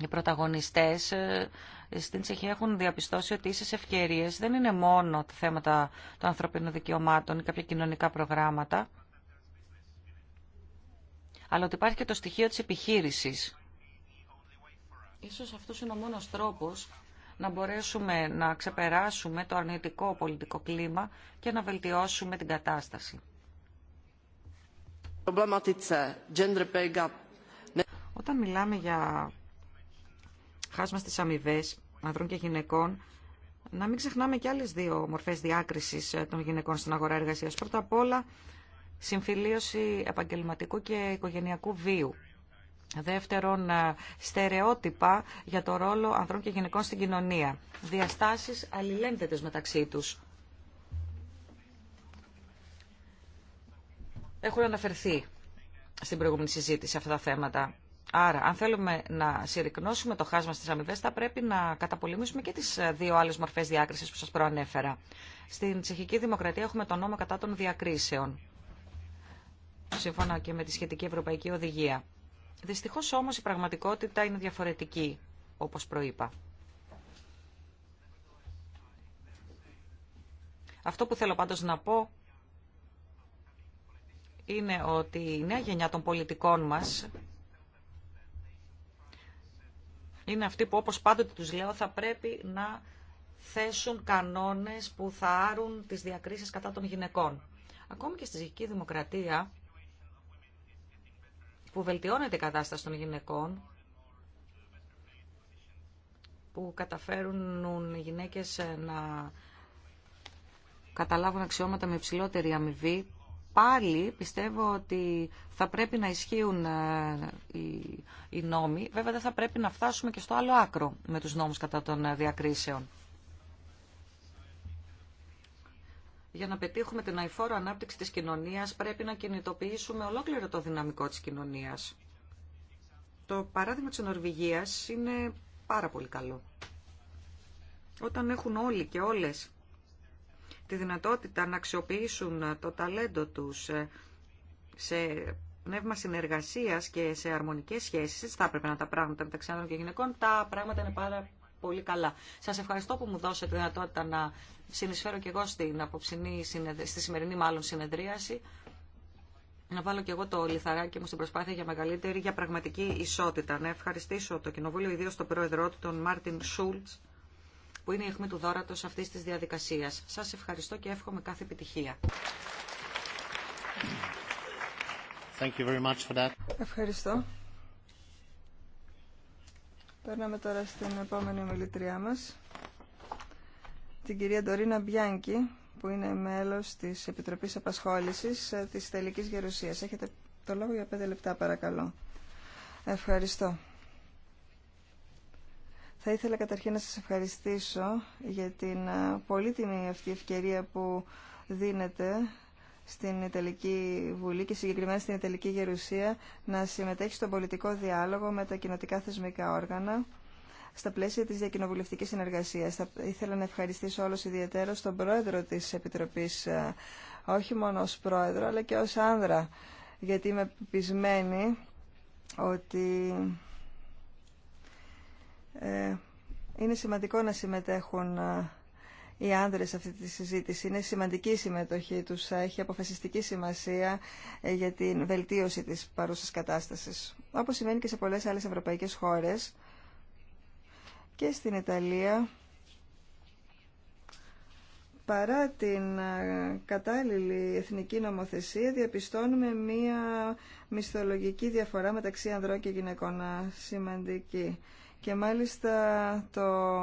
D: οι πρωταγωνιστές ε, στην Τσεχία έχουν διαπιστώσει ότι ίσες ευκαιρίες δεν είναι μόνο τα θέματα των ανθρωπίνων δικαιωμάτων ή κάποια κοινωνικά προγράμματα, αλλά ότι υπάρχει και το στοιχείο της επιχείρησης. Ίσως αυτός είναι ο μόνος τρόπος να μπορέσουμε να ξεπεράσουμε το αρνητικό πολιτικό κλίμα και να βελτιώσουμε την κατάσταση. Όταν μιλάμε για χάσμα στις αμοιβέ ανδρών και γυναικών, να μην ξεχνάμε και άλλες δύο μορφές διάκρισης ε, των γυναικών στην αγορά εργασίας. Πρώτα απ' όλα, συμφιλίωση επαγγελματικού και οικογενειακού βίου. Δεύτερον, ε, στερεότυπα για το ρόλο ανδρών και γυναικών στην κοινωνία. Διαστάσεις αλληλένδετες μεταξύ τους. Έχουν αναφερθεί στην προηγούμενη συζήτηση αυτά τα θέματα. Άρα, αν θέλουμε να συρρυκνώσουμε το χάσμα στις αμοιβέ, θα πρέπει να καταπολεμήσουμε και τις δύο άλλες μορφές διάκρισης που σας προανέφερα. Στην Τσεχική Δημοκρατία έχουμε τον νόμο κατά των διακρίσεων, σύμφωνα και με τη σχετική Ευρωπαϊκή Οδηγία. Δυστυχώς όμως η πραγματικότητα είναι διαφορετική, όπως προείπα. Αυτό που θέλω πάντως να πω είναι ότι η νέα γενιά των πολιτικών μας είναι αυτοί που όπως πάντοτε τους λέω θα πρέπει να θέσουν κανόνες που θα άρουν τις διακρίσεις κατά των γυναικών. Ακόμη και στη ζυγική δημοκρατία που βελτιώνεται η κατάσταση των γυναικών που καταφέρουν οι γυναίκες να καταλάβουν αξιώματα με υψηλότερη αμοιβή πάλι πιστεύω ότι θα πρέπει να ισχύουν ε, οι, οι νόμοι. Βέβαια δεν θα πρέπει να φτάσουμε και στο άλλο άκρο με τους νόμους κατά των ε, διακρίσεων. Για να πετύχουμε την αηφόρο ανάπτυξη της κοινωνίας πρέπει να κινητοποιήσουμε ολόκληρο το δυναμικό της κοινωνίας. Το παράδειγμα της Νορβηγίας είναι πάρα πολύ καλό. Όταν έχουν όλοι και όλες τη δυνατότητα να αξιοποιήσουν το ταλέντο τους ε, σε πνεύμα συνεργασίας και σε αρμονικές σχέσεις. Έτσι θα έπρεπε να τα πράγματα μεταξύ άνδρων και γυναικών. Τα πράγματα είναι πάρα πολύ καλά. Σας ευχαριστώ που μου δώσετε τη δυνατότητα να συνεισφέρω και εγώ στην αποψινή, στη σημερινή μάλλον συνεδρίαση. Να βάλω και εγώ το λιθαράκι μου στην προσπάθεια για μεγαλύτερη, για πραγματική ισότητα. Να ευχαριστήσω το Κοινοβούλιο, ιδίως τον πρόεδρό του, τον Μάρτιν Σούλτ, που είναι η αιχμή του δόρατο αυτής της διαδικασίας. Σας ευχαριστώ και
A: εύχομαι κάθε επιτυχία. Thank you very much for that. Ευχαριστώ. Παίρναμε τώρα στην επόμενη ομιλητριά μας, την κυρία Ντορίνα Μπιάνκη, που είναι μέλος της Επιτροπής Απασχόλησης ε, της Τελικής Γερουσίας. Έχετε το λόγο για πέντε λεπτά παρακαλώ. Ευχαριστώ. Θα ήθελα καταρχήν να σας ευχαριστήσω για την πολύτιμη αυτή ευκαιρία που δίνεται στην Ιταλική Βουλή και συγκεκριμένα στην Ιταλική Γερουσία να συμμετέχει στον πολιτικό διάλογο με τα κοινοτικά θεσμικά όργανα στα πλαίσια της διακοινοβουλευτικής συνεργασίας. Θα ήθελα να ευχαριστήσω όλους ιδιαίτερα τον πρόεδρο της Επιτροπής, όχι μόνο ως πρόεδρο αλλά και ως άνδρα, γιατί είμαι πεισμένη ότι ε, είναι σημαντικό να συμμετέχουν ε, οι άνδρες σε αυτή τη συζήτηση. Είναι σημαντική η συμμετοχή τους, ε, έχει αποφασιστική σημασία για την βελτίωση της παρούσας κατάστασης. Όπως σημαίνει και σε πολλές άλλες ευρωπαϊκές χώρες και στην Ιταλία, παρά την κατάλληλη εθνική νομοθεσία, διαπιστώνουμε μία μισθολογική διαφορά μεταξύ ανδρών και γυναικών σημαντική. Και μάλιστα το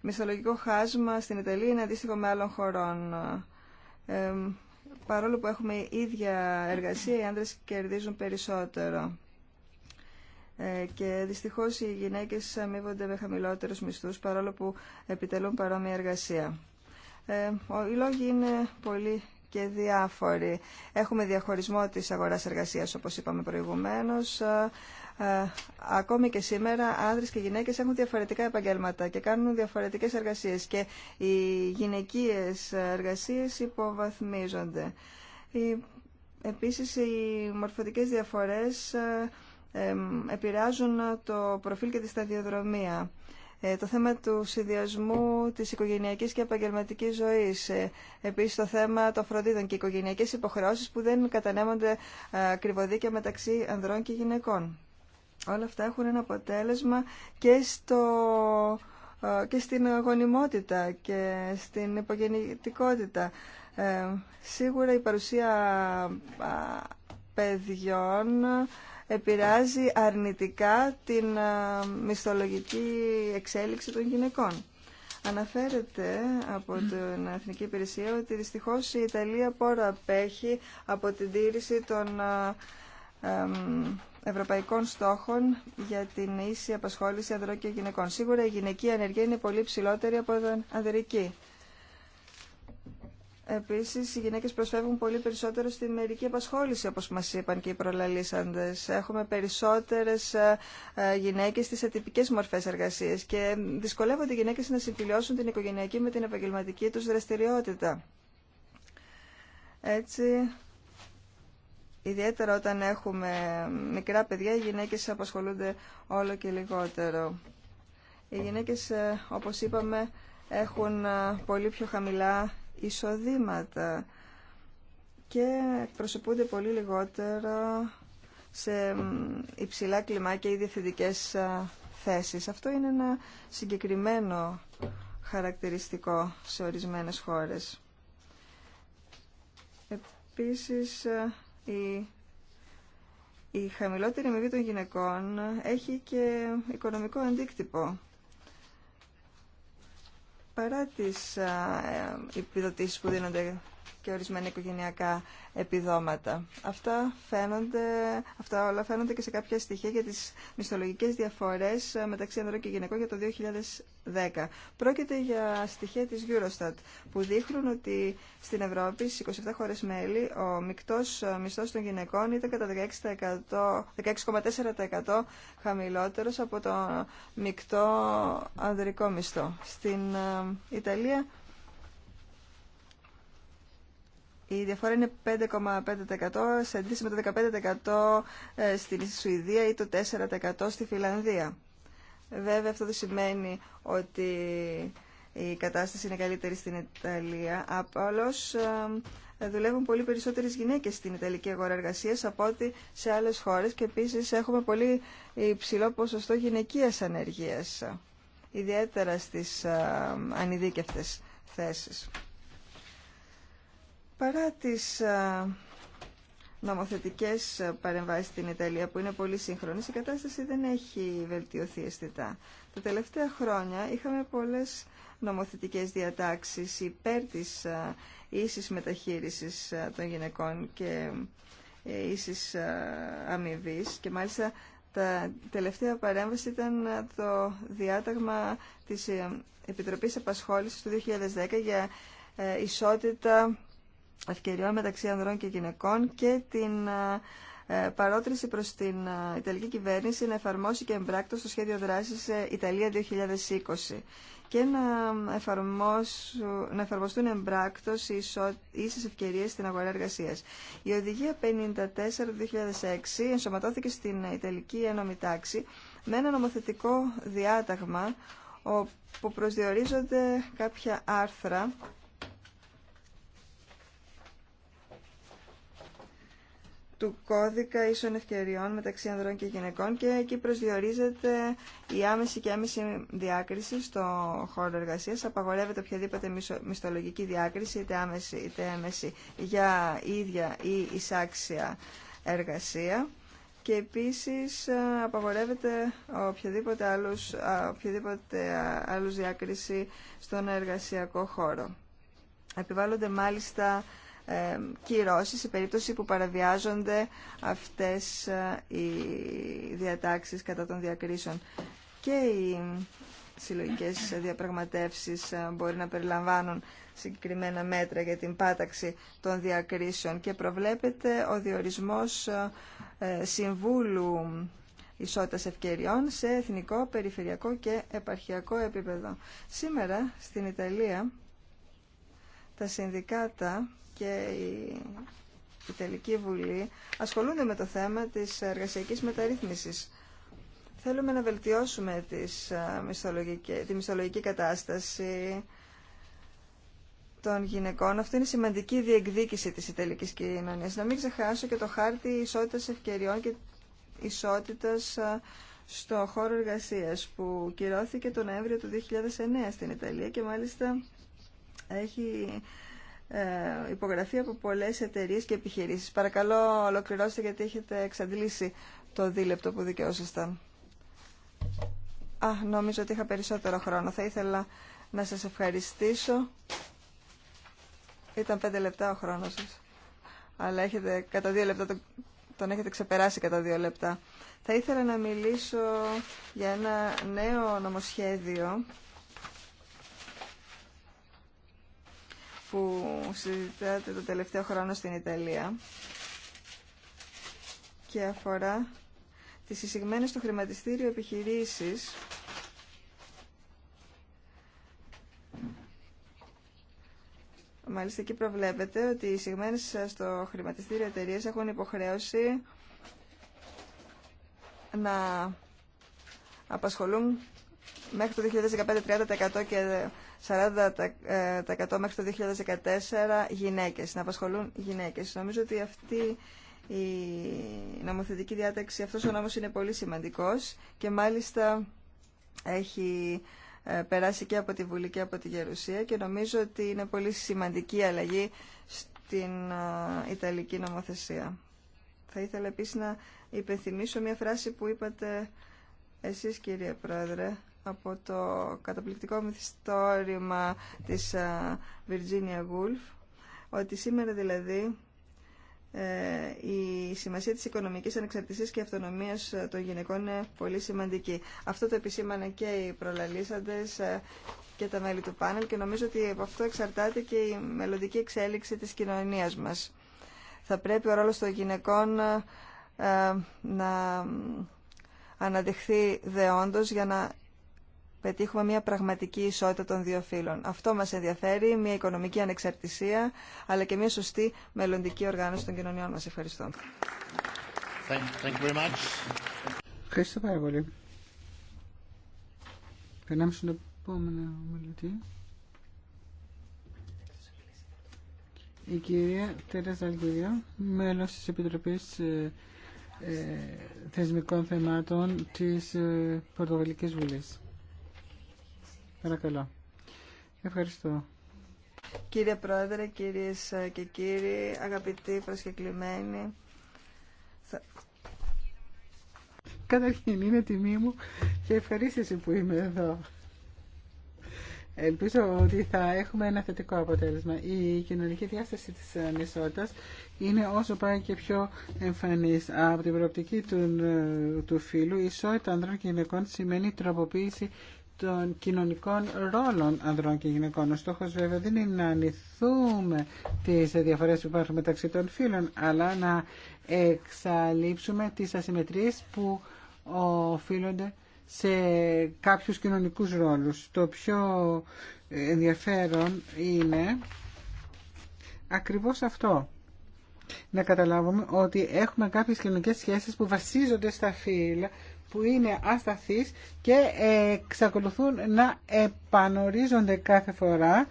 A: μισθολογικό χάσμα στην Ιταλία είναι αντίστοιχο με άλλων χωρών. Ε, παρόλο που έχουμε ίδια εργασία, οι άντρες κερδίζουν περισσότερο. Ε, και δυστυχώς οι γυναίκες αμείβονται με χαμηλότερους μισθούς, παρόλο που επιτελούν παρόμοια εργασία. Ε, οι λόγοι είναι πολύ και διάφοροι. Έχουμε διαχωρισμό της αγοράς εργασίας, όπως είπαμε προηγουμένως. Ε, ακόμη και σήμερα άνδρες και γυναίκες έχουν διαφορετικά επαγγέλματα και κάνουν διαφορετικές εργασίες και οι γυναικείες εργασίες υποβαθμίζονται. Επίσης οι μορφωτικές διαφορές ε, επηρεάζουν το προφίλ και τη σταδιοδρομία. Ε, το θέμα του συνδυασμού της οικογενειακής και επαγγελματικής ζωής. Επίσης το θέμα των φροντίδων και οικογενειακές υποχρεώσεις που δεν κατανέμονται κρυβοδίκαια μεταξύ ανδρών και γυναικών όλα αυτά έχουν ένα αποτέλεσμα και, στο, ε, και στην γονιμότητα και στην υπογεννητικότητα. Ε, σίγουρα η παρουσία παιδιών επηρεάζει αρνητικά την ε, μισθολογική εξέλιξη των γυναικών. Αναφέρεται από την Εθνική Υπηρεσία ότι δυστυχώς η Ιταλία πόρα απέχει από την τήρηση των ε, ευρωπαϊκών στόχων για την ίση απασχόληση ανδρών και γυναικών. Σίγουρα η γυναική ανεργία είναι πολύ ψηλότερη από την ανδρική. Επίση, οι γυναίκε προσφεύγουν πολύ περισσότερο στην μερική απασχόληση, όπω μα είπαν και οι προλαλήσαντε. Έχουμε περισσότερε ε, ε, γυναίκε στι ατυπικέ μορφέ εργασία. και δυσκολεύονται οι γυναίκε να συμφιλειώσουν την οικογενειακή με την επαγγελματική του δραστηριότητα. Έτσι, Ιδιαίτερα όταν έχουμε μικρά παιδιά, οι γυναίκες απασχολούνται όλο και λιγότερο. Οι γυναίκες, ε, όπως είπαμε, έχουν ε, πολύ πιο χαμηλά εισοδήματα και εκπροσωπούνται πολύ λιγότερο σε υψηλά κλιμάκια ή διευθυντικές ε, θέσεις. Αυτό είναι ένα συγκεκριμένο χαρακτηριστικό σε ορισμένες χώρες. Επίσης, η, η χαμηλότερη αμοιβή των γυναικών έχει και οικονομικό αντίκτυπο. Παρά τις ε, επιδοτήσεις που δίνονται και ορισμένα οικογενειακά επιδόματα. Αυτά, φαίνονται, αυτά όλα φαίνονται και σε κάποια στοιχεία για τις μισθολογικές διαφορές ε, μεταξύ ανδρών και γυναικών για το 2010. Πρόκειται για στοιχεία της Eurostat που δείχνουν ότι στην Ευρώπη, στις 27 χώρες μέλη, ο μικτός ε, μισθός των γυναικών ήταν κατά 16,4% χαμηλότερος από το μεικτό ανδρικό μισθό. Στην ε, Ιταλία Η διαφορά είναι 5,5% σε αντίθεση με το 15% ε, στην Σουηδία ή το 4% στη Φιλανδία. Βέβαια αυτό δεν σημαίνει ότι η κατάσταση είναι καλύτερη στην Ιταλία. Απλώς ε, ε, δουλεύουν πολύ περισσότερες γυναίκες στην Ιταλική αγορά εργασίας από ό,τι σε άλλες χώρες και επίσης έχουμε πολύ υψηλό ποσοστό γυναικείας ανεργίας, ιδιαίτερα στις ανειδίκευτες θέσεις. Παρά τις νομοθετικές παρεμβάσεις στην Ιταλία που είναι πολύ σύγχρονες, η κατάσταση δεν έχει βελτιωθεί αισθητά. Τα τελευταία χρόνια είχαμε πολλές νομοθετικές διατάξεις υπέρ της ίσης μεταχείρισης των γυναικών και ε, ίσης αμοιβής. και μάλιστα τα τελευταία παρέμβαση ήταν το διάταγμα της ε, Επιτροπής Απασχόλησης του 2010 για ε, ισότητα ευκαιριών μεταξύ ανδρών και γυναικών και την ε, παρότριση προς την ε, Ιταλική κυβέρνηση να εφαρμόσει και εμπράκτο στο σχέδιο δράσης ε, Ιταλία 2020 και να, να εφαρμοστούν εμπράκτος οι ίσες ευκαιρίες στην αγορά εργασίας. Η Οδηγία 54-2006 ενσωματώθηκε στην Ιταλική Ένωμη Τάξη με ένα νομοθετικό διάταγμα όπου προσδιορίζονται κάποια άρθρα του κώδικα ίσων ευκαιριών μεταξύ ανδρών και γυναικών και εκεί προσδιορίζεται η άμεση και άμεση διάκριση στο χώρο εργασία. Απαγορεύεται οποιαδήποτε μισθολογική διάκριση, είτε άμεση είτε έμεση, για ίδια ή εισάξια εργασία. Και επίσης ε, απαγορεύεται οποιαδήποτε άλλους, οποιαδήποτε άλλους διάκριση στον εργασιακό χώρο. Επιβάλλονται μάλιστα ε, κυρώσει σε περίπτωση που παραβιάζονται αυτές ε, οι διατάξεις κατά των διακρίσεων. Και οι συλλογικές διαπραγματεύσεις ε, μπορεί να περιλαμβάνουν συγκεκριμένα μέτρα για την πάταξη των διακρίσεων και προβλέπεται ο διορισμός συμβούλου ισότητας ευκαιριών σε εθνικό, περιφερειακό και επαρχιακό επίπεδο. Σήμερα στην Ιταλία τα συνδικάτα και η Ιταλική Βουλή ασχολούνται με το θέμα της εργασιακής μεταρρύθμισης. Θέλουμε να βελτιώσουμε τις τη μισθολογική κατάσταση των γυναικών. Αυτό είναι σημαντική διεκδίκηση της Ιταλικής κοινωνίας. Να μην ξεχάσω και το χάρτη ισότητας ευκαιριών και ισότητας στο χώρο εργασίας που κυρώθηκε τον Νοέμβριο του 2009 στην Ιταλία και μάλιστα έχει ε, υπογραφεί από πολλές εταιρείες και επιχειρήσεις. Παρακαλώ ολοκληρώστε γιατί έχετε εξαντλήσει το δίλεπτο που δικαιώσασταν. Α, νομίζω ότι είχα περισσότερο χρόνο. Θα ήθελα να σας ευχαριστήσω. Ήταν πέντε λεπτά ο χρόνος σας. Αλλά έχετε κατά δύο λεπτά τον έχετε ξεπεράσει κατά δύο λεπτά. Θα ήθελα να μιλήσω για ένα νέο νομοσχέδιο που συζητάτε το τελευταίο χρόνο στην Ιταλία και αφορά τις εισηγμένες στο χρηματιστήριο επιχειρήσεις Μάλιστα εκεί προβλέπετε ότι οι εισηγμένες στο χρηματιστήριο εταιρείε έχουν υποχρέωση να απασχολούν μέχρι το 2015 30% και 40% ε, μέχρι το 2014 γυναίκες, να απασχολούν γυναίκες. Νομίζω ότι αυτή η νομοθετική διάταξη, αυτός ο νόμος είναι πολύ σημαντικός και μάλιστα έχει ε, περάσει και από τη Βουλή και από τη Γερουσία και νομίζω ότι είναι πολύ σημαντική αλλαγή στην ε, Ιταλική νομοθεσία. Θα ήθελα επίσης να υπενθυμίσω μια φράση που είπατε εσείς κύριε Πρόεδρε από το καταπληκτικό μυθιστόρημα της ε, Virginia Woolf ότι σήμερα δηλαδή ε, η σημασία της οικονομικής ανεξαρτησίας και αυτονομίας ε, των γυναικών είναι πολύ σημαντική. Αυτό το επισήμανε και οι προλαλήσαντες και τα μέλη του πάνελ και νομίζω ότι από αυτό εξαρτάται και η μελλοντική εξέλιξη της κοινωνίας μας. Θα πρέπει ο ρόλος των γυναικών να αναδειχθεί δεόντως για να πετύχουμε μια πραγματική ισότητα των δύο φύλων. Αυτό μας ενδιαφέρει, μια οικονομική ανεξαρτησία, αλλά και μια σωστή μελλοντική οργάνωση των κοινωνιών μας. Ευχαριστώ. Thank Ευχαριστώ πάρα πολύ.
B: Περνάμε στον επόμενο ομιλητή. Η κυρία Τέρα Αλγουρία, μέλος της Επιτροπής ε, ε, Θεσμικών Θεμάτων της ε, Πορτογαλικής Βουλής. Παρακαλώ. Ευχαριστώ.
A: Κύριε Πρόεδρε, κυρίες και κύριοι, αγαπητοί προσκεκλημένοι.
B: Καταρχήν είναι τιμή μου και ευχαρίστηση που είμαι εδώ. Ελπίζω ότι θα έχουμε ένα θετικό αποτέλεσμα. Η κοινωνική διάσταση της ανισότητας είναι όσο πάει και πιο εμφανής. Από την προοπτική του, του φύλου, η ισότητα ανδρών και γυναικών σημαίνει τροποποίηση των κοινωνικών ρόλων ανδρών και γυναικών. Ο στόχο βέβαια δεν είναι να ανηθούμε τι διαφορέ που υπάρχουν μεταξύ των φύλων, αλλά να εξαλείψουμε τι ασυμμετρίε που οφείλονται σε κάποιους κοινωνικούς ρόλους. Το πιο ενδιαφέρον είναι ακριβώς αυτό. Να καταλάβουμε ότι έχουμε κάποιες κοινωνικές σχέσεις που βασίζονται στα φύλλα που είναι ασταθείς και εξακολουθούν να επανορίζονται κάθε φορά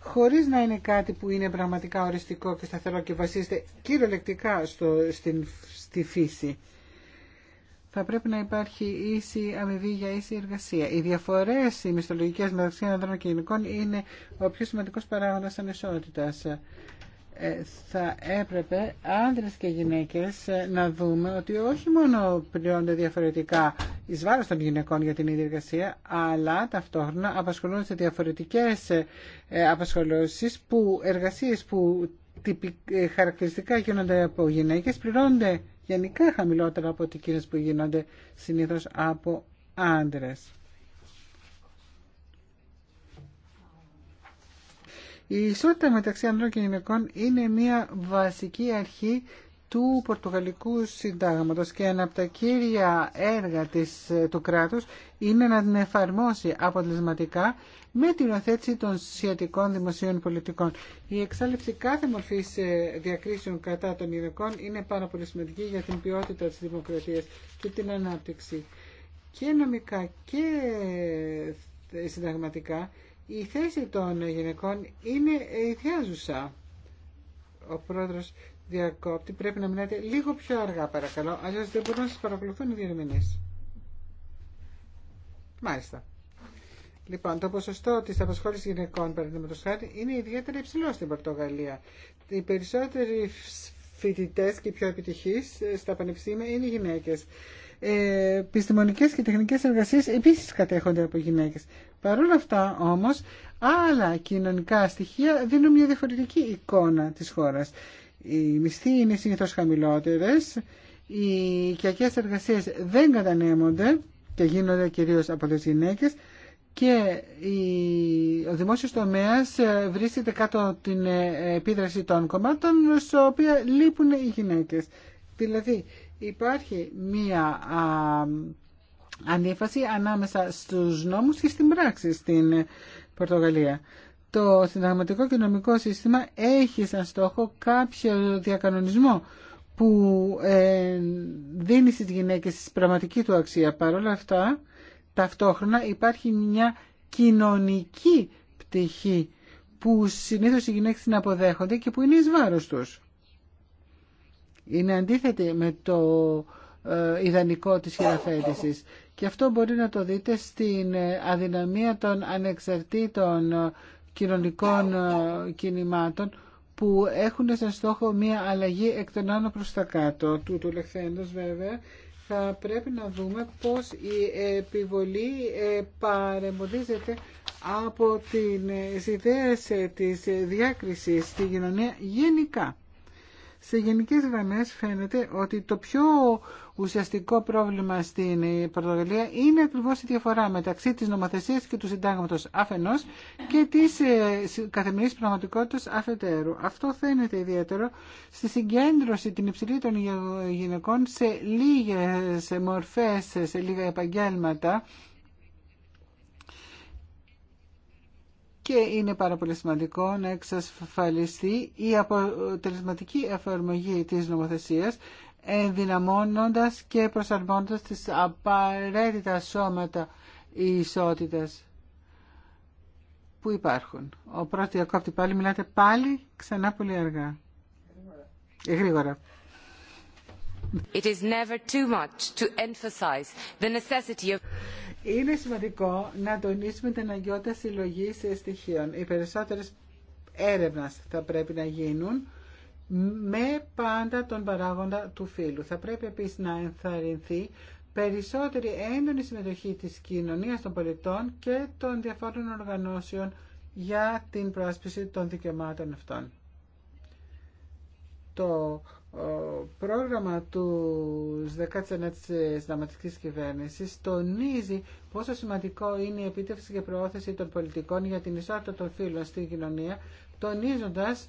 B: χωρίς να είναι κάτι που είναι πραγματικά οριστικό και σταθερό και βασίζεται κυριολεκτικά στο, στη φύση. Θα πρέπει να υπάρχει ίση αμοιβή για ίση εργασία. Οι διαφορές οι μισθολογικές μεταξύ ανδρών και γενικών είναι ο πιο σημαντικός παράγοντας ανισότητας. Ε, θα έπρεπε άντρες και γυναίκες ε, να δούμε ότι όχι μόνο πληρώνονται διαφορετικά εις βάρος των γυναικών για την ίδια εργασία, αλλά ταυτόχρονα απασχολούν σε διαφορετικές ε, απασχολώσεις που εργασίες που χαρακτηριστικά γίνονται από γυναίκες πληρώνονται γενικά χαμηλότερα από εκείνες που γίνονται συνήθως από άντρες. Η ισότητα μεταξύ ανδρών και γυναικών είναι μια βασική αρχή του Πορτογαλικού Συντάγματος και ένα από τα κύρια έργα της, του κράτους είναι να την εφαρμόσει αποτελεσματικά με την οθέτηση των σχετικών δημοσίων πολιτικών. Η εξάλληψη κάθε μορφής ε, διακρίσεων κατά των γυναικών είναι πάρα πολύ σημαντική για την ποιότητα της δημοκρατίας και την ανάπτυξη. Και νομικά και ε, συνταγματικά η θέση των γυναικών είναι ιδιάζουσα. Ο πρόεδρος διακόπτη πρέπει να μιλάτε λίγο πιο αργά παρακαλώ, Αλλιώ δεν μπορούν να σα παρακολουθούν οι διερμηνείς. Μάλιστα. Λοιπόν, το ποσοστό τη απασχόληση γυναικών, παραδείγματο χάρη, είναι ιδιαίτερα υψηλό στην Πορτογαλία. Οι περισσότεροι φοιτητέ και οι πιο επιτυχεί ε, στα πανεπιστήμια είναι οι γυναίκε. Ε, επιστημονικές και τεχνικές εργασίες επίσης κατέχονται από γυναίκες. Παρ' όλα αυτά όμως άλλα κοινωνικά στοιχεία δίνουν μια διαφορετική εικόνα της χώρας. Οι μισθοί είναι συνήθως χαμηλότερες, οι οικιακές εργασίες δεν κατανέμονται και γίνονται κυρίως από τις γυναίκες και ο δημόσιος τομέας ε, βρίσκεται κάτω την ε, επίδραση των κομμάτων στο οποία λείπουν οι γυναίκες. Δηλαδή υπάρχει μία α, αντίφαση ανάμεσα στους νόμους και στην πράξη στην Πορτογαλία. Το συνταγματικό και νομικό σύστημα έχει σαν στόχο κάποιο διακανονισμό που ε, δίνει στις γυναίκες τη πραγματική του αξία. Παρ' όλα αυτά, ταυτόχρονα υπάρχει μια κοινωνική πτυχή που συνήθως οι γυναίκες την αποδέχονται και που είναι εις βάρος τους είναι αντίθετη με το ε, ιδανικό της χειραφέτησης. Και αυτό μπορεί να το δείτε στην ε, αδυναμία των ανεξαρτήτων ε, κοινωνικών κινημάτων που έχουν σαν στόχο μία αλλαγή εκ των άνω προς τα κάτω του του βέβαια θα πρέπει να δούμε πώς η επιβολή παρεμποδίζεται από τις ιδέες της διάκρισης στη κοινωνία γενικά. Σε γενικές γραμμές φαίνεται ότι το πιο ουσιαστικό πρόβλημα στην Πορτογαλία είναι ακριβώ η διαφορά μεταξύ της νομοθεσίας και του συντάγματος αφενός και της ε, καθημερινής πραγματικότητας αφετέρου. Αυτό φαίνεται ιδιαίτερο στη συγκέντρωση την υψηλή των γυναικών σε λίγες μορφές, σε λίγα επαγγέλματα και είναι πάρα πολύ σημαντικό να εξασφαλιστεί η αποτελεσματική εφαρμογή της νομοθεσίας ενδυναμώνοντας και προσαρμόντας τις απαραίτητα σώματα ισότητας που υπάρχουν. Ο πρώτος διακόπτη πάλι μιλάτε πάλι ξανά πολύ αργά. Ε, γρήγορα. Είναι σημαντικό να τονίσουμε την αγκαιότητα συλλογή στοιχείων. Οι περισσότερε έρευνε θα πρέπει να γίνουν με πάντα τον παράγοντα του φύλου. Θα πρέπει επίση να ενθαρρυνθεί περισσότερη έντονη συμμετοχή της κοινωνίας των πολιτών και των διαφόρων οργανώσεων για την πρόσπιση των δικαιωμάτων αυτών. Το πρόγραμμα του 19ης Συνταγματικής Κυβέρνησης τονίζει πόσο σημαντικό είναι η επίτευξη και προώθηση των πολιτικών για την ισότητα των φύλων στην κοινωνία, τονίζοντας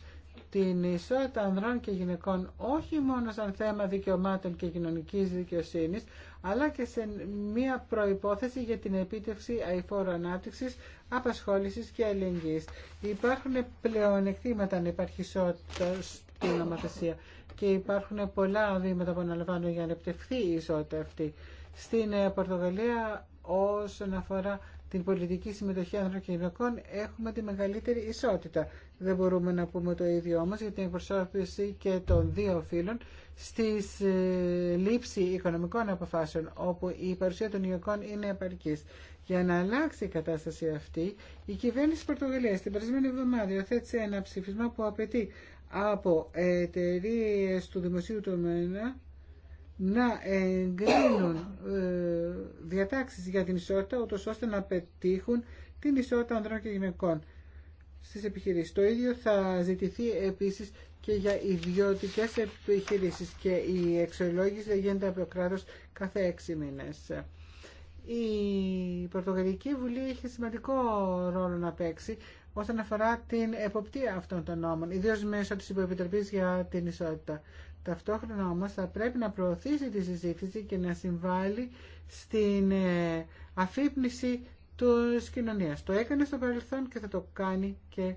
B: την ισότητα ανδρών και γυναικών όχι μόνο σαν θέμα δικαιωμάτων και κοινωνικής δικαιοσύνης, αλλά και σε μια προϋπόθεση για την επίτευξη αηφόρου ανάπτυξης, απασχόλησης και αλληλεγγύης. Υπάρχουν πλεονεκτήματα αν υπάρχει ισότητα στην νομοθεσία και υπάρχουν πολλά βήματα που αναλαμβάνουν για να επιτευχθεί η ισότητα αυτή. Στην ε, Πορτογαλία όσον αφορά την πολιτική συμμετοχή άνθρωπων και γυναικών έχουμε τη μεγαλύτερη ισότητα. Δεν μπορούμε να πούμε το ίδιο όμως για την εκπροσώπηση και των δύο φύλων στη ε, λήψη οικονομικών αποφάσεων όπου η παρουσία των γυναικών είναι επαρκή. Για να αλλάξει η κατάσταση αυτή, η κυβέρνηση της Πορτογαλίας την περασμένη εβδομάδα υιοθέτησε ένα ψήφισμα που απαιτεί από εταιρείε του δημοσίου τομέα να εγκρίνουν ε, διατάξεις για την ισότητα, ούτως ώστε να πετύχουν την ισότητα ανδρών και γυναικών στις επιχειρήσεις. Το ίδιο θα ζητηθεί επίσης και για ιδιωτικές επιχειρήσεις και η εξολόγηση γίνεται από το κάθε έξι μήνες. Η Πορτογαλική Βουλή είχε σημαντικό ρόλο να παίξει όσον αφορά την εποπτεία αυτών των νόμων, ιδίω μέσω τη Υποεπιτροπή για την Ισότητα. Ταυτόχρονα όμω θα πρέπει να προωθήσει τη συζήτηση και να συμβάλλει στην ε, αφύπνιση τη κοινωνία. Το έκανε στο παρελθόν και θα το κάνει και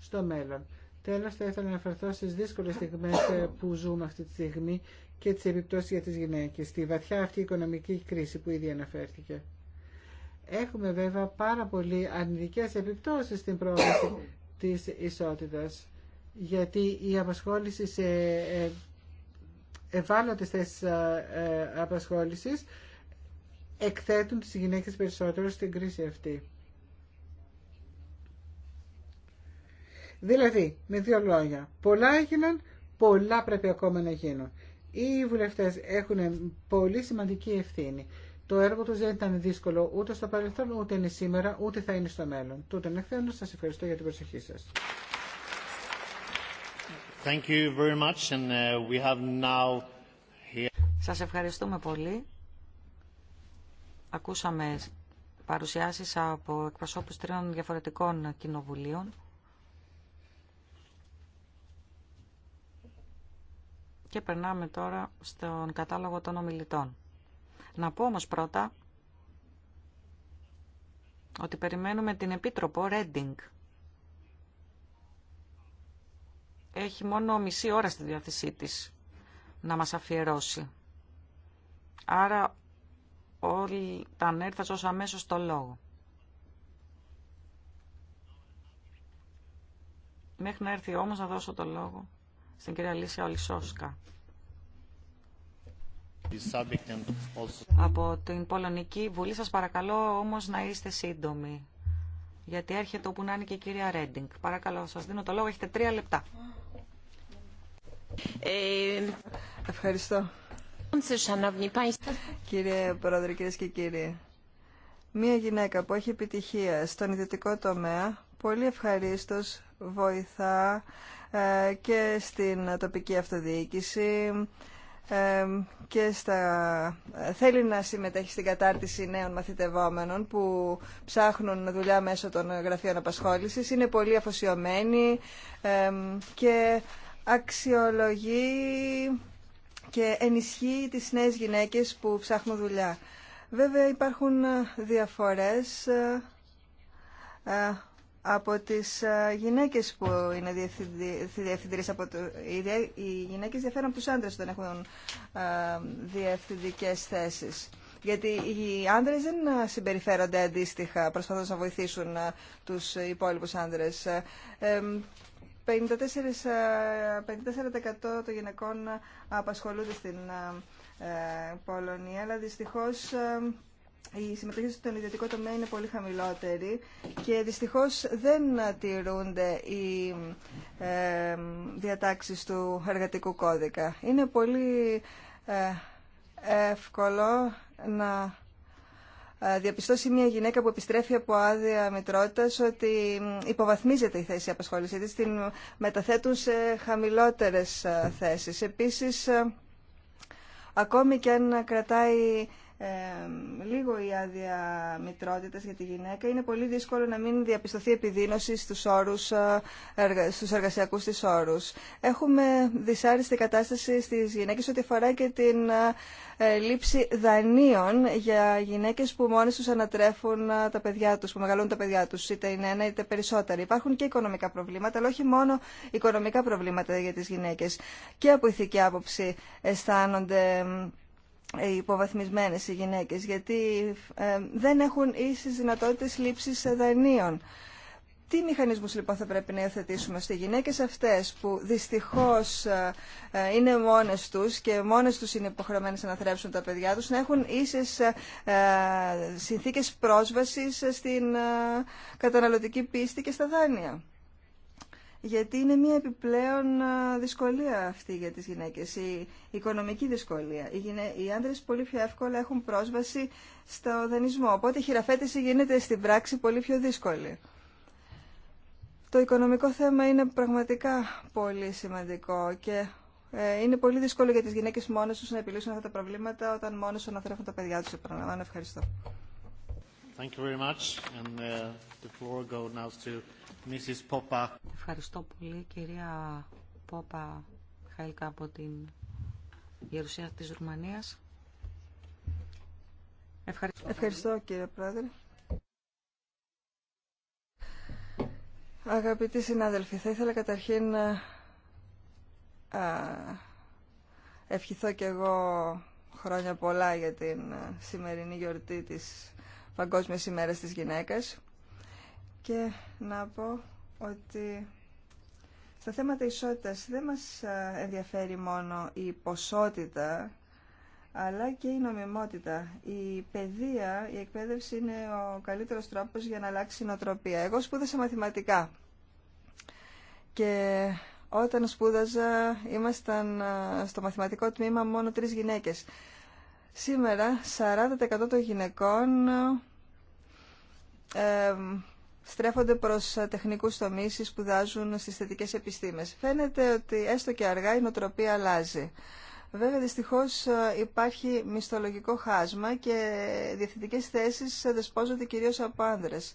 B: στο μέλλον. Τέλο, θα ήθελα να αναφερθώ στι δύσκολε στιγμέ ε, που ζούμε αυτή τη στιγμή και τι επιπτώσει για τι γυναίκε. Στη βαθιά αυτή η οικονομική κρίση που ήδη αναφέρθηκε. Έχουμε βέβαια πάρα πολύ αρνητικές επιπτώσεις στην πρόοδο της ισότητας γιατί η απασχόληση σε ε, ευάλωτες θέσεις ε, ε, απασχόλησης εκθέτουν τις γυναίκες περισσότερο στην κρίση αυτή. Δηλαδή, με δύο λόγια, πολλά έγιναν, πολλά πρέπει ακόμα να γίνουν. Οι βουλευτές έχουν πολύ σημαντική ευθύνη. Το έργο του δεν ήταν δύσκολο ούτε στο παρελθόν, ούτε είναι σήμερα, ούτε θα είναι στο μέλλον. Τούτων εχθένων σας ευχαριστώ για την προσοχή σας.
C: Thank uh, Σας ευχαριστούμε πολύ. Ακούσαμε παρουσιάσεις από
D: εκπροσώπους τριών διαφορετικών κοινοβουλίων. Και περνάμε τώρα στον κατάλογο των ομιλητών. Να πω όμως πρώτα ότι περιμένουμε την Επίτροπο Ρέντινγκ. Έχει μόνο μισή ώρα στη διάθεσή της να μας αφιερώσει. Άρα όλοι τα ανέρθα ως αμέσως το λόγο. Μέχρι να έρθει όμως να δώσω το λόγο στην κυρία Λύσια Ολυσόσκα από την Πολωνική Βουλή. Σας παρακαλώ όμως να είστε σύντομοι, γιατί έρχεται όπου να είναι και η κυρία Ρέντινγκ. Παρακαλώ, σας δίνω το λόγο, έχετε τρία λεπτά.
A: ευχαριστώ. Κύριε Πρόεδρε, κυρίες και κύριοι, μία γυναίκα που έχει επιτυχία στον ιδιωτικό τομέα, πολύ ευχαρίστως βοηθά ε, και στην τοπική αυτοδιοίκηση, και στα... θέλει να συμμετέχει στην κατάρτιση νέων μαθητευόμενων που ψάχνουν δουλειά μέσω των γραφείων απασχόλησης. Είναι πολύ αφοσιωμένη και αξιολογεί και ενισχύει τις νέες γυναίκες που ψάχνουν δουλειά. Βέβαια υπάρχουν διαφορές ε, ε, από τις ε, γυναίκες που είναι διευθυντήρες. Από το, οι γυναίκες διαφέρουν από τους άντρες όταν έχουν ε, διευθυντικές θέσεις. Γιατί οι άντρες δεν ε, συμπεριφέρονται αντίστοιχα προσπαθώντας να βοηθήσουν τους υπόλοιπους άντρες. 54%, 54 των γυναικών απασχολούνται στην Πολωνία, αλλά δυστυχώς η συμμετοχή στον ιδιωτικό τομέα είναι πολύ χαμηλότερη και δυστυχώς δεν τηρούνται οι ε, διατάξεις του εργατικού κώδικα. Είναι πολύ ε, εύκολο να ε, διαπιστώσει μια γυναίκα που επιστρέφει από άδεια μητρότητα ότι υποβαθμίζεται η θέση απασχόλησης, της, την μεταθέτουν σε χαμηλότερες ε, θέσεις. Επίσης, ακόμη και αν κρατάει λίγο η άδεια μητρότητα για τη γυναίκα, είναι πολύ δύσκολο να μην διαπιστωθεί επιδείνωση στους, όρους, ε, στους εργασιακούς της όρους. Έχουμε δυσάριστη κατάσταση στις γυναίκες ό,τι αφορά και την ε, λήψη δανείων για γυναίκες που μόνες τους ανατρέφουν ε, τα παιδιά τους, που μεγαλούν τα παιδιά τους, είτε είναι ένα είτε περισσότεροι. Υπάρχουν και οικονομικά προβλήματα, αλλά όχι μόνο οικονομικά προβλήματα για τις γυναίκες. Και από ηθική άποψη αισθάνονται ε, υποβαθμισμένες οι γυναίκες γιατί ε, δεν έχουν ίσες δυνατότητες λήψης δανείων. Τι μηχανισμούς λοιπόν θα πρέπει να υιοθετήσουμε στις γυναίκες αυτές που δυστυχώς ε, είναι μόνες τους και μόνες τους είναι υποχρεωμένες να θρέψουν τα παιδιά τους να έχουν ίσες συνθήκες πρόσβασης στην καταναλωτική πίστη και στα δάνεια γιατί είναι μια επιπλέον ε, δυσκολία αυτή για τις γυναίκες, η οικονομική δυσκολία. Οι, γυναί... οι άντρες πολύ πιο εύκολα έχουν πρόσβαση στο δανεισμό, οπότε η χειραφέτηση γίνεται στην πράξη πολύ πιο δύσκολη. Το οικονομικό θέμα είναι πραγματικά πολύ σημαντικό και ε, είναι πολύ δύσκολο για τις γυναίκες μόνες τους να επιλύσουν αυτά τα προβλήματα όταν μόνες τους αναθρέφουν τα παιδιά τους. Επαναλαμβάνω, ευχαριστώ.
C: Thank you very much. And, uh, the floor
A: Ευχαριστώ πολύ κυρία
D: Πόπα Χαίλκα από την Γερουσία της Ρουμανίας.
A: Ευχαριστώ, Ευχαριστώ κύριε Πρόεδρε. Αγαπητοί συνάδελφοι, θα ήθελα καταρχήν να ε, ευχηθώ και εγώ χρόνια πολλά για την ε, σημερινή γιορτή της Παγκόσμιας ημέρας της γυναίκας και να πω ότι στα θέματα ισότητας δεν μας ενδιαφέρει μόνο η ποσότητα αλλά και η νομιμότητα. Η παιδεία, η εκπαίδευση είναι ο καλύτερος τρόπος για να αλλάξει η νοοτροπία. Εγώ σπούδασα μαθηματικά και όταν σπούδαζα ήμασταν στο μαθηματικό τμήμα μόνο τρεις γυναίκες. Σήμερα 40% των γυναικών στρέφονται προς ε, τεχνικούς τομείς που σπουδάζουν στις θετικές επιστήμες. Φαίνεται ότι έστω και αργά η νοοτροπία αλλάζει. Βέβαια, δυστυχώς ε, υπάρχει μισθολογικό χάσμα και διευθυντικές θέσεις ε, δεσπόζονται κυρίως από άνδρες.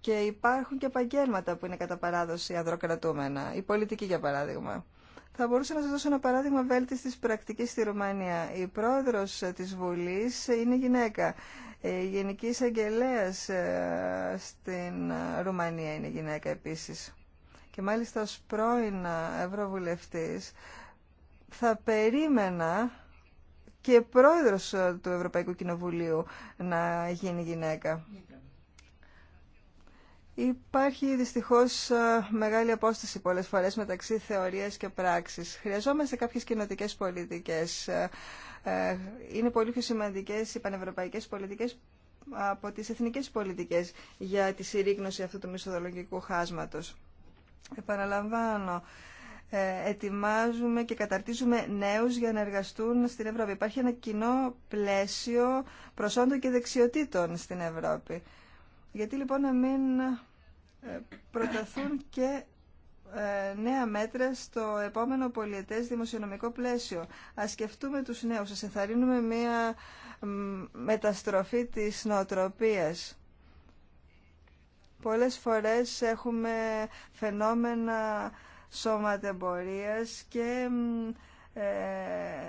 A: Και υπάρχουν και επαγγέλματα που είναι κατά παράδοση ανδροκρατούμενα, η πολιτική για παράδειγμα. Θα μπορούσα να σας δώσω ένα παράδειγμα βέλτιστης πρακτικής στη Ρουμανία. Η πρόεδρος της Βουλής είναι γυναίκα. Ε, η Γενική Εισαγγελέα ε, στην ε, Ρουμανία είναι γυναίκα επίσης. Και μάλιστα ως πρώην Ευρωβουλευτής θα περίμενα και πρόεδρος του Ευρωπαϊκού Κοινοβουλίου να γίνει γυναίκα. Υπάρχει δυστυχώς μεγάλη απόσταση πολλές φορές μεταξύ θεωρίας και πράξης. Χρειαζόμαστε κάποιες κοινοτικές πολιτικές ε, είναι πολύ πιο σημαντικές οι πανευρωπαϊκές πολιτικές από τις εθνικές πολιτικές για τη συρρήγνωση αυτού του μισθοδολογικού χάσματος. Επαναλαμβάνω, ε, ετοιμάζουμε και καταρτίζουμε νέους για να εργαστούν στην Ευρώπη. Υπάρχει ένα κοινό πλαίσιο προσόντων και δεξιοτήτων στην Ευρώπη. Γιατί λοιπόν να μην ε, προταθούν και ε, νέα μέτρα στο επόμενο πολιετές δημοσιονομικό πλαίσιο. Ας σκεφτούμε τους νέους, ας ενθαρρύνουμε μια μεταστροφή της νοοτροπίας. Πολλές φορές έχουμε φαινόμενα σώματεμπορίας και ε,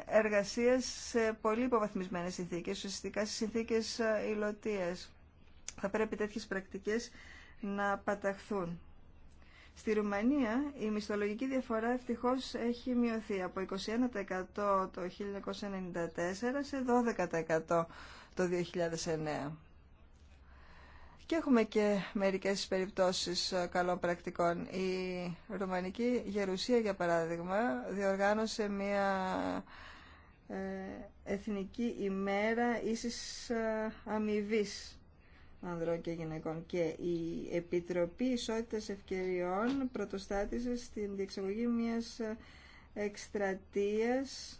A: εργασίας σε πολύ υποβαθμισμένες συνθήκες, ουσιαστικά σε συνθήκες ε, υλωτίας. Θα πρέπει τέτοιες πρακτικές να παταχθούν. Στη Ρουμανία η μισθολογική διαφορά ευτυχώς έχει μειωθεί από 21% το 1994 σε 12% το 2009. Και έχουμε και μερικές περιπτώσεις ε, καλών πρακτικών. Η Ρουμανική Γερουσία, για παράδειγμα, διοργάνωσε μια ε, εθνική ημέρα ίσης ε, αμοιβής ανδρών και γυναικών και η Επιτροπή Ισότητας Ευκαιριών πρωτοστάτησε στην διεξαγωγή μιας ε, εκστρατείας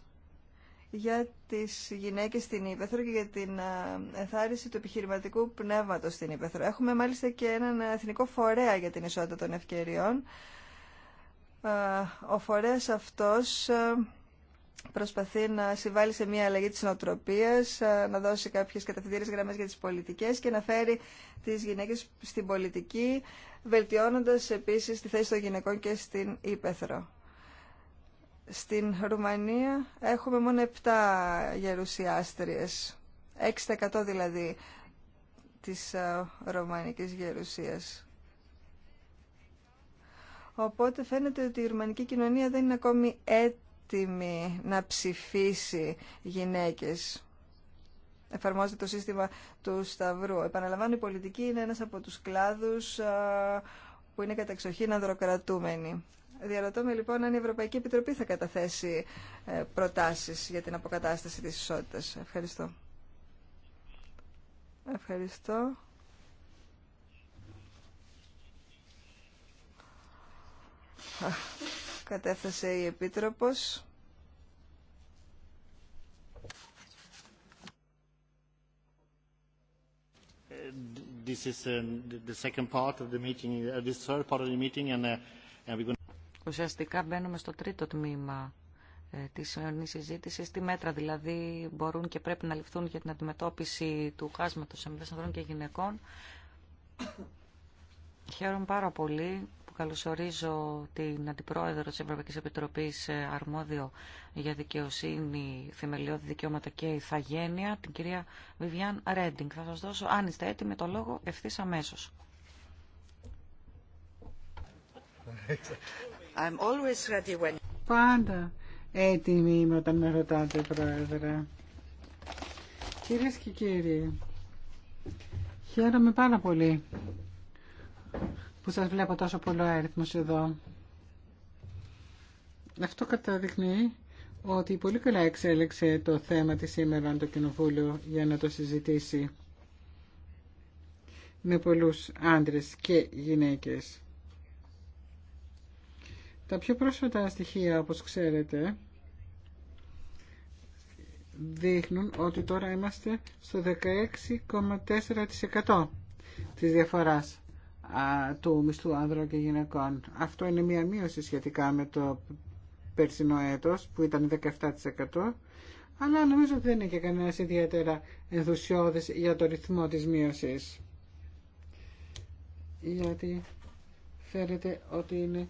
A: για τις γυναίκες στην Ήπεθρο και για την εθάρρηση του επιχειρηματικού πνεύματος στην Ήπεθρο. Έχουμε μάλιστα και έναν εθνικό φορέα για την ισότητα των ευκαιριών. Ε, ο φορέας αυτός ε, προσπαθεί να συμβάλλει σε μια αλλαγή της νοοτροπίας, ε, να δώσει κάποιες κατευθυντήρες γραμμές για τις πολιτικές και να φέρει τις γυναίκες στην πολιτική, βελτιώνοντας επίσης τη θέση των γυναικών και στην Ήπεθρο. Στην Ρουμανία έχουμε μόνο 7 γερουσιάστριες, 6% δηλαδή της ε, ρωμανικής γερουσίας. Οπότε φαίνεται ότι η ρουμανική κοινωνία δεν είναι ακόμη έτοιμη έτοιμη να ψηφίσει γυναίκες. Εφαρμόζεται το σύστημα του Σταυρού. Επαναλαμβάνω, η πολιτική είναι ένας από τους κλάδους που είναι καταξοχήν ανδροκρατούμενοι. Διαρωτώ με λοιπόν αν η Ευρωπαϊκή Επιτροπή θα καταθέσει ε, προτάσεις για την αποκατάσταση της ισότητας. Ευχαριστώ. Ευχαριστώ. Κατέθεσε η Επίτροπος.
C: Ουσιαστικά μπαίνουμε στο τρίτο τμήμα ε, τη σημερινή συζήτηση. Τι μέτρα δηλαδή μπορούν και πρέπει
D: να ληφθούν για την αντιμετώπιση του χάσματο αμοιβέ ανδρών και γυναικών. Χαίρομαι πάρα πολύ Καλωσορίζω την Αντιπρόεδρο της Ευρωπαϊκής Επιτροπής ε, Αρμόδιο για Δικαιοσύνη, Θεμελιώδη Δικαιώματα και Ιθαγένεια, την κυρία Βιβιάν Ρέντινγκ. Θα σας δώσω, αν είστε έτοιμοι, το λόγο ευθύς αμέσως.
A: I'm always ready when...
B: Πάντα έτοιμη είμαι όταν με ρωτάτε, Πρόεδρε. Κυρίες και κύριοι, χαίρομαι πάρα πολύ που σας βλέπω τόσο πολλοί αριθμούς εδώ. Αυτό καταδεικνύει ότι πολύ καλά εξέλιξε το θέμα της σήμερα το Κοινοβούλιο για να το συζητήσει με πολλούς άντρες και γυναίκες. Τα πιο πρόσφατα στοιχεία, όπως ξέρετε, δείχνουν ότι τώρα είμαστε στο 16,4% της διαφοράς του μισθού άνδρων και γυναικών. Αυτό είναι μία μείωση σχετικά με το περσινό έτος που ήταν 17% αλλά νομίζω ότι δεν είναι και κανένας ιδιαίτερα ενθουσιώδης για το ρυθμό της μείωσης. Γιατί φέρεται ότι είναι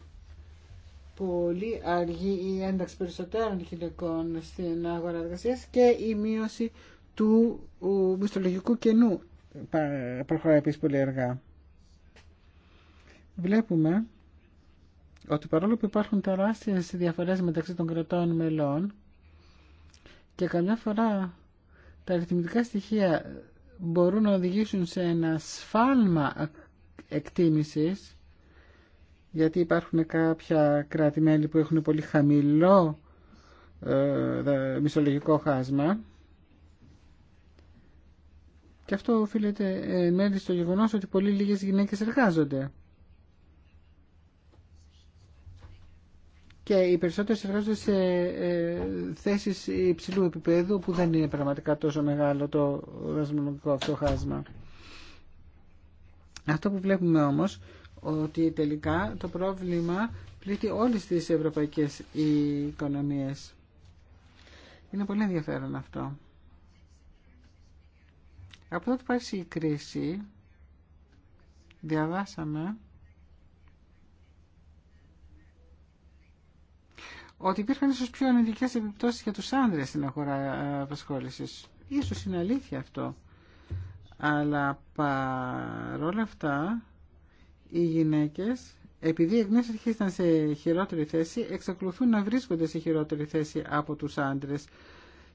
B: πολύ αργή η ένταξη περισσότερων γυναικών στην αγορά εργασία και η μείωση του μισθολογικού κενού προχωράει επίσης πολύ αργά βλέπουμε ότι παρόλο που υπάρχουν τεράστιες διαφορές μεταξύ των κρατών μελών και καμιά φορά τα αριθμητικά στοιχεία μπορούν να οδηγήσουν σε ένα σφάλμα εκτίμησης γιατί υπάρχουν κάποια κράτη-μέλη που έχουν πολύ χαμηλό ε, μισολογικό χάσμα και αυτό οφείλεται μέλη στο γεγονός ότι πολύ λίγες γυναίκες εργάζονται. και οι περισσότερες εργάζονται σε ε, θέσεις υψηλού επίπεδου που δεν είναι πραγματικά τόσο μεγάλο το δασμολογικό αυτό χάσμα. Αυτό που βλέπουμε όμως ότι τελικά το πρόβλημα πλήττει όλες τις ευρωπαϊκές οικονομίες. Είναι πολύ ενδιαφέρον αυτό. Από τότε που υπάρχει η κρίση, διαβάσαμε ότι υπήρχαν ίσως πιο ανεδικέ επιπτώσεις για τους άνδρες στην αγορά ε, απασχόλησης. Ίσως είναι αλήθεια αυτό. Αλλά παρόλα αυτά οι γυναίκες επειδή εκ νέας αρχής σε χειρότερη θέση εξακολουθούν να βρίσκονται σε χειρότερη θέση από τους άνδρες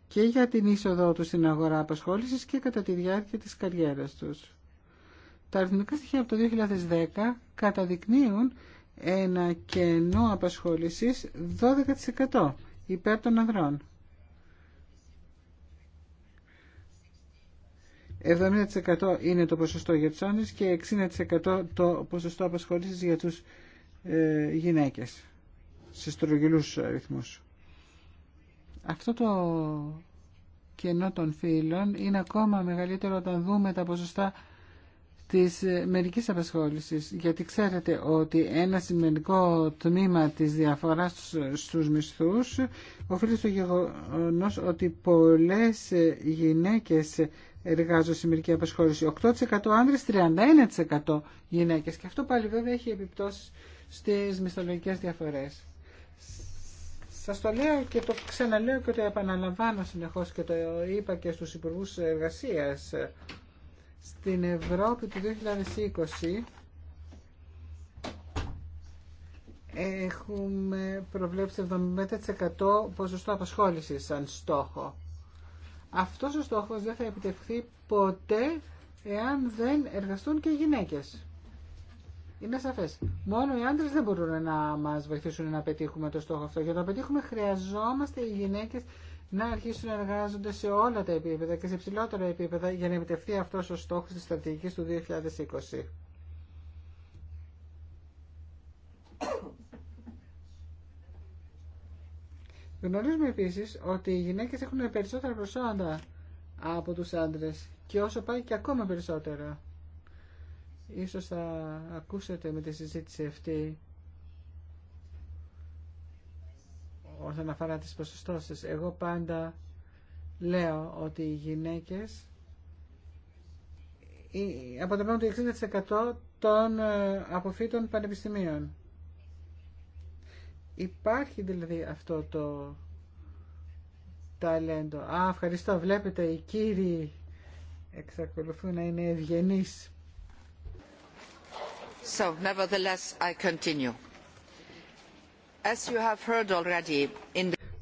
B: και για την είσοδό τους στην αγορά απασχόλησης και κατά τη διάρκεια της καριέρας τους. Τα αριθμητικά στοιχεία από το 2010 καταδεικνύουν ένα κενό απασχόλησης 12% υπέρ των ανδρών. 70% είναι το ποσοστό για τους άνδρες και 60% το ποσοστό απασχόλησης για τους ε, γυναίκες σε στρογγυλούς αριθμούς. Αυτό το κενό των φύλων είναι ακόμα μεγαλύτερο όταν δούμε τα ποσοστά της ε, μερικής απασχόλησης γιατί ξέρετε ότι ένα σημαντικό τμήμα της διαφοράς στους μισθούς οφείλει στο γεγονός ότι πολλές ε, γυναίκες εργάζονται σε μερική απασχόληση 8% άνδρες, 31% γυναίκες και αυτό πάλι βέβαια έχει επιπτώσεις στις μισθολογικές διαφορές Σας το λέω και το ξαναλέω και το επαναλαμβάνω συνεχώς και το είπα και στους υπουργούς εργασίας στην Ευρώπη του 2020 έχουμε προβλέψει 75% ποσοστό απασχόλησης σαν στόχο. Αυτός ο στόχος δεν θα επιτευχθεί ποτέ εάν δεν εργαστούν και οι γυναίκες. Είναι σαφές. Μόνο οι άντρες δεν μπορούν να μας βοηθήσουν να πετύχουμε το στόχο αυτό. Για να το πετύχουμε χρειαζόμαστε οι γυναίκες να αρχίσουν να εργάζονται σε όλα τα επίπεδα και σε ψηλότερα επίπεδα για να επιτευχθεί αυτός ο στόχος της στρατηγική του 2020. Γνωρίζουμε επίση ότι οι γυναίκες έχουν περισσότερα προσόντα από τους άντρε. και όσο πάει και ακόμα περισσότερα. Ίσως θα ακούσετε με τη συζήτηση αυτή όσον αφορά τις ποσοστώσεις. Εγώ πάντα λέω ότι οι γυναίκες αποτελούν το 60% των ε, αποφύτων πανεπιστημίων. Υπάρχει δηλαδή αυτό το ταλέντο. Α, ευχαριστώ. Βλέπετε, οι κύριοι εξακολουθούν να είναι ευγενείς. So, nevertheless, I continue.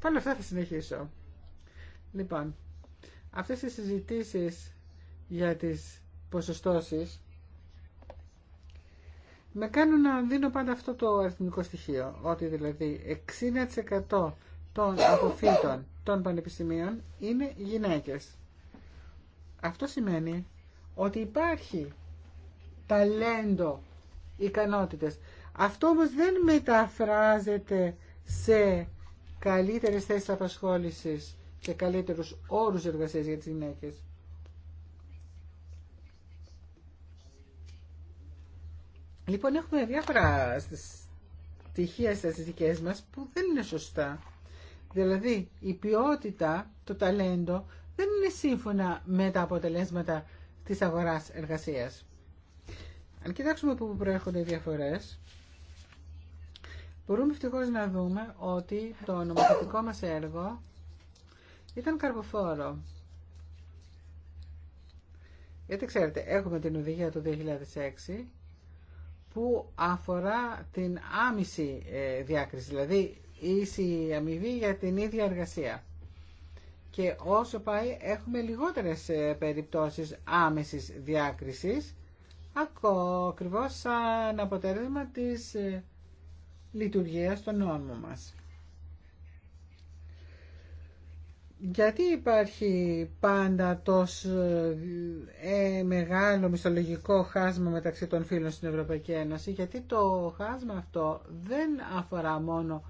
B: Πάνω αυτά θα συνεχίσω. Λοιπόν, αυτές οι συζητήσεις για τις ποσοστώσεις με κάνουν να δίνω πάντα αυτό το αριθμικό στοιχείο, ότι δηλαδή 60% των αποφύτων των πανεπιστημίων είναι γυναίκες. Αυτό σημαίνει ότι υπάρχει ταλέντο, ικανότητες. Αυτό όμως δεν μεταφράζεται σε καλύτερες θέσεις απασχόλησης και καλύτερους όρους εργασίας για τις γυναίκες. Λοιπόν, έχουμε διάφορα στοιχεία δικέ μας που δεν είναι σωστά. Δηλαδή, η ποιότητα, το ταλέντο, δεν είναι σύμφωνα με τα αποτελέσματα της αγοράς εργασίας. Αν κοιτάξουμε πού προέρχονται οι διαφορές, Μπορούμε ευτυχώ να δούμε ότι το νομοθετικό μας έργο ήταν καρποφόρο. Γιατί ξέρετε, έχουμε την οδηγία του 2006 που αφορά την άμυση ε, διάκριση, δηλαδή ίση αμοιβή για την ίδια εργασία. Και όσο πάει έχουμε λιγότερες ε, περιπτώσεις άμεσης διάκρισης, ακριβώ σαν αποτέλεσμα της ε, λειτουργία στον νόμο μας. Γιατί υπάρχει πάντα τόσο ε, μεγάλο μισθολογικό χάσμα μεταξύ των φίλων στην Ευρωπαϊκή Ένωση, γιατί το χάσμα αυτό δεν αφορά μόνο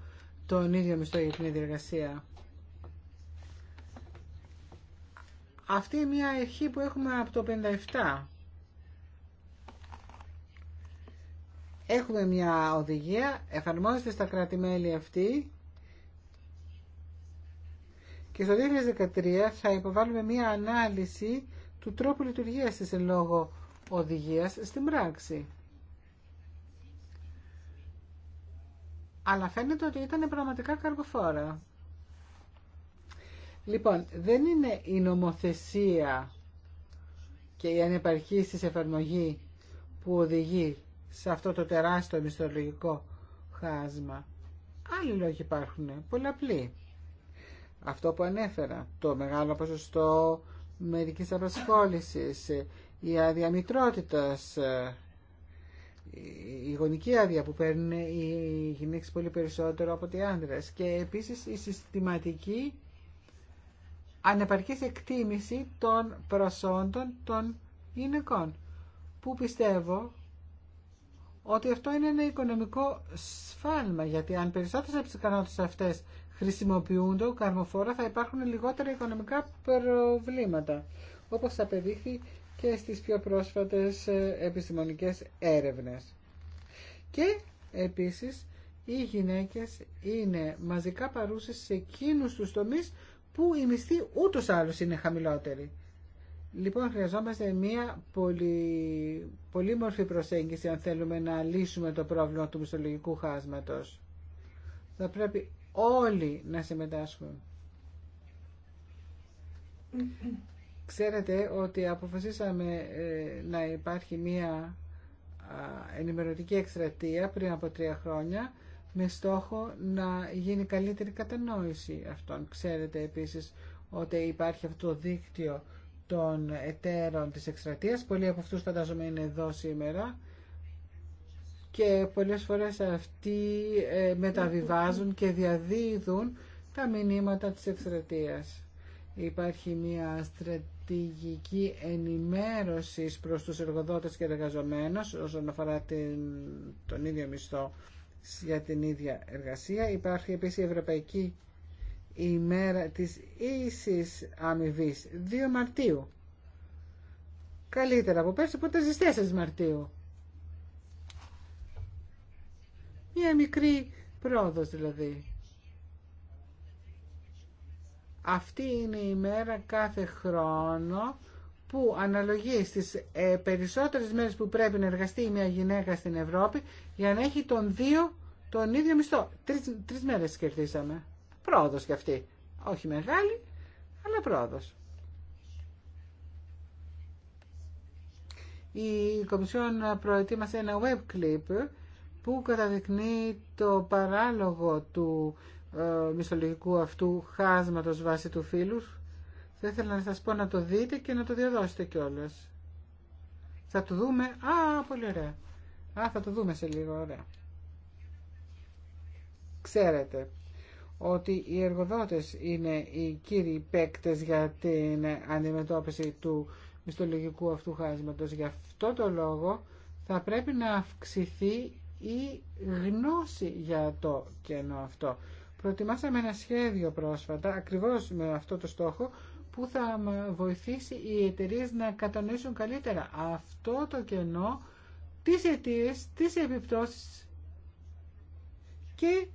B: τον ίδιο μισθό για την Αυτή είναι μια αρχή που έχουμε από το 57 Έχουμε μια οδηγία, εφαρμόζεται στα κράτη-μέλη αυτή και στο 2013 θα υποβάλουμε μια ανάλυση του τρόπου λειτουργίας της εν λόγω οδηγίας στην πράξη. Αλλά φαίνεται ότι ήταν πραγματικά καρποφόρα. Λοιπόν, δεν είναι η νομοθεσία και η ανεπαρχή της εφαρμογή που οδηγεί σε αυτό το τεράστιο μισθολογικό χάσμα. Άλλοι λόγοι υπάρχουν, πολλαπλοί. Αυτό που ανέφερα, το μεγάλο ποσοστό μερικής απασχόλησης, η αδιαμητρότητα, η γονική άδεια που παίρνουν οι γυναίκες πολύ περισσότερο από ότι οι και επίσης η συστηματική ανεπαρκής εκτίμηση των προσόντων των γυναικών που πιστεύω ότι αυτό είναι ένα οικονομικό σφάλμα, γιατί αν περισσότερες από τις ικανότητες αυτές χρησιμοποιούνται καρμοφόρα θα υπάρχουν λιγότερα οικονομικά προβλήματα, όπως απεδείχθη και στις πιο πρόσφατες ε, επιστημονικές έρευνες. Και επίσης οι γυναίκες είναι μαζικά παρούσες σε εκείνους τους τομείς που οι μισθοί ούτως άλλως είναι χαμηλότεροι. Λοιπόν, χρειαζόμαστε μία πολύ, πολύ μορφή προσέγγιση αν θέλουμε να λύσουμε το πρόβλημα του μισθολογικού χάσματος. Θα πρέπει όλοι να συμμετάσχουν. Ξέρετε ότι αποφασίσαμε ε, να υπάρχει μία ενημερωτική εκστρατεία πριν από τρία χρόνια με στόχο να γίνει καλύτερη κατανόηση αυτών. Ξέρετε επίσης ότι υπάρχει αυτό το δίκτυο των εταίρων της εκστρατείας. Πολλοί από αυτούς φαντάζομαι είναι εδώ σήμερα και πολλές φορές αυτοί ε, μεταβιβάζουν και διαδίδουν τα μηνύματα της εκστρατείας. Υπάρχει μια στρατηγική ενημέρωση προς τους εργοδότες και εργαζομένους όσον αφορά την, τον ίδιο μισθό για την ίδια εργασία. Υπάρχει επίσης η Ευρωπαϊκή η μέρα της ίσης αμοιβή 2 Μαρτίου. Καλύτερα από πέρσι, οπότε στις 4 Μαρτίου. Μια μικρή πρόοδος δηλαδή. Αυτή είναι η μέρα κάθε χρόνο που αναλογεί στις ε, περισσότερες μέρες που πρέπει να εργαστεί μια γυναίκα στην Ευρώπη για να έχει τον δύο τον ίδιο μισθό. Τρεις, τρεις μέρες κερδίσαμε. Πρόοδος για αυτή. Όχι μεγάλη, αλλά πρόοδος. Η Κομισιόν προετοίμασε ένα web clip που καταδεικνύει το παράλογο του ε, μισθολογικού αυτού χάσματος βάση του φίλου. Θα ήθελα να σας πω να το δείτε και να το διαδώσετε κιόλα. Θα το δούμε. Α, πολύ ωραία. Α, θα το δούμε σε λίγο. Ωραία. Ξέρετε, ότι οι εργοδότες είναι οι κύριοι παίκτες για την αντιμετώπιση του μισθολογικού αυτού χάσματος. Γι' αυτό το λόγο θα πρέπει να αυξηθεί η γνώση για το κενό αυτό. Προετοιμάσαμε ένα σχέδιο πρόσφατα, ακριβώς με αυτό το στόχο, που θα βοηθήσει οι εταιρείε να κατανοήσουν καλύτερα αυτό το κενό, τις αιτίες, τις επιπτώσεις και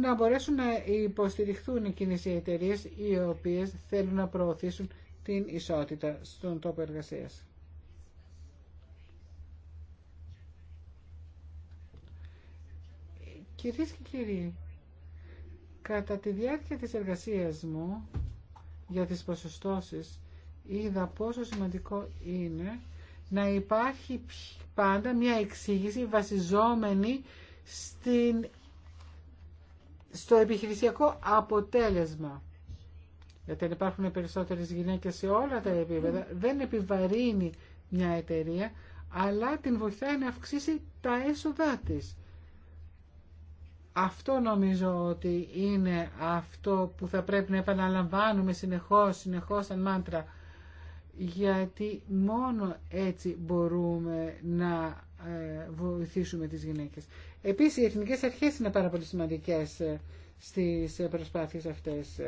B: να μπορέσουν να υποστηριχθούν εκείνες οι εταιρείε οι οποίες θέλουν να προωθήσουν την ισότητα στον τόπο εργασίας. Κυρίες και κύριοι, κατά τη διάρκεια της εργασίας μου για τις ποσοστώσεις είδα πόσο σημαντικό είναι να υπάρχει πάντα μια εξήγηση βασιζόμενη στην στο επιχειρησιακό αποτέλεσμα. Γιατί υπάρχουν περισσότερες γυναίκες σε όλα τα επίπεδα, δεν επιβαρύνει μια εταιρεία, αλλά την βοηθάει να αυξήσει τα έσοδά της. Αυτό νομίζω ότι είναι αυτό που θα πρέπει να επαναλαμβάνουμε συνεχώς, συνεχώς σαν μάντρα, γιατί μόνο έτσι μπορούμε να ε, βοηθήσουμε τις γυναίκες. Επίσης οι εθνικές αρχές είναι πάρα πολύ σημαντικές ε, στις ε, προσπάθειες αυτές.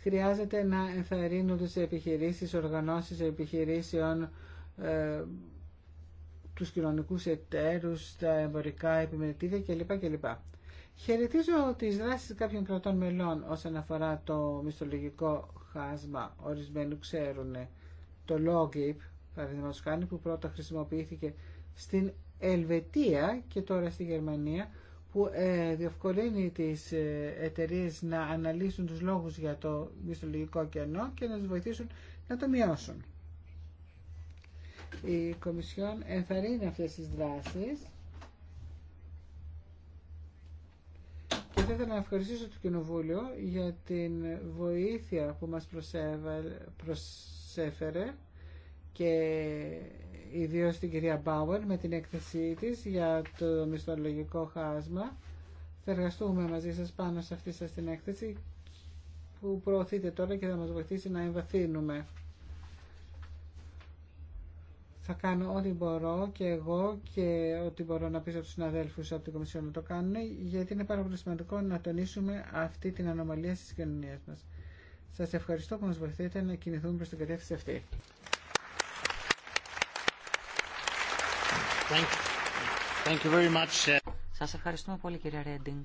B: Χρειάζεται να ενθαρρύνονται σε επιχειρήσεις, οργανώσεις επιχειρήσεων, ε, τους κοινωνικούς εταίρους, τα εμπορικά επιμελητήρια κλπ. κλπ. Χαιρετίζω τις δράσεις κάποιων κρατών μελών όσον αφορά το μισθολογικό χάσμα. Ορισμένου ξέρουν το LOGIP, παραδείγματος που πρώτα χρησιμοποιήθηκε στην Ελβετία και τώρα στη Γερμανία που ε, διευκολύνει τις ε, εταιρείε να αναλύσουν τους λόγους για το μισθολογικό κενό και να τους βοηθήσουν να το μειώσουν. Η Κομισιόν ενθαρρύνει αυτές τις δράσεις και θα ήθελα να ευχαριστήσω το Κοινοβούλιο για την βοήθεια που μας προσέφερε και Ιδίω την κυρία Μπάουερ με την έκθεσή τη για το μισθολογικό χάσμα. Θα εργαστούμε μαζί σας πάνω σε αυτή σας την έκθεση που προωθείτε τώρα και θα μας βοηθήσει να εμβαθύνουμε. Θα κάνω ό,τι μπορώ και εγώ και ό,τι μπορώ να πείσω τους συναδέλφους από την Κομισιόν να το κάνουν γιατί είναι πάρα πολύ σημαντικό να τονίσουμε αυτή την ανομαλία στις κοινωνίες μας. Σας ευχαριστώ που μας βοηθείτε να κινηθούμε προς την κατεύθυνση αυτή.
D: Thank uh, Σας ευχαριστούμε πολύ κύριε Ρέντινγκ.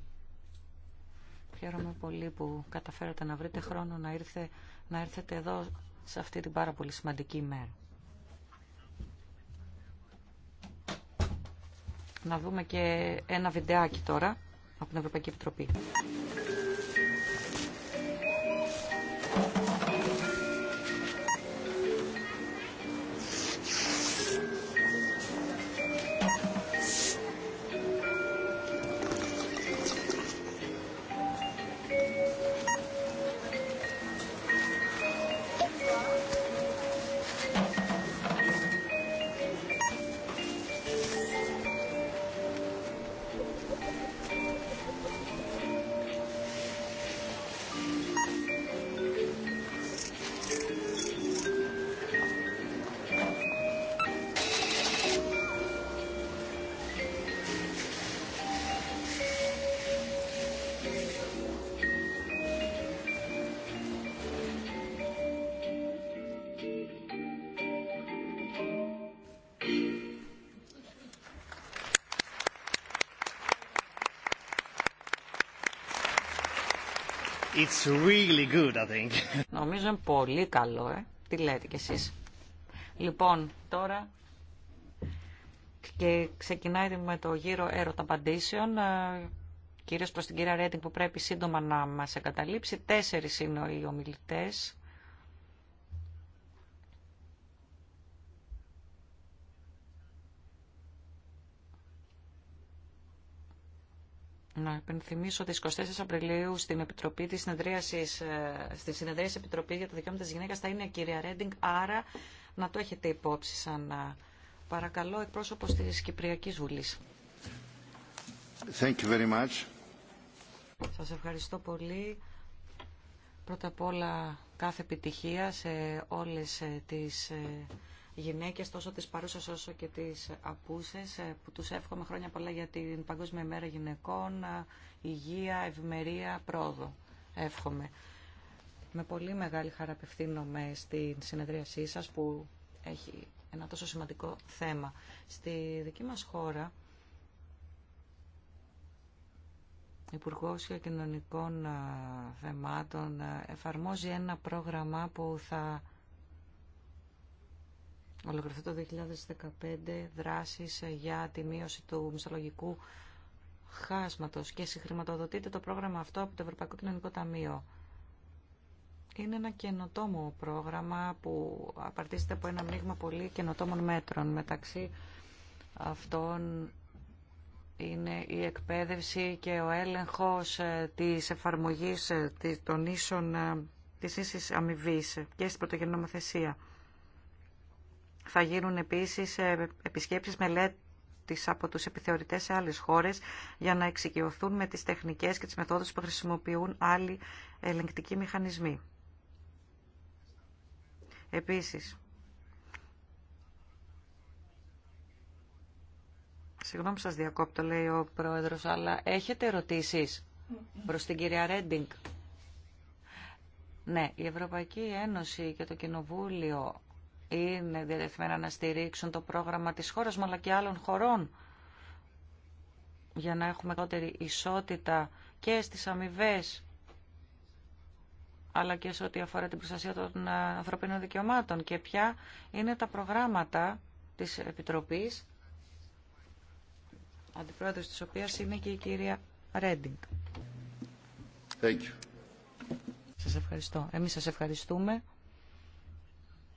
D: Χαίρομαι πολύ που καταφέρατε να βρείτε χρόνο να, ήρθε, να έρθετε εδώ σε αυτή την πάρα πολύ σημαντική ημέρα. Να δούμε και ένα βιντεάκι τώρα από την Ευρωπαϊκή Επιτροπή.
C: It's really good, I think. [LAUGHS]
D: Νομίζω είναι πολύ καλό, ε. Τι λέτε κι εσείς. Λοιπόν, τώρα και ξεκινάει με το γύρο έρωτα απαντήσεων, ε, κυρίως προς την κυρία Ρέντινγκ που πρέπει σύντομα να μας εγκαταλείψει. Τέσσερις είναι οι ομιλητές. υπενθυμίσω ότι 24 Απριλίου στην Επιτροπή της συνεδρίασης, ε, στη συνεδρία της Επιτροπή για τα Δικαιώματα της Γυναίκας θα είναι η κυρία Ρέντινγκ, άρα να το έχετε υπόψη σαν ε, παρακαλώ εκπρόσωπος της Κυπριακής Βουλής.
C: Thank you very much.
D: Σας ευχαριστώ πολύ. Πρώτα απ' όλα κάθε επιτυχία σε όλες ε, τις γυναίκες, τόσο τις παρούσες όσο και τις απούσες, ε, που τους εύχομαι χρόνια πολλά για την Παγκόσμια Μέρα Γυναικών, ε, υγεία, ευημερία, πρόοδο. Εύχομαι. Με πολύ μεγάλη χαρά απευθύνομαι στην συνεδρίασή σας που έχει ένα τόσο σημαντικό θέμα. Στη δική μας χώρα, Υπουργό Κοινωνικών ε, Θεμάτων εφαρμόζει ένα πρόγραμμα που θα ολοκληρωθεί το 2015 δράσεις για τη μείωση του μισθολογικού χάσματος και συγχρηματοδοτείται το πρόγραμμα αυτό από το Ευρωπαϊκό Κοινωνικό Ταμείο. Είναι ένα καινοτόμο πρόγραμμα που απαρτίζεται από ένα μείγμα πολύ καινοτόμων μέτρων. Μεταξύ αυτών είναι η εκπαίδευση και ο έλεγχος ε, της εφαρμογής ε, των ίσων ε, της ίσης αμοιβή και στην πρωτογενή νομοθεσία. Θα γίνουν επίσης ε, επισκέψεις μελέτης από τους επιθεωρητές σε άλλες χώρες για να εξοικειωθούν με τις τεχνικές και τις μεθόδους που χρησιμοποιούν άλλοι ελεγκτικοί μηχανισμοί. Επίσης, Συγγνώμη σας διακόπτω, λέει ο Πρόεδρος, αλλά έχετε ερωτήσεις προς την κυρία Ρέντινγκ. Ναι, η Ευρωπαϊκή Ένωση και το Κοινοβούλιο είναι διατεθειμένα να στηρίξουν το πρόγραμμα της χώρας μου αλλά και άλλων χωρών για να έχουμε μεγαλύτερη ισότητα και στις αμοιβέ αλλά και σε ό,τι αφορά την προστασία των ε, ανθρωπίνων δικαιωμάτων και ποια είναι τα προγράμματα της Επιτροπής αντιπρόεδρος της οποίας είναι και η κυρία Ρέντινγκ. Σα Σας ευχαριστώ. Εμείς σας ευχαριστούμε.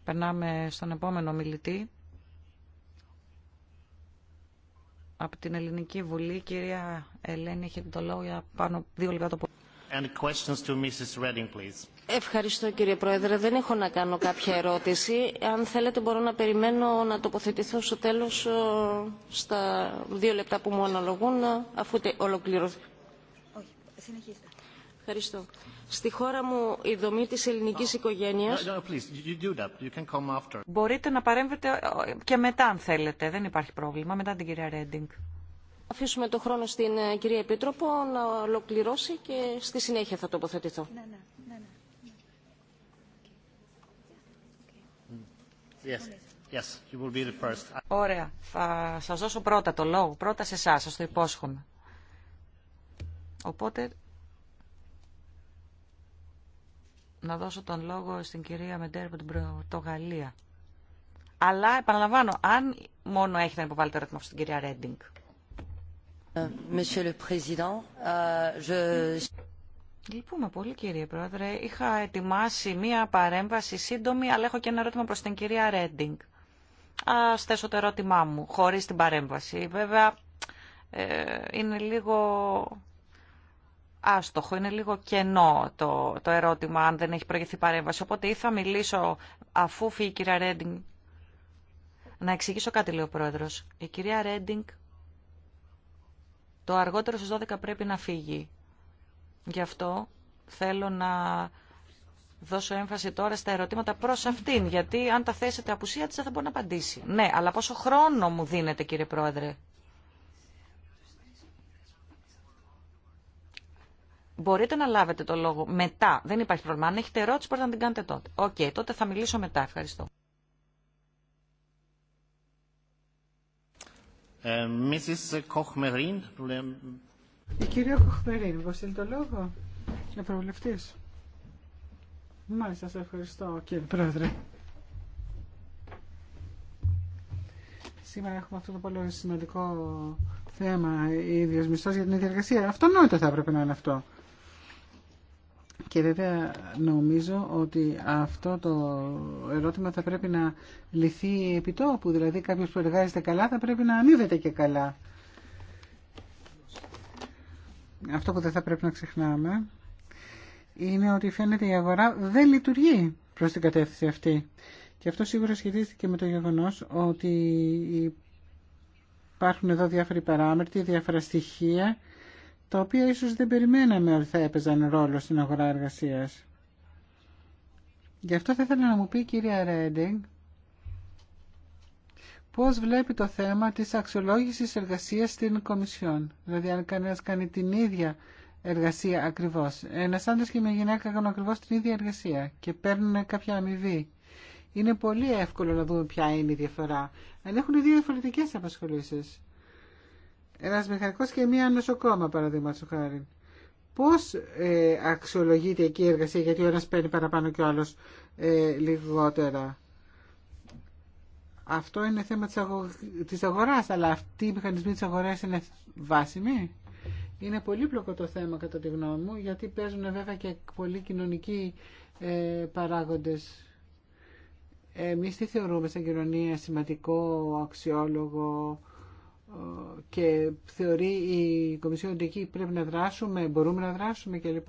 D: Περνάμε στον επόμενο μιλητή. Από την Ελληνική Βουλή, κυρία Ελένη, έχετε το λόγο
E: για
C: πάνω δύο λεπτά το πολύ.
E: Ευχαριστώ κύριε Πρόεδρε. Δεν έχω να κάνω κάποια ερώτηση. Αν θέλετε μπορώ να περιμένω να τοποθετηθώ στο τέλος ε, στα δύο λεπτά που μου αναλογούν αφού ολοκληρωθεί. Όχι, συνεχίστε. Ευχαριστώ. Στη χώρα μου η δομή της ελληνικής οικογένειας... Μπορείτε να παρέμβετε ε, και μετά αν θέλετε.
D: Δεν υπάρχει πρόβλημα. Μετά την κυρία Ρέντινγκ.
E: Αφήσουμε το χρόνο στην ε, κυρία Επίτροπο να ολοκληρώσει και στη συνέχεια θα τοποθετηθώ.
C: Ωραία.
D: Θα σας δώσω πρώτα το λόγο. Πρώτα σε εσά, σας το υπόσχομαι. Οπότε να δώσω τον λόγο στην κυρία Μεντέρ από την Πρωτογαλία. Αλλά επαναλαμβάνω, αν μόνο έχει να υποβάλει το ερώτημα στην κυρία Ρέντινγκ.
E: Ε, ε,
D: Λυπούμε πολύ κύριε Πρόεδρε. Είχα ετοιμάσει μία παρέμβαση σύντομη, αλλά έχω και ένα ερώτημα προς την κυρία Ρέντινγκ. Α θέσω το ερώτημά μου, χωρίς την παρέμβαση. Βέβαια, ε, είναι λίγο άστοχο, είναι λίγο κενό το, το ερώτημα αν δεν έχει προηγηθεί παρέμβαση. Οπότε ή θα μιλήσω αφού φύγει η κυρία Ρέντινγκ. Να εξηγήσω κάτι, λέει ο πρόεδρος. Η κυρία Ρέντινγκ το αργότερο στις 12 πρέπει να φύγει. Γι' αυτό θέλω να δώσω έμφαση τώρα στα ερωτήματα προς αυτήν, γιατί αν τα θέσετε απουσία της δεν θα μπορεί να απαντήσει. Ναι, αλλά πόσο χρόνο μου δίνετε κύριε Πρόεδρε. μπορείτε να λάβετε το λόγο μετά. Δεν υπάρχει πρόβλημα. Αν έχετε ερώτηση, μπορείτε να την κάνετε τότε. Οκ, okay, τότε θα μιλήσω μετά. Ευχαριστώ.
C: Mrs. Ε, Kochmerin. Η κυρία
B: Κοχμερίν, πώς είναι το λόγο, για προβλεφτή. Μάλιστα, σας ευχαριστώ κύριε Πρόεδρε. Σήμερα έχουμε αυτό το πολύ σημαντικό θέμα, η μισθό για την ίδια εργασία. Αυτό θα έπρεπε να είναι αυτό. Και βέβαια νομίζω ότι αυτό το ερώτημα θα πρέπει να λυθεί επιτόπου. Δηλαδή κάποιος που εργάζεται καλά θα πρέπει να αμείβεται και καλά. Αυτό που δεν θα πρέπει να ξεχνάμε είναι ότι φαίνεται η αγορά δεν λειτουργεί προς την κατεύθυνση αυτή. Και αυτό σίγουρα σχετίζεται και με το γεγονός ότι υπάρχουν εδώ διάφοροι παράμετροι, διάφορα στοιχεία τα οποία ίσως δεν περιμέναμε ότι θα έπαιζαν ρόλο στην αγορά εργασίας. Γι' αυτό θα ήθελα να μου πει η κυρία Ρέντινγκ πώς βλέπει το θέμα της αξιολόγησης εργασίας στην Κομισιόν. Δηλαδή αν κανένα κάνει την ίδια εργασία ακριβώς. Ένας άντρας και μια γυναίκα κάνουν ακριβώς την ίδια εργασία και παίρνουν κάποια αμοιβή. Είναι πολύ εύκολο να δούμε ποια είναι η διαφορά. Αν έχουν δύο διαφορετικές απασχολήσεις ένας μηχανικός και μία νοσοκόμα παραδείγματος χάρη. Πώς ε, αξιολογείται εκεί η εργασία γιατί ο ένας παίρνει παραπάνω και ο άλλος ε, λιγότερα. Αυτό είναι θέμα της, αγο... αγοράς, αλλά αυτοί οι μηχανισμοί της αγοράς είναι βάσιμοι. Είναι πολύπλοκο το θέμα κατά τη γνώμη μου, γιατί παίζουν βέβαια και πολλοί κοινωνικοί ε, παράγοντες. Εμείς τι θεωρούμε σαν κοινωνία σημαντικό, αξιόλογο, και θεωρεί η Κομισιόν ότι εκεί πρέπει να δράσουμε, μπορούμε να δράσουμε κλπ.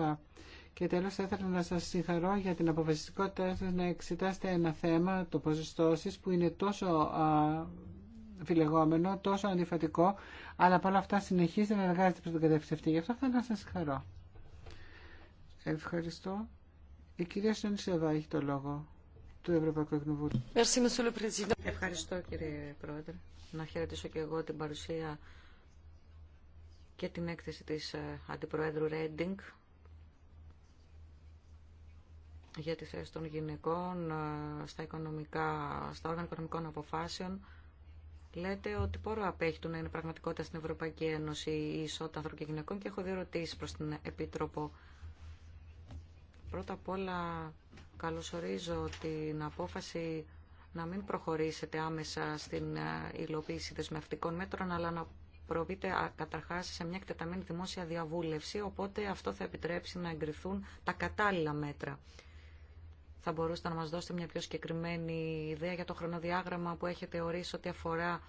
B: Και τέλος θα ήθελα να σας συγχαρώ για την αποφασιστικότητά σας να εξετάσετε ένα θέμα, το σας, που είναι τόσο α, φιλεγόμενο, τόσο αντιφατικό, αλλά όλα αυτά συνεχίζετε να εργάζεται προς την κατεύθυνση αυτή. Γι' αυτό θα να σας συγχαρώ. Ευχαριστώ. Η κυρία Σονισεβά έχει το λόγο του Ευρωπαϊκού Εκνοβούλου.
D: Ευχαριστώ κύριε Πρόεδρε να χαιρετήσω και εγώ την παρουσία και την έκθεση της ε, Αντιπροέδρου Ρέντινγκ για τη θέση των γυναικών ε, στα, οικονομικά, στα όργανα οικονομικών αποφάσεων. Λέτε ότι πόρο απέχει του να είναι πραγματικότητα στην Ευρωπαϊκή Ένωση η ισότητα ανθρώπων και γυναικών και έχω δύο ερωτήσει προς την Επίτροπο. Πρώτα απ' όλα καλωσορίζω την απόφαση να μην προχωρήσετε άμεσα στην ε, υλοποίηση δεσμευτικών μέτρων, αλλά να προβείτε καταρχάς σε μια εκτεταμένη δημόσια διαβούλευση, οπότε αυτό θα επιτρέψει να εγκριθούν τα κατάλληλα μέτρα. Θα μπορούσατε να μας δώσετε μια πιο συγκεκριμένη ιδέα για το χρονοδιάγραμμα που έχετε ορίσει ό,τι αφορά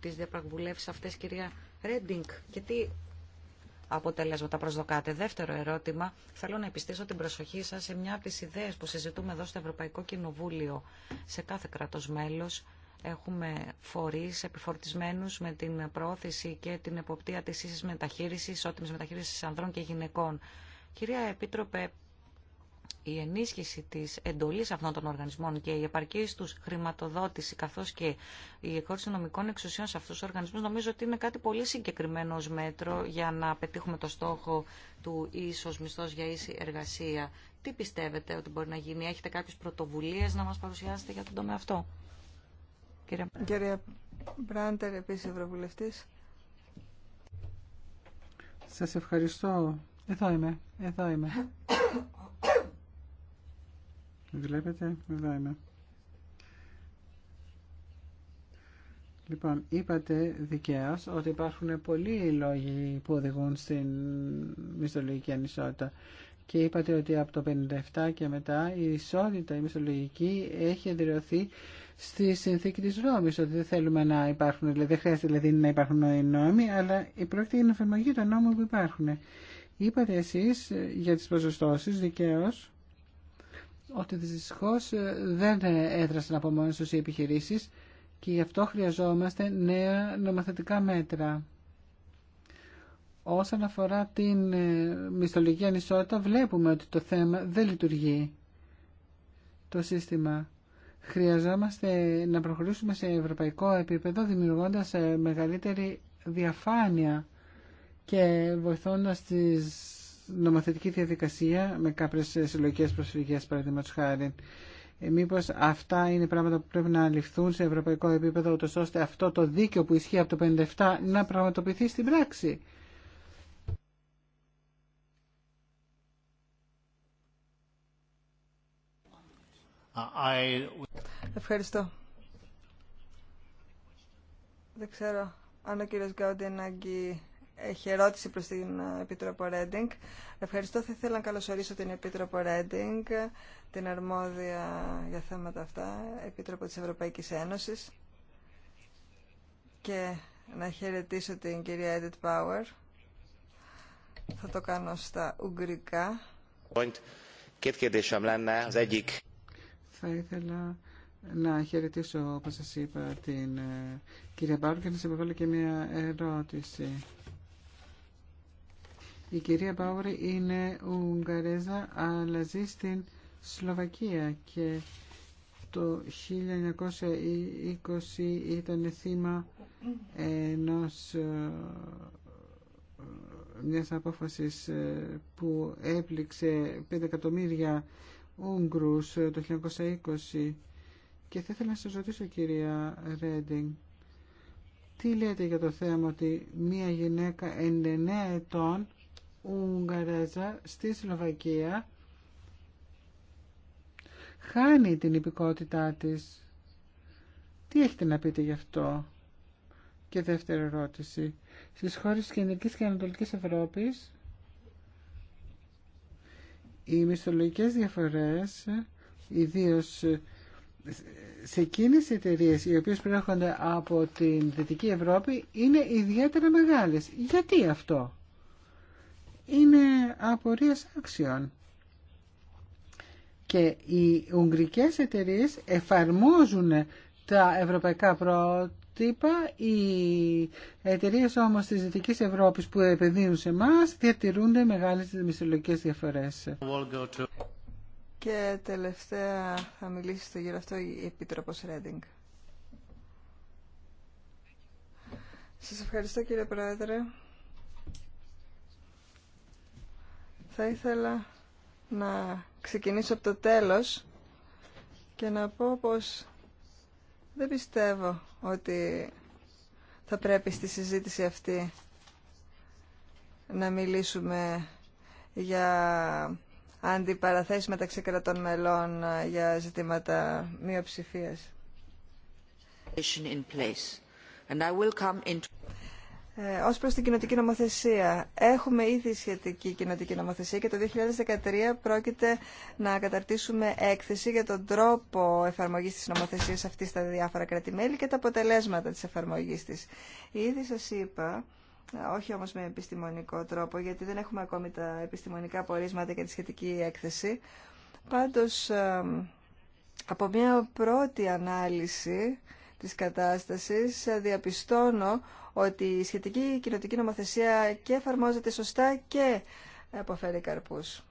D: τις διαπραγματεύσει αυτέ κυρία Ρέντινγκ, και αποτελέσματα προσδοκάτε. Δεύτερο ερώτημα, θέλω να επιστήσω την προσοχή σας σε μια από τις ιδέες που συζητούμε εδώ στο Ευρωπαϊκό Κοινοβούλιο. Σε κάθε κράτος μέλος έχουμε φορείς επιφορτισμένους με την πρόθεση και την εποπτεία της ίσης μεταχείρισης, ισότιμης μεταχείρισης ανδρών και γυναικών. Κυρία Επίτροπε, η ενίσχυση της εντολής αυτών των οργανισμών και η επαρκή τους χρηματοδότηση καθώς και η εκχώρηση νομικών εξουσιών σε αυτούς τους οργανισμούς νομίζω ότι είναι κάτι πολύ συγκεκριμένο ως μέτρο για να πετύχουμε το στόχο του ίσως μισθός για ίση εργασία. Τι πιστεύετε ότι μπορεί να γίνει, έχετε κάποιες πρωτοβουλίες να μας παρουσιάσετε για τον τομέα αυτό. Κύριε, Κύριε
A: Μπράντερ, επίσης Ευρωβουλευτής.
B: Σας ευχαριστώ. Εδώ είμαι, εδώ είμαι. [COUGHS] Βλέπετε, εδώ είμαι. Λοιπόν, είπατε δικαίω ότι υπάρχουν πολλοί λόγοι που οδηγούν στην μισθολογική ανισότητα. Και είπατε ότι από το 57 και μετά η ισότητα η μισθολογική έχει εδραιωθεί στη συνθήκη της Ρώμης, ότι δεν θέλουμε να υπάρχουν, δηλαδή δεν χρειάζεται δηλαδή, να υπάρχουν νόμοι, αλλά η πρόκειται είναι εφαρμογή των νόμων που υπάρχουν. Είπατε εσείς για τις ποσοστώσεις δικαίως, ότι δυστυχώ ε, δεν έδρασαν από μόνες του οι επιχειρήσεις και γι' αυτό χρειαζόμαστε νέα νομοθετικά μέτρα. Όσον αφορά την ε, μισθολογική ανισότητα βλέπουμε ότι το θέμα δεν λειτουργεί το σύστημα. Χρειαζόμαστε να προχωρήσουμε σε ευρωπαϊκό επίπεδο δημιουργώντας ε, μεγαλύτερη διαφάνεια και βοηθώντας τις νομοθετική διαδικασία με κάποιε συλλογικέ προσφυγέ, παραδείγματο χάρη. Ε, αυτά είναι πράγματα που πρέπει να ληφθούν σε ευρωπαϊκό επίπεδο ούτως ώστε αυτό το δίκαιο που ισχύει από το 57 να πραγματοποιηθεί στην πράξη.
A: Ευχαριστώ. Δεν ξέρω αν ο κύριος αγγεί έχει ερώτηση προς την ε, Επίτροπο Ρέντινγκ. Ευχαριστώ. Θα ήθελα να καλωσορίσω την Επίτροπο Ρέντινγκ, την αρμόδια για θέματα αυτά, Επίτροπο της Ευρωπαϊκής Ένωσης και να χαιρετήσω την κυρία Edith Power. Θα το κάνω στα ουγγρικά.
B: Θα ήθελα να χαιρετήσω, όπως σας είπα, την ε, κυρία Μπάρκ και να σε και μια ερώτηση. Η κυρία Πάουρη είναι Ουγγαρέζα αλλά ζει στην Σλοβακία και το 1920 ήταν θύμα ενός ε, μιας απόφασης ε, που έπληξε 5 εκατομμύρια Ούγγρους ε, το 1920 και θα ήθελα να σας ρωτήσω κυρία Ρέντινγκ τι λέτε για το θέμα ότι μία γυναίκα 99 ετών Ουγγαρέζα στη Σλοβακία χάνει την υπηκότητά της. Τι έχετε να πείτε γι' αυτό. Και δεύτερη ερώτηση. Στις χώρες της Κεντρικής και Ανατολικής Ευρώπης οι μισθολογικές διαφορές, ιδίω σε εκείνε οι εταιρείες οι οποίες προέρχονται από την Δυτική Ευρώπη, είναι ιδιαίτερα μεγάλες. Γιατί αυτό είναι απορίας άξιων. Και οι ουγγρικές εταιρείες εφαρμόζουν τα ευρωπαϊκά πρότυπα, οι εταιρείες όμως της Δυτικής Ευρώπης που επενδύουν σε εμά διατηρούνται μεγάλες δημιουργικές διαφορές.
A: Και τελευταία θα μιλήσει στο γύρο αυτό η Επίτροπος Ρέντινγκ. Σας ευχαριστώ κύριε Πρόεδρε. Θα ήθελα να ξεκινήσω από το τέλος και να πω πως δεν πιστεύω ότι θα πρέπει στη συζήτηση αυτή να μιλήσουμε για αντιπαραθέσεις μεταξύ κρατών μελών για ζητήματα μειοψηφίας. Ε, ως προς την κοινοτική νομοθεσία, έχουμε ήδη σχετική κοινοτική νομοθεσία και το 2013 πρόκειται να καταρτήσουμε έκθεση για τον τρόπο εφαρμογής της νομοθεσία αυτής στα διάφορα κρατημέλη και τα αποτελέσματα της εφαρμογής της. Ήδη σα είπα, όχι όμως με επιστημονικό τρόπο, γιατί δεν έχουμε ακόμη τα επιστημονικά πορίσματα για τη σχετική έκθεση, πάντως ε, από μια πρώτη ανάλυση της κατάστασης διαπιστώνω ότι η σχετική κοινοτική νομοθεσία και εφαρμόζεται σωστά και αποφέρει καρπούς.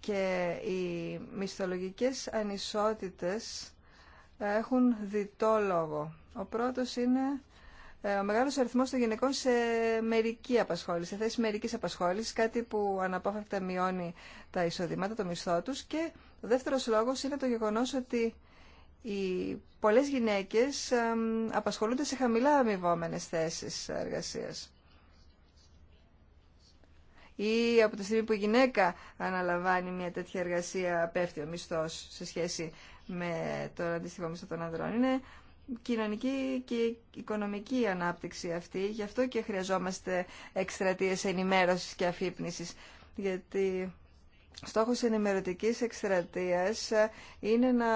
A: Και οι μισθολογικές ανισότητες έχουν διτό λόγο. Ο πρώτος είναι ε, ο μεγάλος αριθμός των γυναικών σε μερική απασχόληση, σε θέση μερικής απασχόλησης, κάτι που αναπόφευκτα μειώνει τα εισοδήματα, το μισθό τους. Και ο δεύτερος λόγος είναι το γεγονός ότι οι πολλές γυναίκες απασχολούνται σε χαμηλά αμοιβόμενε θέσεις εργασίας. Ή από τη στιγμή που η γυναίκα αναλαμβάνει μια τέτοια εργασία πέφτει ο μισθός σε σχέση με το αντίστοιχο μισθό των ανδρών. Είναι κοινωνική και οικονομική ανάπτυξη αυτή. Γι' αυτό και χρειαζόμαστε εκστρατείες ενημέρωσης και αφύπνισης. Γιατί στόχος ενημερωτικής εκστρατείας είναι να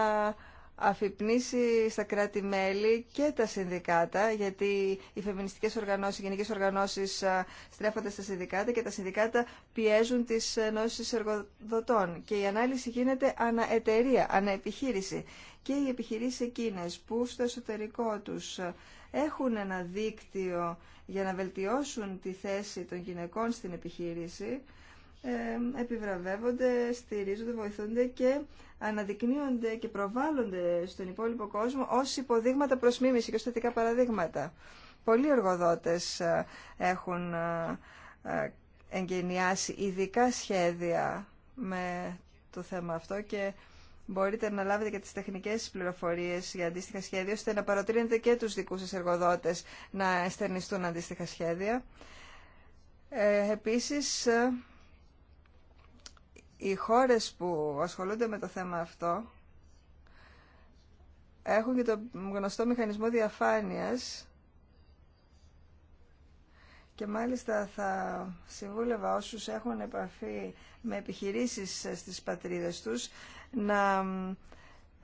A: Αφυπνήσει στα κράτη-μέλη και τα συνδικάτα, γιατί οι φεμινιστικές οργανώσεις, οι γενικές οργανώσεις στρέφονται στα συνδικάτα και τα συνδικάτα πιέζουν τις ενώσεις εργοδοτών. Και η ανάλυση γίνεται αναεταιρεία, αναεπιχείρηση. Και οι επιχειρήσεις εκείνες που στο εσωτερικό τους έχουν ένα δίκτυο για να βελτιώσουν τη θέση των γυναικών στην επιχείρηση, ε, επιβραβεύονται, στηρίζονται, βοηθούνται και αναδεικνύονται και προβάλλονται στον υπόλοιπο κόσμο ως υποδείγματα προς μίμηση και θετικά παραδείγματα. Πολλοί εργοδότες ε, έχουν ε, εγκαινιάσει ειδικά σχέδια με το θέμα αυτό και μπορείτε να λάβετε και τις τεχνικές πληροφορίες για αντίστοιχα σχέδια, ώστε να παροτρύνετε και τους δικούς σας εργοδότες να εστερνιστούν αντίστοιχα σχέδια. Ε, επίσης, οι χώρες που ασχολούνται με το θέμα αυτό έχουν και το γνωστό μηχανισμό διαφάνειας και μάλιστα θα συμβούλευα όσους έχουν επαφή με επιχειρήσεις στις πατρίδες τους να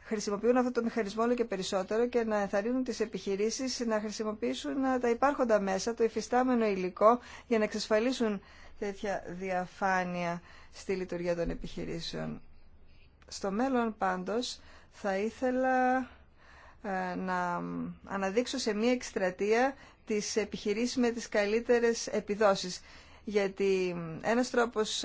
A: χρησιμοποιούν αυτό το μηχανισμό όλο και περισσότερο και να ενθαρρύνουν τις επιχειρήσεις να χρησιμοποιήσουν τα υπάρχοντα μέσα, το υφιστάμενο υλικό για να εξασφαλίσουν τέτοια διαφάνεια στη λειτουργία των επιχειρήσεων. Στο μέλλον πάντως θα ήθελα ε, να αναδείξω σε μία εκστρατεία τις επιχειρήσεις με τις καλύτερες επιδόσεις γιατί ένας τρόπος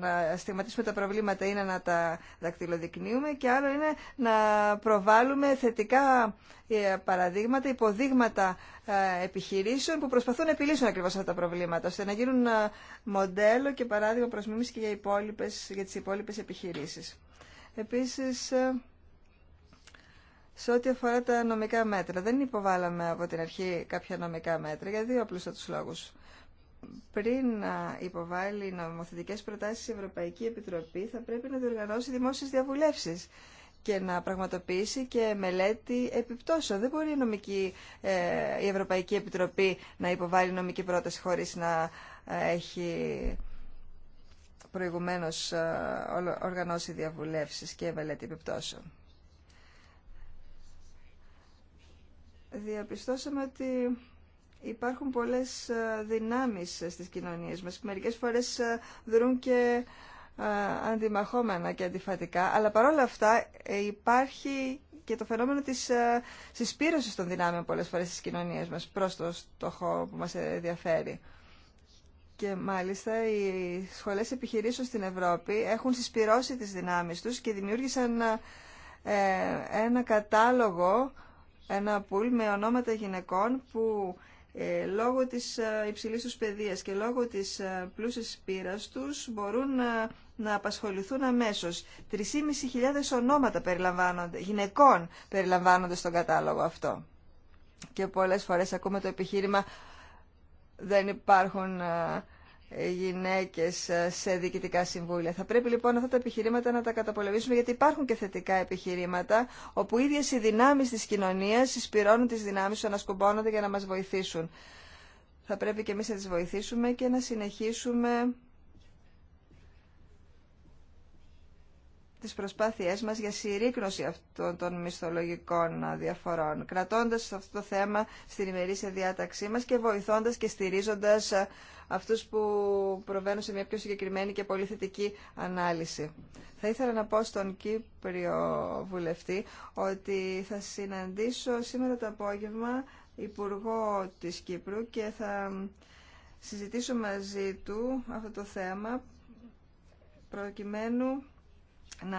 A: να στιγματίσουμε τα προβλήματα είναι να τα δακτυλοδεικνύουμε και άλλο είναι να προβάλλουμε θετικά ε, παραδείγματα, υποδείγματα ε, επιχειρήσεων που προσπαθούν να επιλύσουν ακριβώς αυτά τα προβλήματα, ώστε να γίνουν ε, μοντέλο και παράδειγμα προς και για, υπόλοιπες, για τις υπόλοιπες επιχειρήσεις. Επίσης, σε ό,τι αφορά τα νομικά μέτρα, δεν υποβάλαμε από την αρχή κάποια νομικά μέτρα για δύο απλούστατους λόγους πριν να υποβάλει νομοθετικές προτάσεις η Ευρωπαϊκή Επιτροπή θα πρέπει να διοργανώσει δημόσιες διαβουλεύσεις και να πραγματοποιήσει και μελέτη επιπτώσεων. Δεν μπορεί η, νομική, ε, η Ευρωπαϊκή Επιτροπή να υποβάλει νομική πρόταση χωρίς να ε, έχει προηγουμένως ε, οργανώσει διαβουλεύσεις και μελέτη επιπτώσεων. Διαπιστώσαμε ότι υπάρχουν πολλές ε, δυνάμεις ε, στις κοινωνίες μας. Μερικές φορές ε, δρούν και αντιμαχόμενα και αντιφατικά, αλλά παρόλα αυτά υπάρχει και το φαινόμενο της συσπήρωσης των δυνάμεων πολλές φορές στις κοινωνίες μας προς το στόχο που μας ενδιαφέρει. Και μάλιστα οι σχολές επιχειρήσεων στην Ευρώπη έχουν συσπυρώσει τις δυνάμεις τους και δημιούργησαν ένα κατάλογο, ένα πουλ με ονόματα γυναικών που ε, λόγω της ε, υψηλής τους παιδείας και λόγω της ε, πλούσης πείρας τους μπορούν να, να απασχοληθούν αμέσως. 3.500 ονόματα περιλαμβάνονται, γυναικών περιλαμβάνονται στον κατάλογο αυτό. Και πολλές φορές ακούμε το επιχείρημα δεν υπάρχουν ε, γυναίκες ε, σε διοικητικά συμβούλια. Θα πρέπει λοιπόν αυτά τα επιχειρήματα να τα καταπολεμήσουμε γιατί υπάρχουν και θετικά επιχειρήματα όπου οι ίδιες οι δυνάμεις της κοινωνίας συσπηρώνουν τις δυνάμεις του, ανασκουμπώνονται για να μας βοηθήσουν. Θα πρέπει και εμείς να τις βοηθήσουμε και να συνεχίσουμε τις προσπάθειές μας για συρρήκνωση αυτών των μισθολογικών διαφορών, κρατώντας αυτό το θέμα στην ημερήσια διάταξή μας και βοηθώντας και στηρίζοντας αυτούς που προβαίνουν σε μια πιο συγκεκριμένη και πολύ θετική ανάλυση. Θα ήθελα να πω στον Κύπριο βουλευτή ότι θα συναντήσω σήμερα το απόγευμα Υπουργό της Κύπρου και θα συζητήσω μαζί του αυτό το θέμα προκειμένου να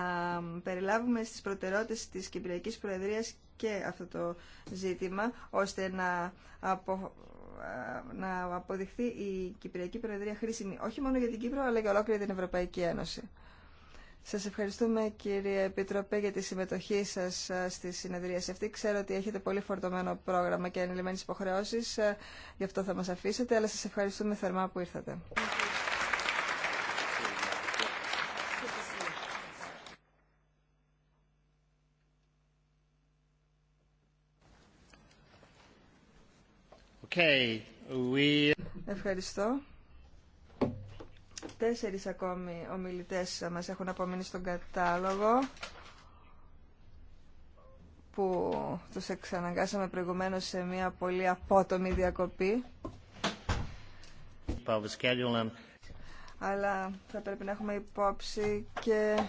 A: περιλάβουμε στις προτεραιότητες της Κυπριακής Προεδρίας και αυτό το ζήτημα, ώστε να, απο, να αποδειχθεί η Κυπριακή Προεδρία χρήσιμη όχι μόνο για την Κύπρο, αλλά και ολόκληρη την Ευρωπαϊκή Ένωση. Σας ευχαριστούμε κύριε Επιτροπέ για τη συμμετοχή σας στη συνεδρία αυτή. Ξέρω ότι έχετε πολύ φορτωμένο πρόγραμμα και ανηλυμένες υποχρεώσεις, γι' αυτό θα μας αφήσετε, αλλά σας ευχαριστούμε θερμά που ήρθατε. Ευχαριστώ. Τέσσερις ακόμη ομιλητές μας έχουν απομείνει στον κατάλογο που τους εξαναγκάσαμε προηγουμένως σε μια πολύ απότομη διακοπή. Αλλά θα πρέπει να έχουμε υπόψη και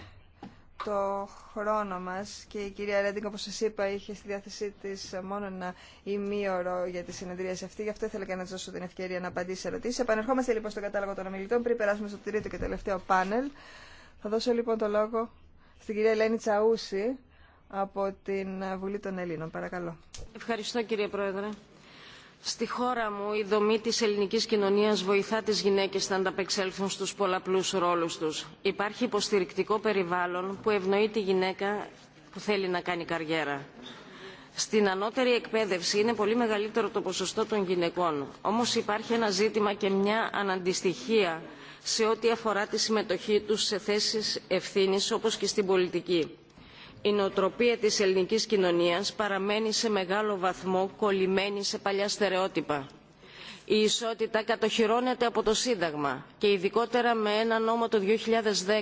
A: το χρόνο μας και η κυρία Ρέντινγκ, όπως σας είπα, είχε στη διάθεσή της μόνο ένα ημίωρο για τη συνεδρία σε αυτή. Γι' αυτό ήθελα και να της δώσω την ευκαιρία να απαντήσει σε ερωτήσεις. Επανερχόμαστε λοιπόν στον κατάλογο των ομιλητών πριν περάσουμε στο τρίτο και τελευταίο πάνελ. Θα δώσω λοιπόν το λόγο στην κυρία Ελένη Τσαούση
E: από την Βουλή των
A: Ελλήνων. Παρακαλώ.
E: Ευχαριστώ κύριε Πρόεδρε. Στη χώρα μου η δομή της ελληνικής κοινωνίας βοηθά τις γυναίκες να ανταπεξέλθουν στους πολλαπλούς ρόλους τους. Υπάρχει υποστηρικτικό περιβάλλον που ευνοεί τη γυναίκα που θέλει να κάνει καριέρα. Στην ανώτερη εκπαίδευση είναι πολύ μεγαλύτερο το ποσοστό των γυναικών. Όμως υπάρχει ένα ζήτημα και μια αναντιστοιχία σε ό,τι αφορά τη συμμετοχή τους σε θέσεις ευθύνης όπως και στην πολιτική η νοοτροπία της ελληνικής κοινωνίας παραμένει σε μεγάλο βαθμό κολλημένη σε παλιά στερεότυπα. Η ισότητα κατοχυρώνεται από το Σύνταγμα και ειδικότερα με ένα νόμο το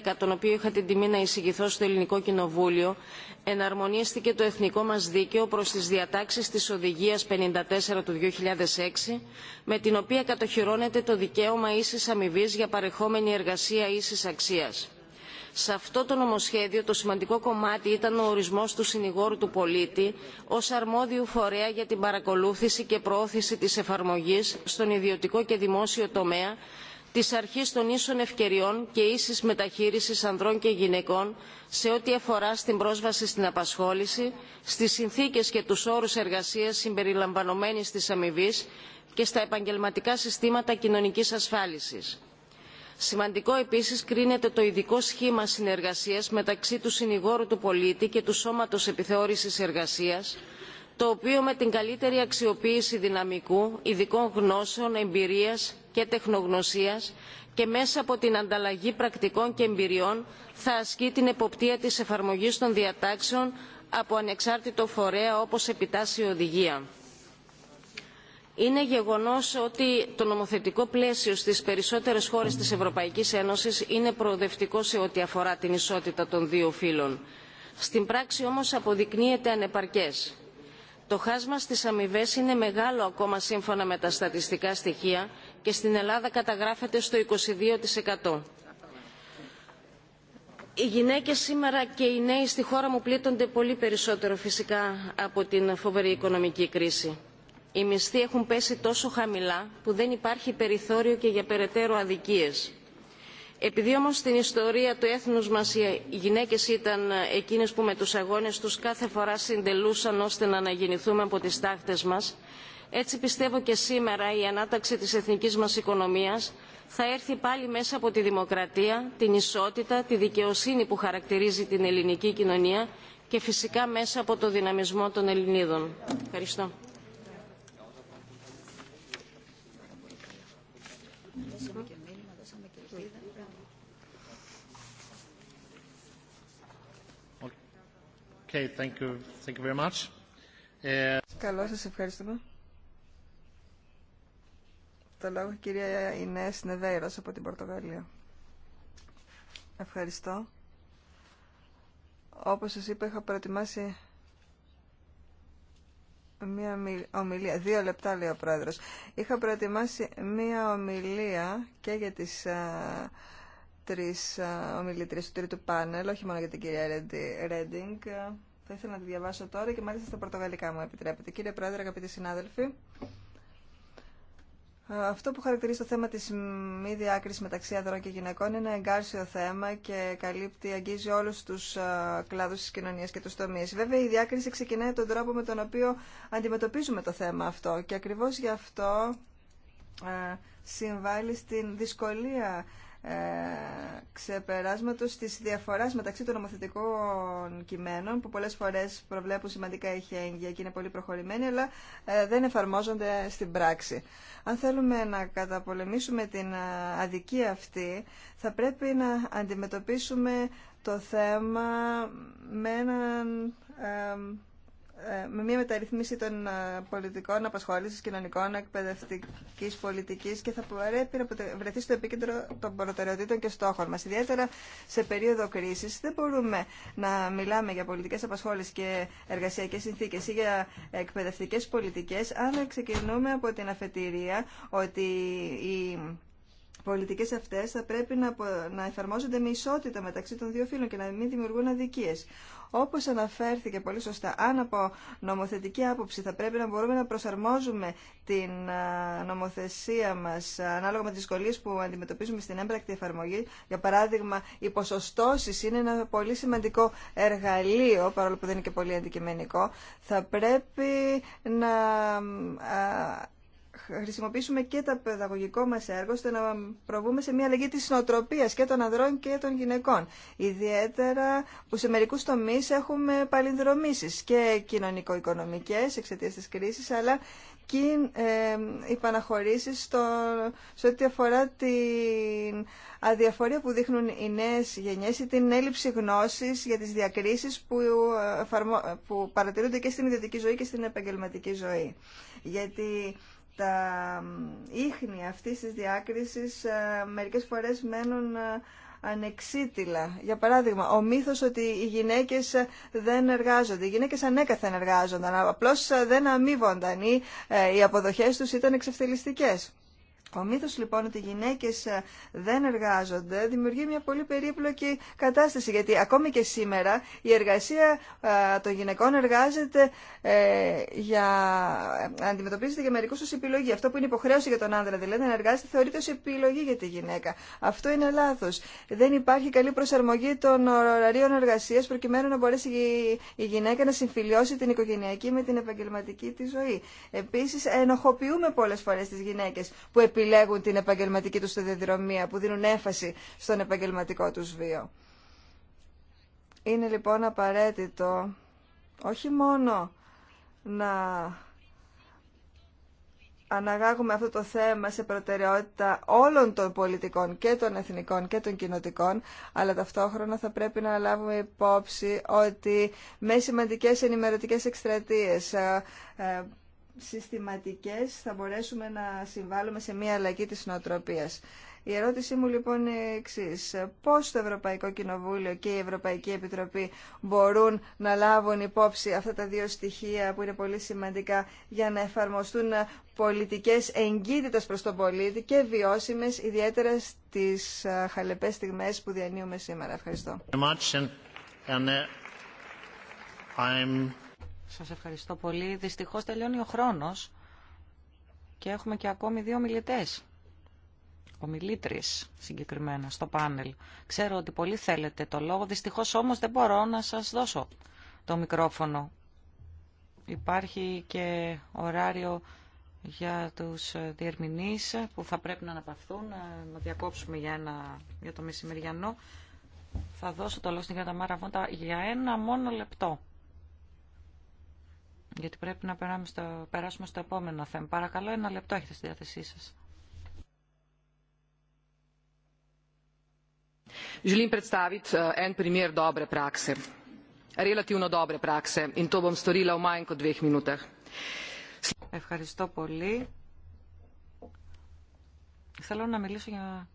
E: 2010, τον οποίο είχα την τιμή να εισηγηθώ στο Ελληνικό Κοινοβούλιο, εναρμονίστηκε το εθνικό μας δίκαιο προς τις διατάξεις της Οδηγίας 54 του 2006, με την οποία κατοχυρώνεται το δικαίωμα ίσης αμοιβή για παρεχόμενη εργασία ίσης αξίας σε αυτό το νομοσχέδιο το σημαντικό κομμάτι ήταν ο ορισμός του συνηγόρου του πολίτη ως αρμόδιου φορέα για την παρακολούθηση και προώθηση της εφαρμογής στον ιδιωτικό και δημόσιο τομέα της αρχής των ίσων ευκαιριών και ίσης μεταχείρισης ανδρών και γυναικών σε ό,τι αφορά στην πρόσβαση στην απασχόληση, στις συνθήκες και τους όρους εργασίας συμπεριλαμβανομένης της αμοιβή και στα επαγγελματικά συστήματα κοινωνικής ασφάλισης σημαντικό επίσης κρίνεται το ειδικό σχήμα συνεργασίας μεταξύ του συνηγόρου του πολίτη και του σώματος επιθεώρησης εργασίας το οποίο με την καλύτερη αξιοποίηση δυναμικού ειδικών γνώσεων εμπειρίας και τεχνογνωσίας και μέσα από την ανταλλαγή πρακτικών και εμπειριών θα ασκεί την εποπτεία της εφαρμογής των διατάξεων από ανεξάρτητο φορέα όπως επιτάσσει η οδηγία είναι γεγονός ότι το νομοθετικό πλαίσιο στις περισσότερες χώρες της Ευρωπαϊκής Ένωσης είναι προοδευτικό σε ό,τι αφορά την ισότητα των δύο φύλων. Στην πράξη όμως αποδεικνύεται ανεπαρκές. Το χάσμα στις αμοιβέ είναι μεγάλο ακόμα σύμφωνα με τα στατιστικά στοιχεία και στην Ελλάδα καταγράφεται στο 22%. Οι γυναίκες σήμερα και οι νέοι στη χώρα μου πλήττονται πολύ περισσότερο φυσικά από την φοβερή οικονομική κρίση οι μισθοί έχουν πέσει τόσο χαμηλά που δεν υπάρχει περιθώριο και για περαιτέρω αδικίες. Επειδή όμως στην ιστορία του έθνους μας οι γυναίκες ήταν εκείνες που με τους αγώνες τους κάθε φορά συντελούσαν ώστε να αναγεννηθούμε από τις τάχτες μας, έτσι πιστεύω και σήμερα η ανάταξη της εθνικής μας οικονομίας θα έρθει πάλι μέσα από τη δημοκρατία, την ισότητα, τη δικαιοσύνη που χαρακτηρίζει την ελληνική κοινωνία και φυσικά μέσα από το δυναμισμό των Ελληνίδων. Ευχαριστώ.
C: Okay, thank uh,
A: Καλώς ευχαριστούμε. Το λόγο η κυρία Ινές από την Πορτογαλία. Ευχαριστώ. Όπως σας είπα, είχα προετοιμάσει μία ομιλία, δύο λεπτά λέει ο πρόεδρος. Είχα προετοιμάσει μία ομιλία και για τις ε, Τρει ε, ομιλητρίε του τρίτου πάνελ, όχι μόνο για την κυρία Ρέντινγκ. Ε, θα ήθελα να τη διαβάσω τώρα και μάλιστα στα πορτογαλικά μου επιτρέπετε. Κύριε Πρόεδρε, αγαπητοί συνάδελφοι, ε, αυτό που χαρακτηρίζει το θέμα της μη διάκριση μεταξύ ανδρών και γυναικών είναι ένα εγκάρσιο θέμα και καλύπτει, αγγίζει όλους τους κλάδους της κοινωνίας και τους τομείς. Βέβαια η διάκριση ξεκινάει τον τρόπο με τον οποίο αντιμετωπίζουμε το θέμα αυτό και ακριβώς γι' αυτό συμβάλλει στην δυσκολία ε, ξεπεράσματος της διαφοράς μεταξύ των νομοθετικών κειμένων που πολλές φορές προβλέπουν σημαντικά ηχέγγυα και είναι πολύ προχωρημένη αλλά ε, δεν εφαρμόζονται στην πράξη. Αν θέλουμε να καταπολεμήσουμε την ε, αδικία αυτή θα πρέπει να αντιμετωπίσουμε το θέμα με έναν με μια μεταρρυθμίση των ε, πολιτικών απασχόλησης, κοινωνικών, εκπαιδευτικής πολιτικής και θα πρέπει να βρεθεί στο επίκεντρο των προτεραιοτήτων και στόχων μας. Ιδιαίτερα σε περίοδο κρίσης δεν μπορούμε να μιλάμε για πολιτικές απασχόλησης και εργασιακές συνθήκες ή για εκπαιδευτικές πολιτικές αν ξεκινούμε από την αφετηρία ότι η πολιτικές αυτές θα πρέπει να, να εφαρμόζονται με ισότητα μεταξύ των δύο φύλων και να μην δημιουργούν αδικίες. Όπως αναφέρθηκε πολύ σωστά, αν από νομοθετική άποψη θα πρέπει να μπορούμε να προσαρμόζουμε την νομοθεσία μας ανάλογα με τις δυσκολίες που αντιμετωπίζουμε στην έμπρακτη εφαρμογή. Για παράδειγμα, οι ποσοστώσεις είναι ένα πολύ σημαντικό εργαλείο, παρόλο που δεν είναι και πολύ αντικειμενικό. Θα πρέπει να χρησιμοποιήσουμε και τα παιδαγωγικό μα έργο ώστε να προβούμε σε μια αλλαγή τη νοοτροπίας και των ανδρών και των γυναικών. Ιδιαίτερα που σε μερικού τομεί έχουμε παλινδρομήσεις και κοινωνικο οικονομικέ εξαιτία τη κρίση, αλλά και οι ε, παναχωρήσεις στο, σε ό,τι αφορά την αδιαφορία που δείχνουν οι νέες γενιές ή την έλλειψη γνώσης για τις διακρίσεις που, ε, παρατηρούνται και στην ιδιωτική ζωή και στην επαγγελματική ζωή. Γιατί τα ίχνη αυτής της διάκρισης ε, μερικές φορές μένουν ε, ανεξίτηλα. Για παράδειγμα, ο μύθος ότι οι γυναίκες ε, δεν εργάζονται. Οι γυναίκες ανέκαθεν εργάζονταν, απλώς δεν αμείβονταν ή οι αποδοχές τους ήταν εξευθελιστικές. Ο μύθος λοιπόν ότι οι γυναίκες ε, δεν εργάζονται δημιουργεί μια πολύ περίπλοκη κατάσταση γιατί ακόμη και σήμερα η εργασία ε, των γυναικών εργάζεται ε, για... αντιμετωπίζεται για μερικούς ως επιλογή. Αυτό που είναι υποχρέωση για τον άντρα, δηλαδή να εργάζεται θεωρείται ως επιλογή για τη γυναίκα. Αυτό είναι λάθος. Δεν υπάρχει καλή προσαρμογή των ωραρίων εργασίας προκειμένου να μπορέσει η γυναίκα να συμφιλιώσει την οικογενειακή με την επαγγελματική τη ζωή. Επίσης ενοχοποιούμε πολλές φορές τις γυναίκες που επιλέγουν την επαγγελματική τους σταδιοδρομία, που δίνουν έμφαση στον επαγγελματικό τους βίο. Είναι λοιπόν απαραίτητο όχι μόνο να αναγάγουμε αυτό το θέμα σε προτεραιότητα όλων των πολιτικών και των εθνικών και των κοινοτικών, αλλά ταυτόχρονα θα πρέπει να λάβουμε υπόψη ότι με σημαντικές ενημερωτικές εκστρατείες, ε, ε, συστηματικές θα μπορέσουμε να συμβάλλουμε σε μια αλλαγή της νοοτροπίας. Η ερώτησή μου λοιπόν είναι εξή. Πώ το Ευρωπαϊκό Κοινοβούλιο και η Ευρωπαϊκή Επιτροπή μπορούν να λάβουν υπόψη αυτά τα δύο στοιχεία που είναι πολύ σημαντικά για να εφαρμοστούν πολιτικέ εγκύτητε προ τον πολίτη και βιώσιμε, ιδιαίτερα στι χαλεπέ στιγμέ που διανύουμε σήμερα. Ευχαριστώ.
D: Uh, σας ευχαριστώ πολύ. Δυστυχώς τελειώνει ο χρόνος και έχουμε και ακόμη δύο μιλητές. μιλήτρης συγκεκριμένα στο πάνελ. Ξέρω ότι πολύ θέλετε το λόγο, δυστυχώς όμως δεν μπορώ να σας δώσω το μικρόφωνο. Υπάρχει και ωράριο για τους διερμηνείς που θα πρέπει να αναπαυθούν, να διακόψουμε για, ένα, για το μεσημεριανό. Θα δώσω το λόγο στην Καταμάρα Βόντα για ένα μόνο λεπτό γιατί πρέπει να περάσουμε στο, περάσουμε στο επόμενο θέμα. Παρακαλώ, ένα λεπτό έχετε στη διάθεσή σας. Želim predstaviti eh, en primer dobre prakse, relativno dobre prakse in to bom storila v manj kot dveh minutah. Hvala lepa. Θέλω να μιλήσω για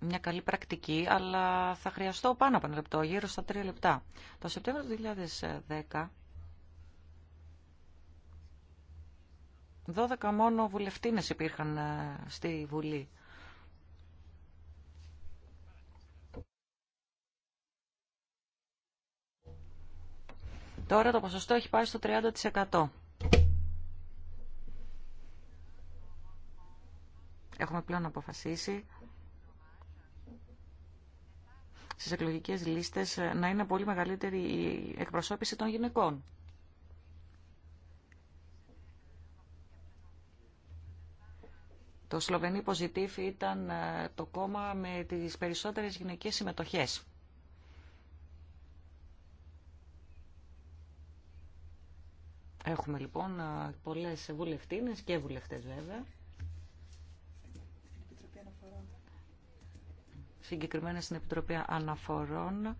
D: μια καλή πρακτική, αλλά θα χρειαστώ πάνω από ένα λεπτό, γύρω στα τρία λεπτά. Το Σεπτέμβριο του 2010, 12 μόνο βουλευτίνες υπήρχαν ε, στη Βουλή. Τώρα το ποσοστό έχει πάει στο 30%. Έχουμε πλέον αποφασίσει Στι εκλογικέ λίστες ε, να είναι πολύ μεγαλύτερη η εκπροσώπηση των γυναικών. Το Σλοβενή Ποζιτίφ ήταν ε, το κόμμα με τις περισσότερες γυναικές συμμετοχές. Έχουμε λοιπόν ε, πολλές βουλευτίνες και βουλευτές βέβαια. συγκεκριμένα στην Επιτροπή Αναφορών.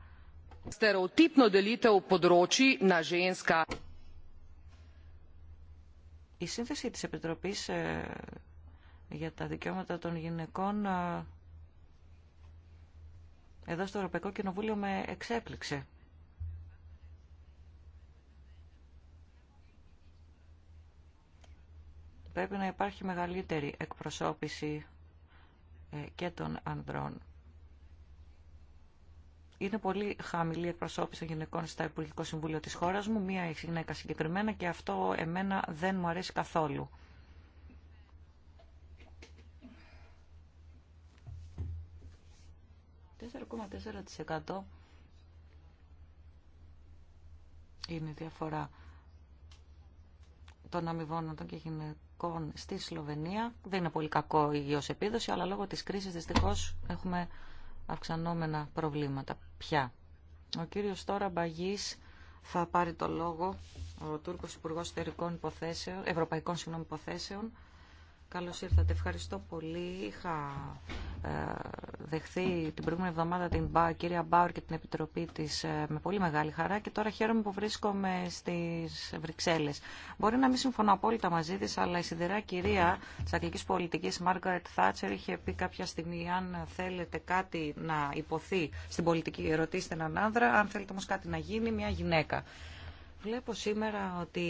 D: Η σύνθεση της Επιτροπής ε, για τα δικαιώματα των γυναικών ε, εδώ στο Ευρωπαϊκό Κοινοβούλιο με εξέπληξε. Πρέπει να υπάρχει μεγαλύτερη εκπροσώπηση ε, και των ανδρών είναι πολύ χαμηλή εκπροσώπηση των γυναικών στα Υπουργικό Συμβούλιο της χώρας μου, μία γυναίκα συγκεκριμένα και αυτό εμένα δεν μου αρέσει καθόλου. 4,4% είναι η διαφορά των αμοιβών των και γυναικών στη Σλοβενία. Δεν είναι πολύ κακό η υγιώς επίδοση, αλλά λόγω της κρίσης δυστυχώς έχουμε αυξανόμενα προβλήματα. Πια. Ο κύριος τώρα Μπαγής θα πάρει το λόγο, ο Τούρκος Υπουργός Ευρωπαϊκών Συγγνώμη Υποθέσεων, Καλώς ήρθατε. Ευχαριστώ πολύ. Είχα ε, δεχθεί την προηγούμενη εβδομάδα την κυρία Μπάουρ και την Επιτροπή της ε, με πολύ μεγάλη χαρά και τώρα χαίρομαι που βρίσκομαι στις Βρυξέλλες. Μπορεί να μην συμφωνώ απόλυτα μαζί της, αλλά η σιδερά κυρία της αγγλικής πολιτικής Μάργαρετ Θάτσερ είχε πει κάποια στιγμή αν θέλετε κάτι να υποθεί στην πολιτική ρωτήστε έναν άνδρα, αν θέλετε όμως κάτι να γίνει μια γυναίκα. Βλέπω σήμερα ότι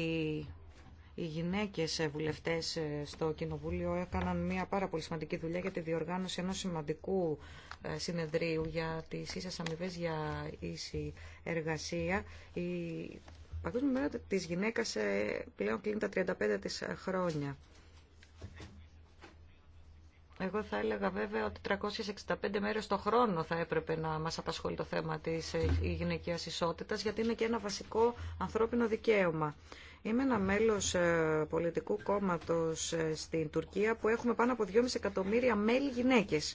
D: οι γυναίκες ε, βουλευτές ε, στο Κοινοβούλιο έκαναν μια πάρα πολύ σημαντική δουλειά για τη διοργάνωση ενός σημαντικού ε, συνεδρίου για τις ίσες αμοιβέ για ίση εργασία. Η Παγκόσμια Μέρα της Γυναίκας πλέον κλείνει τα 35 της χρόνια. Εγώ θα έλεγα βέβαια ότι 365 μέρες το χρόνο θα έπρεπε να μας απασχολεί το θέμα της γυναικείας ισότητας, γιατί είναι και ένα βασικό ανθρώπινο δικαίωμα. Είμαι ένα μέλος ε, πολιτικού κόμματος ε, στην Τουρκία που έχουμε πάνω από 2,5 εκατομμύρια μέλη γυναίκες.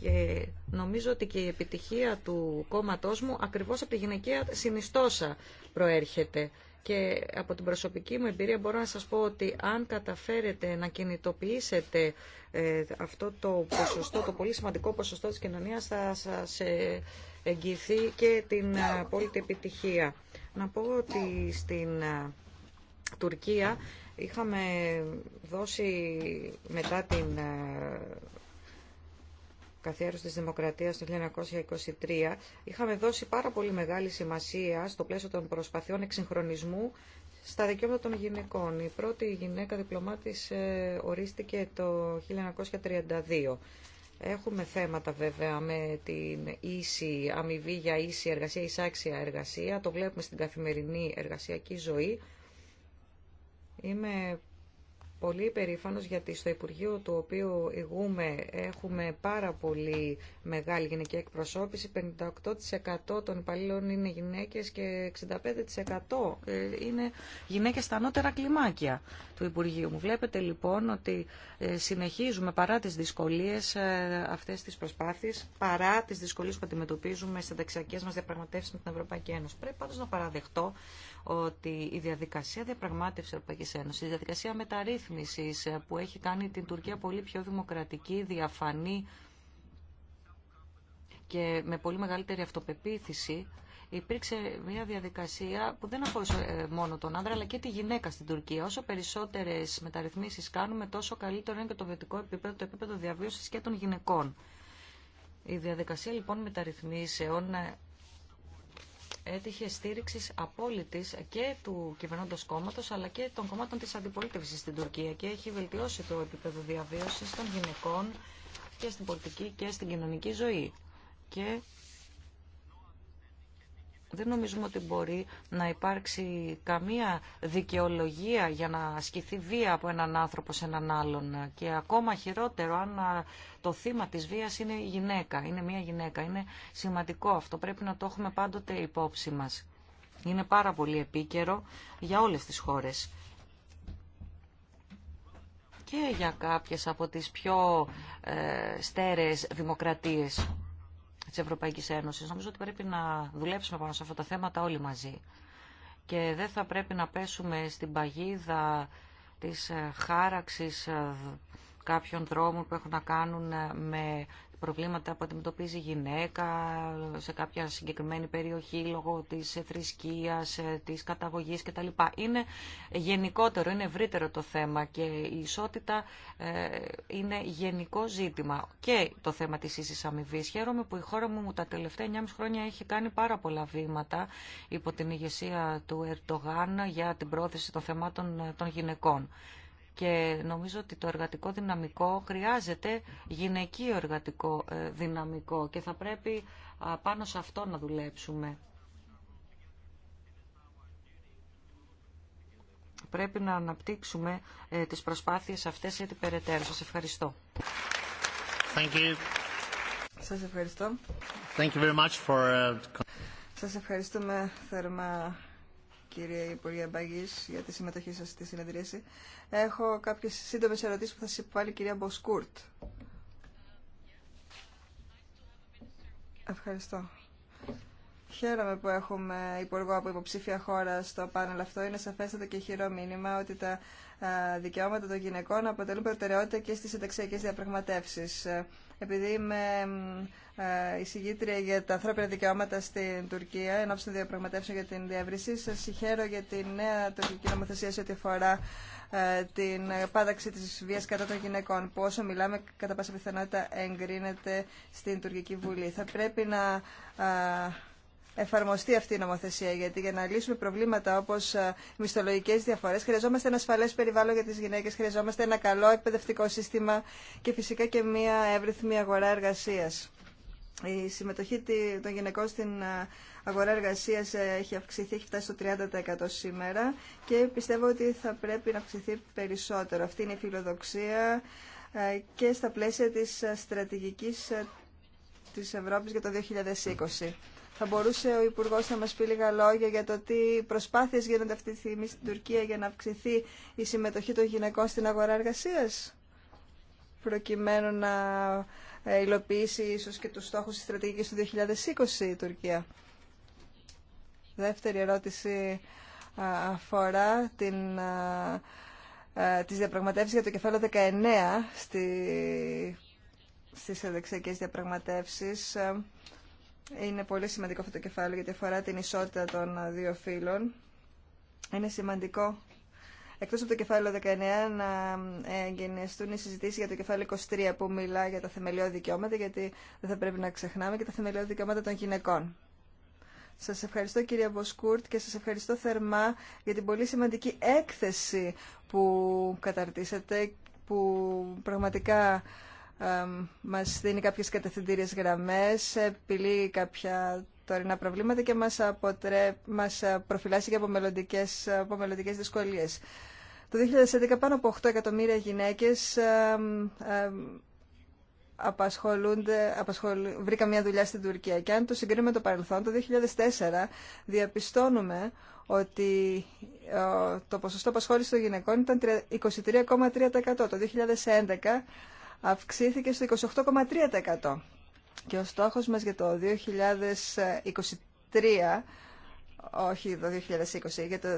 D: Και νομίζω ότι και η επιτυχία του κόμματός μου ακριβώς από τη γυναικεία συνιστόσα προέρχεται. Και από την προσωπική μου εμπειρία μπορώ να σας πω ότι αν καταφέρετε να κινητοποιήσετε ε, αυτό το ποσοστό, το πολύ σημαντικό ποσοστό της κοινωνίας, θα σας εγγυηθεί και την απόλυτη επιτυχία. Να πω ότι στην Τουρκία είχαμε δώσει μετά την ε, καθιέρωση της Δημοκρατίας το 1923, είχαμε δώσει πάρα πολύ μεγάλη σημασία στο πλαίσιο των προσπαθειών εξυγχρονισμού στα δικαιώματα των γυναικών. Η πρώτη γυναίκα διπλωμάτης ε, ορίστηκε το 1932. Έχουμε θέματα βέβαια με την ίση αμοιβή για ίση εργασία, ισάξια εργασία. Το βλέπουμε στην καθημερινή εργασιακή ζωή. Είμαι πολύ περήφανος γιατί στο Υπουργείο του οποίου ηγούμε έχουμε πάρα πολύ μεγάλη γυναική εκπροσώπηση. 58% των υπαλλήλων είναι γυναίκες και 65% ε, είναι γυναίκες στα ανώτερα κλιμάκια του Υπουργείου. Μου βλέπετε λοιπόν ότι ε, συνεχίζουμε παρά τις δυσκολίες ε, αυτές τις προσπάθειες, παρά τις δυσκολίες που αντιμετωπίζουμε στις ενταξιακές μας διαπραγματεύσεις με την Ευρωπαϊκή Ένωση. Πρέπει πάντως να παραδεχτώ ότι η διαδικασία διαπραγμάτευση Ευρωπαϊκή Ένωση, η διαδικασία μεταρρύθμιση που έχει κάνει την Τουρκία πολύ πιο δημοκρατική, διαφανή και με πολύ μεγαλύτερη αυτοπεποίθηση, υπήρξε μια διαδικασία που δεν αφορούσε ε, μόνο τον άντρα, αλλά και τη γυναίκα στην Τουρκία. Όσο περισσότερε μεταρρυθμίσει κάνουμε, τόσο καλύτερο είναι και το βιωτικό επίπεδο, το επίπεδο διαβίωση και των γυναικών. Η διαδικασία λοιπόν μεταρρυθμίσεων ε, έτυχε στήριξη απόλυτη και του κυβερνώντο κόμματο αλλά και των κομμάτων τη αντιπολίτευση στην Τουρκία και έχει βελτιώσει το επίπεδο διαβίωση των γυναικών και στην πολιτική και στην κοινωνική ζωή. Και δεν νομίζουμε ότι μπορεί να υπάρξει καμία δικαιολογία για να ασκηθεί βία από έναν άνθρωπο σε έναν άλλον. Και ακόμα χειρότερο αν το θύμα της βίας είναι η γυναίκα, είναι μια γυναίκα. Είναι σημαντικό αυτό, πρέπει να το έχουμε πάντοτε υπόψη μας. Είναι πάρα πολύ επίκαιρο για όλες τις χώρες και για κάποιες από τις πιο ε, στέρεες δημοκρατίες της Ευρωπαϊκής Ένωσης. Νομίζω ότι πρέπει να δουλέψουμε πάνω σε αυτά τα θέματα όλοι μαζί. Και δεν θα πρέπει να πέσουμε στην παγίδα της ε, χάραξης ε, κάποιων δρόμων που έχουν να κάνουν ε, με προβλήματα που αντιμετωπίζει η γυναίκα σε κάποια συγκεκριμένη περιοχή λόγω της θρησκείας, της καταγωγής κτλ. Είναι γενικότερο, είναι ευρύτερο το θέμα και η ισότητα ε, είναι γενικό ζήτημα και το θέμα της ίσης αμοιβή. Χαίρομαι που η χώρα μου τα τελευταία 9,5 χρόνια έχει κάνει πάρα πολλά βήματα υπό την ηγεσία του Ερτογάν για την πρόθεση των θεμάτων των γυναικών και νομίζω ότι το εργατικό δυναμικό χρειάζεται γυναικείο εργατικό ε, δυναμικό και θα πρέπει πάνω σε αυτό να δουλέψουμε. Πρέπει να αναπτύξουμε ε, τις προσπάθειες αυτές την περαιτέρω. Σας ευχαριστώ.
A: Thank you. Σας ευχαριστώ.
C: Thank you very much for...
A: Uh, Σας ευχαριστούμε θερμά κύριε Υπουργέ Μπαγή, για τη συμμετοχή σας στη συνεδρίαση. Έχω κάποιες σύντομες ερωτήσεις που θα σας υποβάλει η κυρία Μποσκούρτ. Ευχαριστώ. Χαίρομαι που έχουμε υπουργό από υποψήφια χώρα στο πάνελ αυτό. Είναι σαφέστατο και χειρό μήνυμα ότι τα δικαιώματα των γυναικών αποτελούν προτεραιότητα και στις ενταξιακές διαπραγματεύσεις επειδή είμαι ε, εισηγήτρια για τα ανθρώπινα δικαιώματα στην Τουρκία, ενώ των διαπραγματεύσεων για την διεύρυνση, σα συγχαίρω για τη νέα τουρκική νομοθεσία σε ό,τι αφορά ε, την πάταξη τη βία κατά των γυναικών, που όσο μιλάμε, κατά πάσα πιθανότητα εγκρίνεται στην Τουρκική Βουλή. Θα πρέπει να ε, εφαρμοστεί αυτή η νομοθεσία. Γιατί για να λύσουμε προβλήματα όπω ε, μισθολογικέ διαφορέ, χρειαζόμαστε ένα ασφαλέ περιβάλλον για τι γυναίκε, χρειαζόμαστε ένα καλό εκπαιδευτικό σύστημα και φυσικά και μια εύρυθμη αγορά εργασία. Η συμμετοχή των γυναικών στην ε, αγορά εργασία ε, έχει αυξηθεί, έχει φτάσει στο 30% σήμερα και πιστεύω ότι θα πρέπει να αυξηθεί περισσότερο. Αυτή είναι η φιλοδοξία και στα πλαίσια της στρατηγικής της Ευρώπης για το 2020. Θα μπορούσε ο Υπουργό να μα πει λίγα λόγια για το τι προσπάθειε γίνονται αυτή τη στιγμή στην Τουρκία για να αυξηθεί η συμμετοχή των γυναικών στην αγορά εργασία, προκειμένου να ε, υλοποιήσει ίσω και του στόχου τη στρατηγική του 2020 η Τουρκία. Δεύτερη ερώτηση αφορά την, ε, τις διαπραγματεύσεις για το κεφάλαιο 19 στη, στις διαπραγματεύσεις είναι πολύ σημαντικό αυτό το κεφάλαιο γιατί αφορά την ισότητα των δύο φύλων. Είναι σημαντικό εκτός από το κεφάλαιο 19 να εγκαινιαστούν οι συζητήσεις για το κεφάλαιο 23 που μιλά για τα θεμελιώδη δικαιώματα γιατί δεν θα πρέπει να ξεχνάμε και τα θεμελιώδη δικαιώματα των γυναικών. Σας ευχαριστώ κυρία Μποσκούρτ και σας ευχαριστώ θερμά για την πολύ σημαντική έκθεση που καταρτήσατε που πραγματικά μας δίνει κάποιες κατευθυντήριες γραμμές, επιλύει κάποια τωρινά προβλήματα και μας, αποτρέ... μας προφυλάσσει και από μελλοντικές, από δυσκολίες. Το 2011 πάνω από 8 εκατομμύρια γυναίκες απασχολούνται, απασχολ... βρήκαν μια δουλειά στην Τουρκία. Και αν το συγκρίνουμε το παρελθόν, το 2004 διαπιστώνουμε ότι ε, το ποσοστό απασχόλησης των γυναικών ήταν 23,3%. Το 2011 αυξήθηκε στο 28,3% και ο στόχος μας για το 2023 όχι το 2020. Για το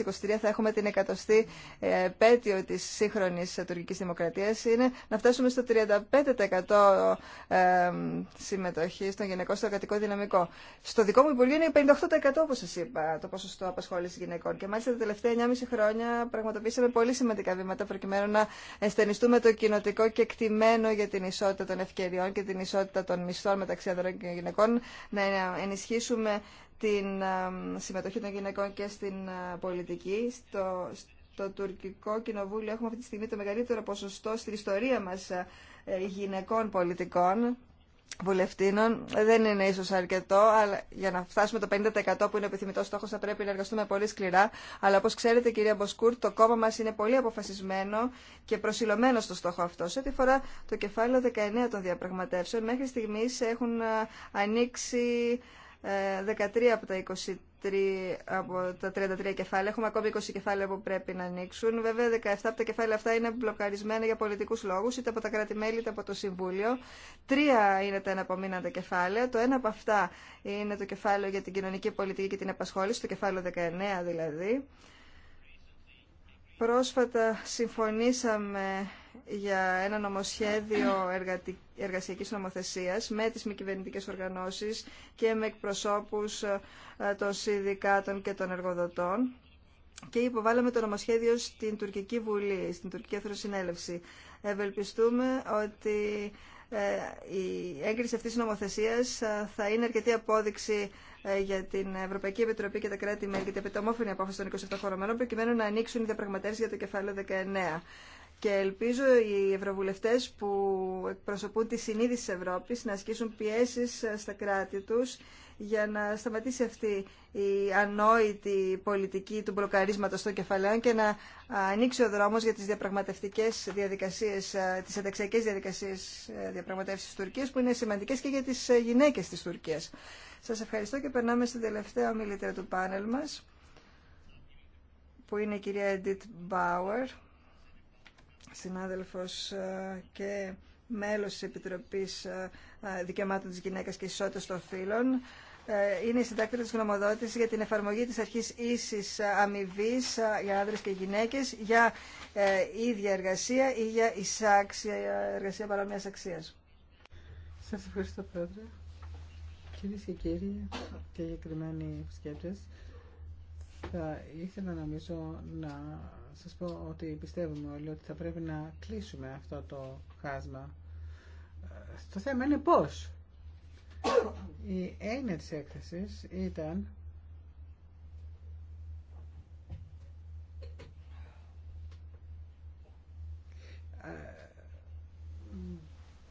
A: 2023 θα έχουμε την εκατοστή ε, πέτειο της σύγχρονης τουρκικής δημοκρατίας. Είναι να φτάσουμε στο 35% ε, συμμετοχή στον γυναικό στο εργατικό δυναμικό. Στο δικό μου Υπουργείο είναι 58% όπως σας είπα το ποσοστό απασχόλησης γυναικών. Και μάλιστα τα τελευταία 9,5 χρόνια πραγματοποιήσαμε πολύ σημαντικά βήματα προκειμένου να εστενιστούμε το κοινοτικό και εκτιμένο για την ισότητα των ευκαιριών και την ισότητα των μισθών μεταξύ ανδρών και γυναικών, να ενισχύσουμε την συμμετοχή των γυναικών και στην ε, πολιτική. Στο, στο τουρκικό κοινοβούλιο έχουμε αυτή τη στιγμή το μεγαλύτερο ποσοστό στην ιστορία μας ε, γυναικών πολιτικών βουλευτίνων. Δεν είναι ίσω αρκετό, αλλά για να φτάσουμε το 50% που είναι επιθυμητό στόχο θα πρέπει να εργαστούμε πολύ σκληρά. Αλλά όπω ξέρετε, κυρία Μποσκούρ, το κόμμα μα είναι πολύ αποφασισμένο και προσιλωμένο στο στόχο αυτό. Σε ό,τι αφορά το κεφάλαιο 19 των διαπραγματεύσεων, μέχρι στιγμή έχουν ε, ανοίξει 13 ε, από τα 23 από τα 33 κεφάλαια. Έχουμε ακόμη 20 κεφάλαια που πρέπει να ανοίξουν. Βέβαια, 17 από τα κεφάλαια αυτά είναι μπλοκαρισμένα για πολιτικού λόγου, είτε από τα κράτη-μέλη είτε από το Συμβούλιο. Τρία είναι τα εναπομείναντα κεφάλαια. Το ένα από αυτά είναι το κεφάλαιο για την κοινωνική πολιτική και την απασχόληση, το κεφάλαιο 19 δηλαδή. Πρόσφατα συμφωνήσαμε για ένα νομοσχέδιο εργασίακή εργασιακής με τι μη κυβερνητικές οργανώσεις και με εκπροσώπους ε, των συνδικάτων και των εργοδοτών και υποβάλαμε το νομοσχέδιο στην Τουρκική Βουλή, στην Τουρκική Εθνοσυνέλευση. Ευελπιστούμε ότι ε, η έγκριση αυτή τη νομοθεσία ε, θα είναι αρκετή απόδειξη για την Ευρωπαϊκή Επιτροπή και τα κράτη-μέλη και την επιτομόφωνη απόφαση των 27 χωρών προκειμένου να ανοίξουν οι διαπραγματεύσει για το κεφάλαιο 19. Και ελπίζω οι ευρωβουλευτέ που εκπροσωπούν τη συνείδηση της Ευρώπης να ασκήσουν πιέσει στα κράτη του για να σταματήσει αυτή η ανόητη πολιτική του μπλοκαρίσματο των κεφαλαίων και να ανοίξει ο δρόμο για τι διαπραγματεύτικέ διαδικασίε, τι ενταξιακές διαδικασίες διαπραγματεύσει της Τουρκίας που είναι σημαντικέ και για τι γυναίκε τη Τουρκία. Σα ευχαριστώ και περνάμε στην τελευταία ομιλήτρια του πάνελ μα, που είναι η κυρία Edith Bauer συνάδελφος ε, και μέλος της Επιτροπής ε, ε, Δικαιωμάτων της Γυναίκας και Ισότητας των Φύλων. Είναι η συντάκτρια της γνωμοδότησης για την εφαρμογή της αρχής ίσης αμοιβή για άνδρες και γυναίκες για ίδια εργασία ή για εισάξια εργασία παρόμοιας αξίας. Σας ευχαριστώ πρόεδρε. Κυρίες και κύριοι
B: και εγκεκριμένοι επισκέπτες, θα ήθελα νομίζω να σας πω ότι πιστεύουμε όλοι ότι θα πρέπει να κλείσουμε αυτό το χάσμα. Το θέμα είναι πώς. Η έννοια της έκθεσης ήταν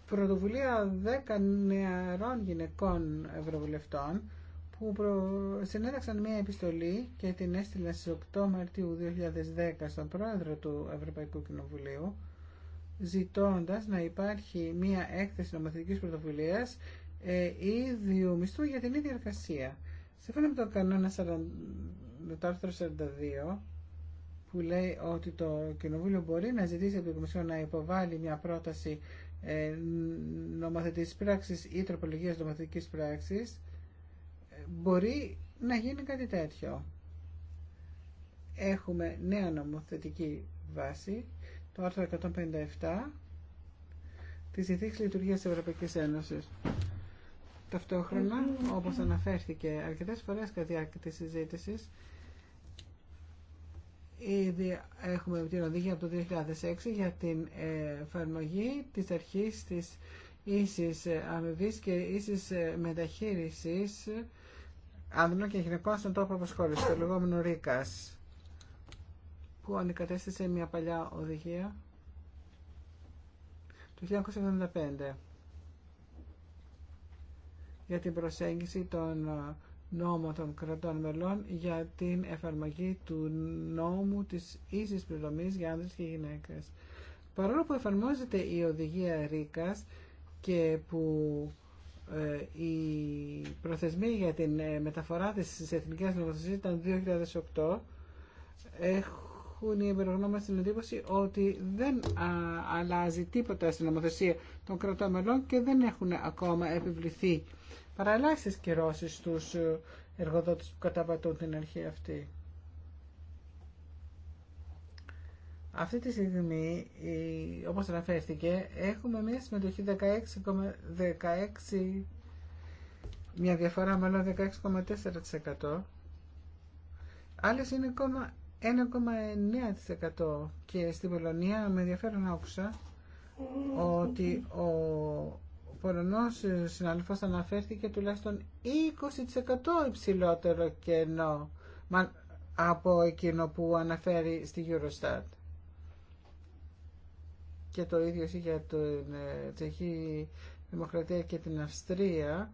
B: πρωτοβουλία 10 νεαρών γυναικών ευρωβουλευτών που προ... συνέταξαν μία επιστολή και την έστειλαν στις 8 Μαρτίου 2010 στον πρόεδρο του Ευρωπαϊκού Κοινοβουλίου ζητώντας να υπάρχει μία έκθεση νομοθετικής πρωτοβουλίας ε, ίδιου μισθού για την ίδια εργασία. Σύμφωνα με το κανόνα 40, το άρθρο 42 που λέει ότι το Κοινοβούλιο μπορεί να ζητήσει από την Κομισιόν να υποβάλει μια πρόταση ε, νομοθετικής πράξης ή τροπολογίας νομοθετικής πράξης μπορεί να γίνει κάτι τέτοιο. Έχουμε νέα νομοθετική βάση, το άρθρο 157 της Συνθήκης Λειτουργίας της Ευρωπαϊκής Ένωσης. Ταυτόχρονα, όπως αναφέρθηκε αρκετές φορές κατά διάρκεια της συζήτησης, ήδη έχουμε την οδηγία από το 2006 για την εφαρμογή της αρχής της ίσης αμοιβής και ίσης μεταχείρισης άνδρων και γυναικών στον τόπο απασχόληση, το λεγόμενο ρίκα, που ανεκατέστησε μια παλιά οδηγία του 1975 για την προσέγγιση των νόμων των κρατών μελών για την εφαρμογή του νόμου της ίσης πληρωμής για άνδρες και γυναίκες. Παρόλο που εφαρμόζεται η οδηγία ΡΙΚΑΣ και που οι ε, προθεσμοί για την ε, μεταφορά της στις εθνικές νομοθεσίες ήταν 2008 έχουν οι εμπειρογνώμες την εντύπωση ότι δεν αλλάζει τίποτα στην νομοθεσία των κρατών μελών και δεν έχουν ακόμα επιβληθεί παρά ελάχιστες κυρώσεις στους ε, εργοδότες που καταπατούν την αρχή αυτή. Αυτή τη στιγμή, όπως αναφέρθηκε, έχουμε μια συμμετοχή 16,16 ,16, μια διαφορά μάλλον 16,4%. Άλλες είναι 1,9% και στην Πολωνία με ενδιαφέρον άκουσα
C: ότι
B: ο Πολωνός συνάδελφος αναφέρθηκε τουλάχιστον 20% υψηλότερο κενό από εκείνο που αναφέρει στη Eurostat και το ίδιο για την ε, Τσεχή Δημοκρατία και την Αυστρία.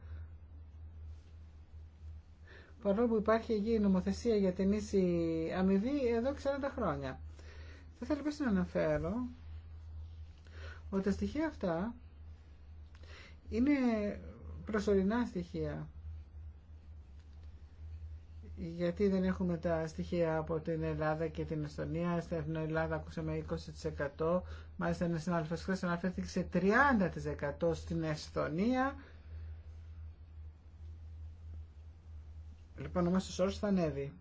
B: Παρόλο που υπάρχει η νομοθεσία για την ίση αμοιβή εδώ 40 χρόνια. Θα ήθελα επίσης να αναφέρω ότι τα στοιχεία αυτά είναι προσωρινά στοιχεία γιατί δεν έχουμε τα στοιχεία από την Ελλάδα και την Εστονία. Στην Ελλάδα ακούσαμε 20%. Μάλιστα ένα συνάδελφο χθε αναφέρθηκε σε 30% στην Εστονία. Λοιπόν, ο μέσο όρο θα ανέβει.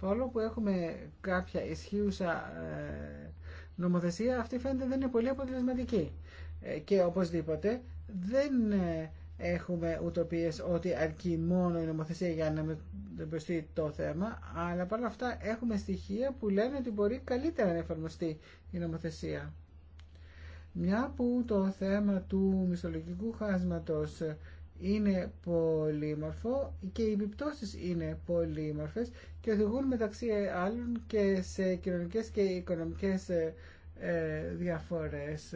B: Παρόλο που έχουμε κάποια ισχύουσα ε, νομοθεσία, αυτή φαίνεται δεν είναι πολύ αποτελεσματική. Ε, και οπωσδήποτε δεν ε, έχουμε ουτοπίε ότι αρκεί μόνο η νομοθεσία για να μεταπιστεί το θέμα, αλλά παρόλα αυτά έχουμε στοιχεία που λένε ότι μπορεί καλύτερα να εφαρμοστεί η νομοθεσία. Μια που το θέμα του μισθολογικού χάσματος είναι πολύμορφο και οι επιπτώσεις είναι πολύμορφες και οδηγούν μεταξύ άλλων και σε κοινωνικές και οικονομικές ε, ε, διαφορές.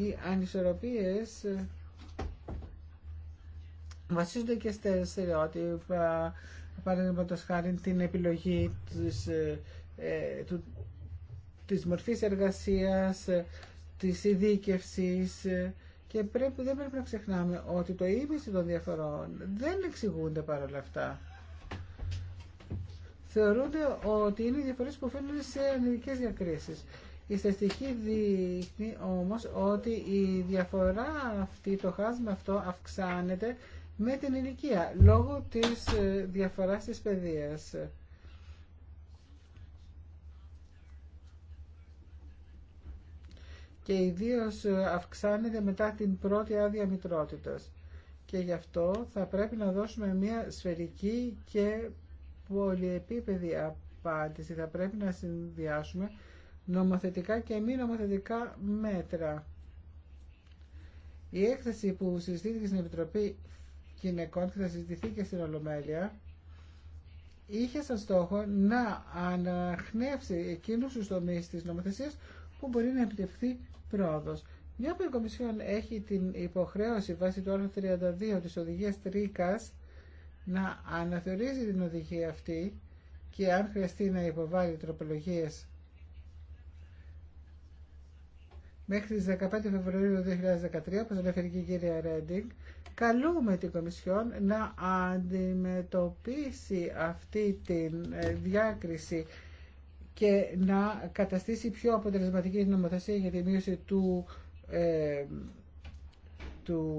B: οι ανισορροπίες ε, βασίζονται και στα στερεότυπα, παραδείγματο χάρη την επιλογή της, ε, ε, του, της μορφής εργασίας, της ειδίκευσης και πρέπει, δεν πρέπει να ξεχνάμε ότι το ίμιση των διαφορών δεν εξηγούνται παρόλα αυτά. Θεωρούνται ότι είναι διαφορές που οφείλουν σε ανειδικές διακρίσεις. Η στατιστική δείχνει όμως ότι η διαφορά αυτή, το χάσμα αυτό αυξάνεται με την ηλικία, λόγω της ε, διαφοράς της παιδείας. Και ιδίω ε, αυξάνεται μετά την πρώτη άδεια μητρότητας. Και γι' αυτό θα πρέπει να δώσουμε μια σφαιρική και πολυεπίπεδη απάντηση. Θα πρέπει να συνδυάσουμε νομοθετικά και μη νομοθετικά μέτρα. Η έκθεση που συζητήθηκε στην Επιτροπή Γυναικών και θα συζητηθεί και στην Ολομέλεια είχε σαν στόχο να αναχνεύσει εκείνους τους τομείς της νομοθεσίας που μπορεί να επιτευχθεί πρόοδος. Μια που Κομισιόν έχει την υποχρέωση βάσει του άρθρου 32 της οδηγίας Τρίκας να αναθεωρήσει την οδηγία αυτή και αν χρειαστεί να υποβάλει τροπολογίες Μέχρι τις 15 Φεβρουαρίου 2013, όπως αναφέρει και η κυρία Ρέντινγκ, καλούμε την Κομισιόν να αντιμετωπίσει αυτή τη ε, διάκριση και να καταστήσει πιο αποτελεσματική νομοθεσία για τη μείωση του, ε, του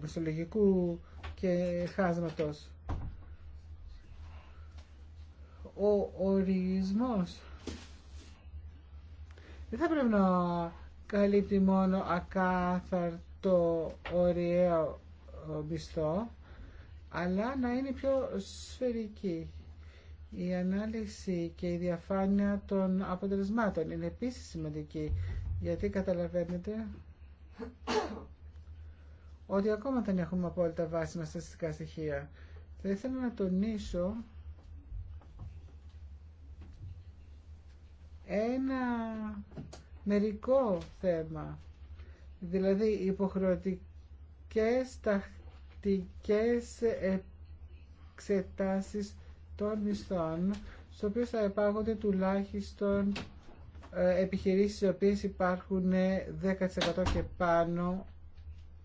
B: μεσολογικού και χάσματος. Ο ορισμός δεν θα πρέπει να καλύπτει μόνο ακάθαρτο ωραίο μισθό, αλλά να είναι πιο σφαιρική. Η ανάλυση και η διαφάνεια των αποτελεσμάτων είναι επίσης σημαντική, γιατί καταλαβαίνετε ότι ακόμα δεν έχουμε απόλυτα βάσιμα στατιστικά στοιχεία. Θα ήθελα να τονίσω ένα μερικό θέμα. Δηλαδή υποχρεωτικές τακτικές εξετάσεις των μισθών στο οποίο θα επάγονται τουλάχιστον ε, επιχειρήσεις οι οποίες υπάρχουν 10% και πάνω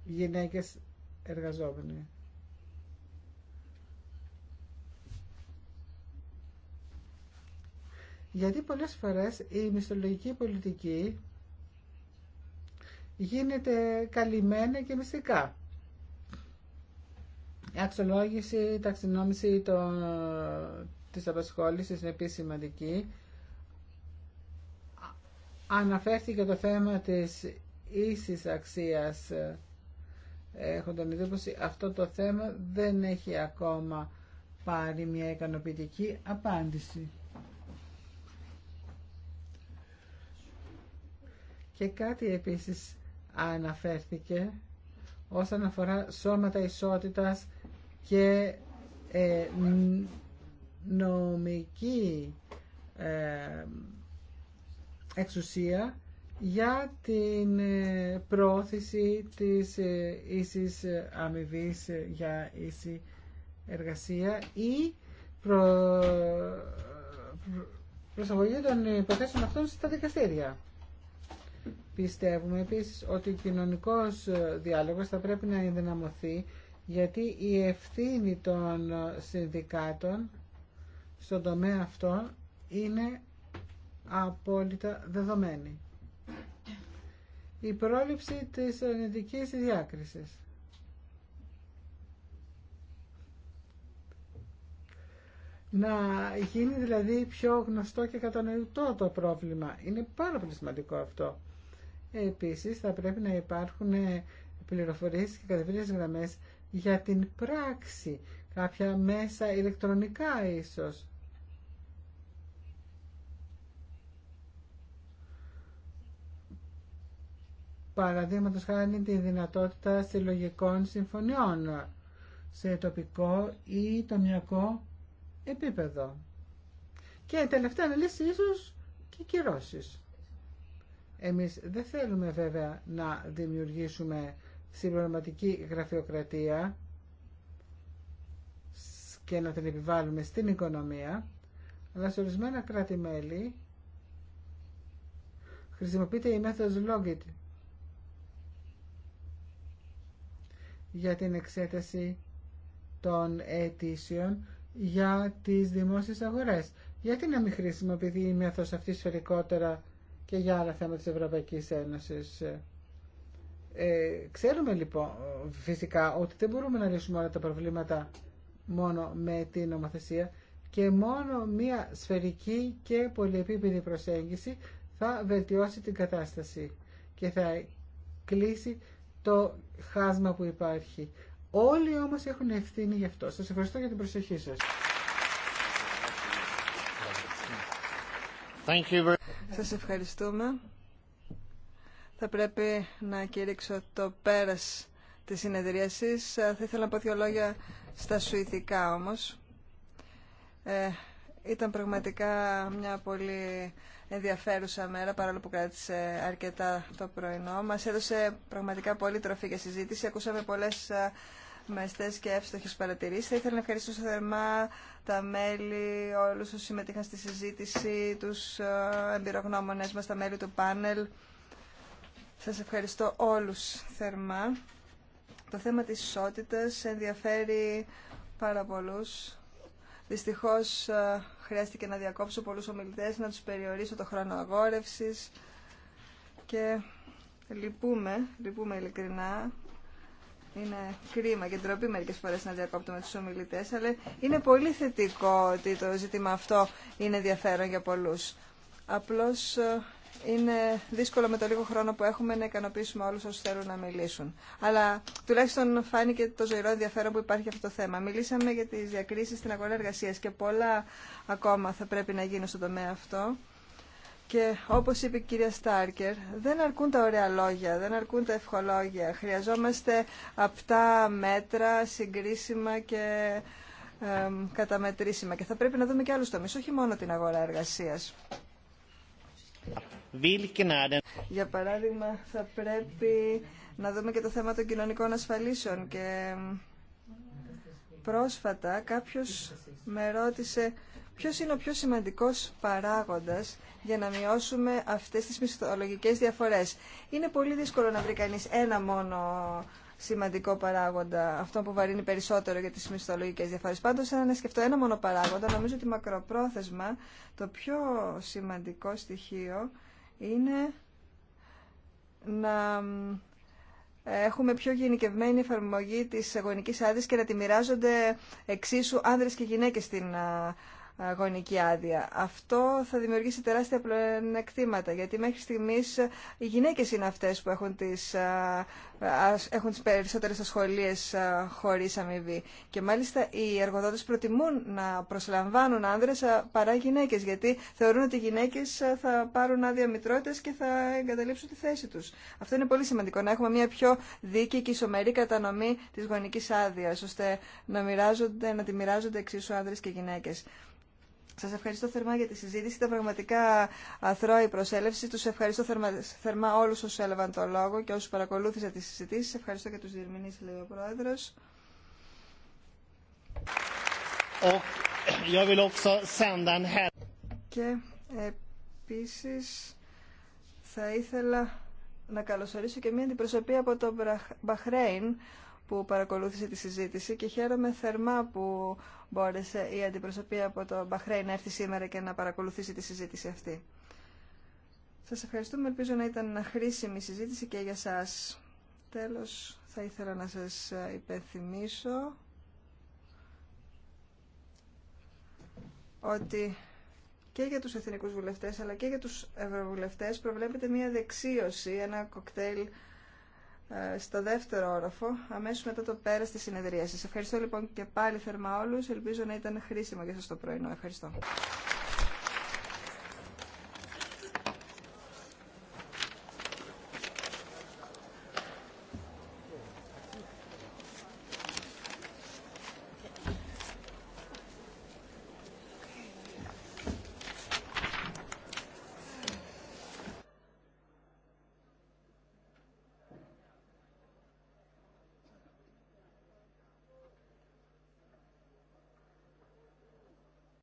B: γυναίκες εργαζόμενοι. Γιατί πολλές φορές η μισθολογική πολιτική γίνεται καλυμμένα και μυστικά. Η αξιολόγηση, η ταξινόμηση το, της απασχόλησης είναι επίσης σημαντική. Αναφέρθηκε το θέμα της ίσης αξίας. Ε, έχω τον εντύπωση αυτό το θέμα δεν έχει ακόμα πάρει μια ικανοποιητική απάντηση. Και κάτι επίσης αναφέρθηκε όσον αφορά σώματα ισότητας και ε, νομική ε, εξουσία για την ε, πρόθεση της ίσης αμοιβή για ίση εργασία ή προ... προσαγωγή των υποθέσεων αυτών στα δικαστήρια. Πιστεύουμε επίσης ότι ο κοινωνικός διάλογος θα πρέπει να ενδυναμωθεί γιατί η ευθύνη των συνδικάτων στον τομέα αυτό είναι απόλυτα δεδομένη. Η πρόληψη της ανετικής διάκρισης. Να γίνει δηλαδή πιο γνωστό και κατανοητό το πρόβλημα. Είναι πάρα πολύ σημαντικό αυτό. Επίσης θα πρέπει να υπάρχουν ε, πληροφορίες και κατευθύνες γραμμές για την πράξη, κάποια μέσα ηλεκτρονικά ίσως. Παραδείγματος χάνει τη δυνατότητα συλλογικών συμφωνιών σε τοπικό ή τομιακό επίπεδο. Και τελευταία λύση ίσως και κυρώσεις. Εμείς δεν θέλουμε βέβαια να δημιουργήσουμε συμπληρωματική γραφειοκρατία και να την επιβάλλουμε στην οικονομία, αλλά σε ορισμένα κράτη-μέλη χρησιμοποιείται η μέθοδος Logit για την εξέταση των αιτήσεων για τις δημόσιες αγορές. Γιατί να μην χρησιμοποιηθεί η μέθοδος αυτή σφαιρικότερα και για άλλα θέματα της Ευρωπαϊκής Ένωσης. Ε, ξέρουμε λοιπόν φυσικά ότι δεν μπορούμε να λύσουμε όλα τα προβλήματα μόνο με την νομοθεσία και μόνο μία σφαιρική και πολυεπίπεδη προσέγγιση θα βελτιώσει την κατάσταση και θα κλείσει το χάσμα που υπάρχει. Όλοι όμως έχουν ευθύνη γι' αυτό. Σας ευχαριστώ για την προσοχή σας.
A: Σας ευχαριστούμε. Θα πρέπει να κηρύξω το πέρας της συνεδρίασης. Ε, θα ήθελα να πω δύο λόγια στα σουηθικά όμως. Ε, ήταν πραγματικά μια πολύ ενδιαφέρουσα μέρα, παρόλο που κράτησε αρκετά το πρωινό. Μας έδωσε πραγματικά πολύ τροφή για συζήτηση. Ακούσαμε πολλές ε, μεστές και εύστοχε παρατηρήσεις. Θα ήθελα να ευχαριστήσω θερμά τα μέλη, όλου όσοι συμμετείχαν στη συζήτηση, τους ε, εμπειρογνώμονες μας, τα μέλη του πάνελ. Σας ευχαριστώ όλους θερμά. Το θέμα της ισότητας ενδιαφέρει πάρα πολλού. Δυστυχώς ε, χρειάστηκε να διακόψω πολλούς ομιλητές, να τους περιορίσω το χρόνο αγόρευση. και λυπούμε, λυπούμε ειλικρινά είναι κρίμα και ντροπή μερικέ φορέ να διακόπτουμε του ομιλητέ, αλλά είναι πολύ θετικό ότι το ζήτημα αυτό είναι ενδιαφέρον για πολλού. Απλώ ε, είναι δύσκολο με το λίγο χρόνο που έχουμε να ικανοποιήσουμε όλου όσου θέλουν να μιλήσουν. Αλλά τουλάχιστον φάνηκε το ζωηρό ενδιαφέρον που υπάρχει αυτό το θέμα. Μιλήσαμε για τι διακρίσει στην αγορά εργασία και πολλά ακόμα θα πρέπει να γίνουν στον τομέα αυτό. Και όπως είπε η κυρία Στάρκερ, δεν αρκούν τα ωραία λόγια, δεν αρκούν τα ευχολόγια. Χρειαζόμαστε απτά μέτρα, συγκρίσιμα και καταμετρήσιμα. Και θα πρέπει να δούμε και άλλους τομείς, όχι μόνο την αγορά εργασίας. Για παράδειγμα, θα πρέπει να δούμε και το θέμα των κοινωνικών ασφαλίσεων. Και πρόσφατα κάποιος με ρώτησε Ποιος είναι ο πιο σημαντικός παράγοντας για να μειώσουμε αυτές τις μισθολογικές διαφορές. Είναι πολύ δύσκολο να βρει κανείς ένα μόνο σημαντικό παράγοντα, αυτό που βαρύνει περισσότερο για τις μισθολογικές διαφορές. Πάντως, αν σκεφτώ ένα μόνο παράγοντα, νομίζω ότι μακροπρόθεσμα το πιο σημαντικό στοιχείο είναι να έχουμε πιο γενικευμένη εφαρμογή της αγωνικής άδειας και να τη μοιράζονται εξίσου άνδρες και γυναίκες στην γονική άδεια. Αυτό θα δημιουργήσει τεράστια πλεονεκτήματα, γιατί μέχρι στιγμής οι γυναίκες είναι αυτές που έχουν τις, έχουν τις περισσότερες ασχολίες χωρίς αμοιβή. Και μάλιστα οι εργοδότες προτιμούν να προσλαμβάνουν άνδρες παρά γυναίκες, γιατί θεωρούν ότι οι γυναίκες θα πάρουν άδεια μητρότητας και θα εγκαταλείψουν τη θέση τους. Αυτό είναι πολύ σημαντικό, να έχουμε μια πιο δίκαιη και ισομερή κατανομή της γονικής ώστε να, μοιράζονται, να τη μοιράζονται εξίσου άνδρες και γυναίκες. Σας ευχαριστώ θερμά για τη συζήτηση. Ήταν πραγματικά αθρώη προσέλευση. Τους ευχαριστώ θερμα, θερμά όλους όσους έλαβαν το λόγο και όσους παρακολούθησαν τις συζητήσεις. Ευχαριστώ και τους διερμηνείς, λέει ο Πρόεδρος. Και επίσης θα ήθελα να καλωσορίσω και μια αντιπροσωπή από το Μπαχρέιν, που παρακολούθησε τη συζήτηση και χαίρομαι θερμά που μπόρεσε η αντιπροσωπεία από το Μπαχρέι να έρθει σήμερα και να παρακολουθήσει τη συζήτηση αυτή. Σας ευχαριστούμε, ελπίζω να ήταν χρήσιμη συζήτηση και για σας. Τέλος, θα ήθελα να σας υπενθυμίσω ότι και για τους εθνικούς βουλευτές αλλά και για τους ευρωβουλευτές προβλέπεται μια δεξίωση, ένα κοκτέιλ ε, στο δεύτερο όροφο, αμέσως μετά το πέρας της συνεδρίασης. Ευχαριστώ λοιπόν και πάλι θερμά όλους. Ελπίζω να ήταν χρήσιμο για σας το πρωινό. Ευχαριστώ.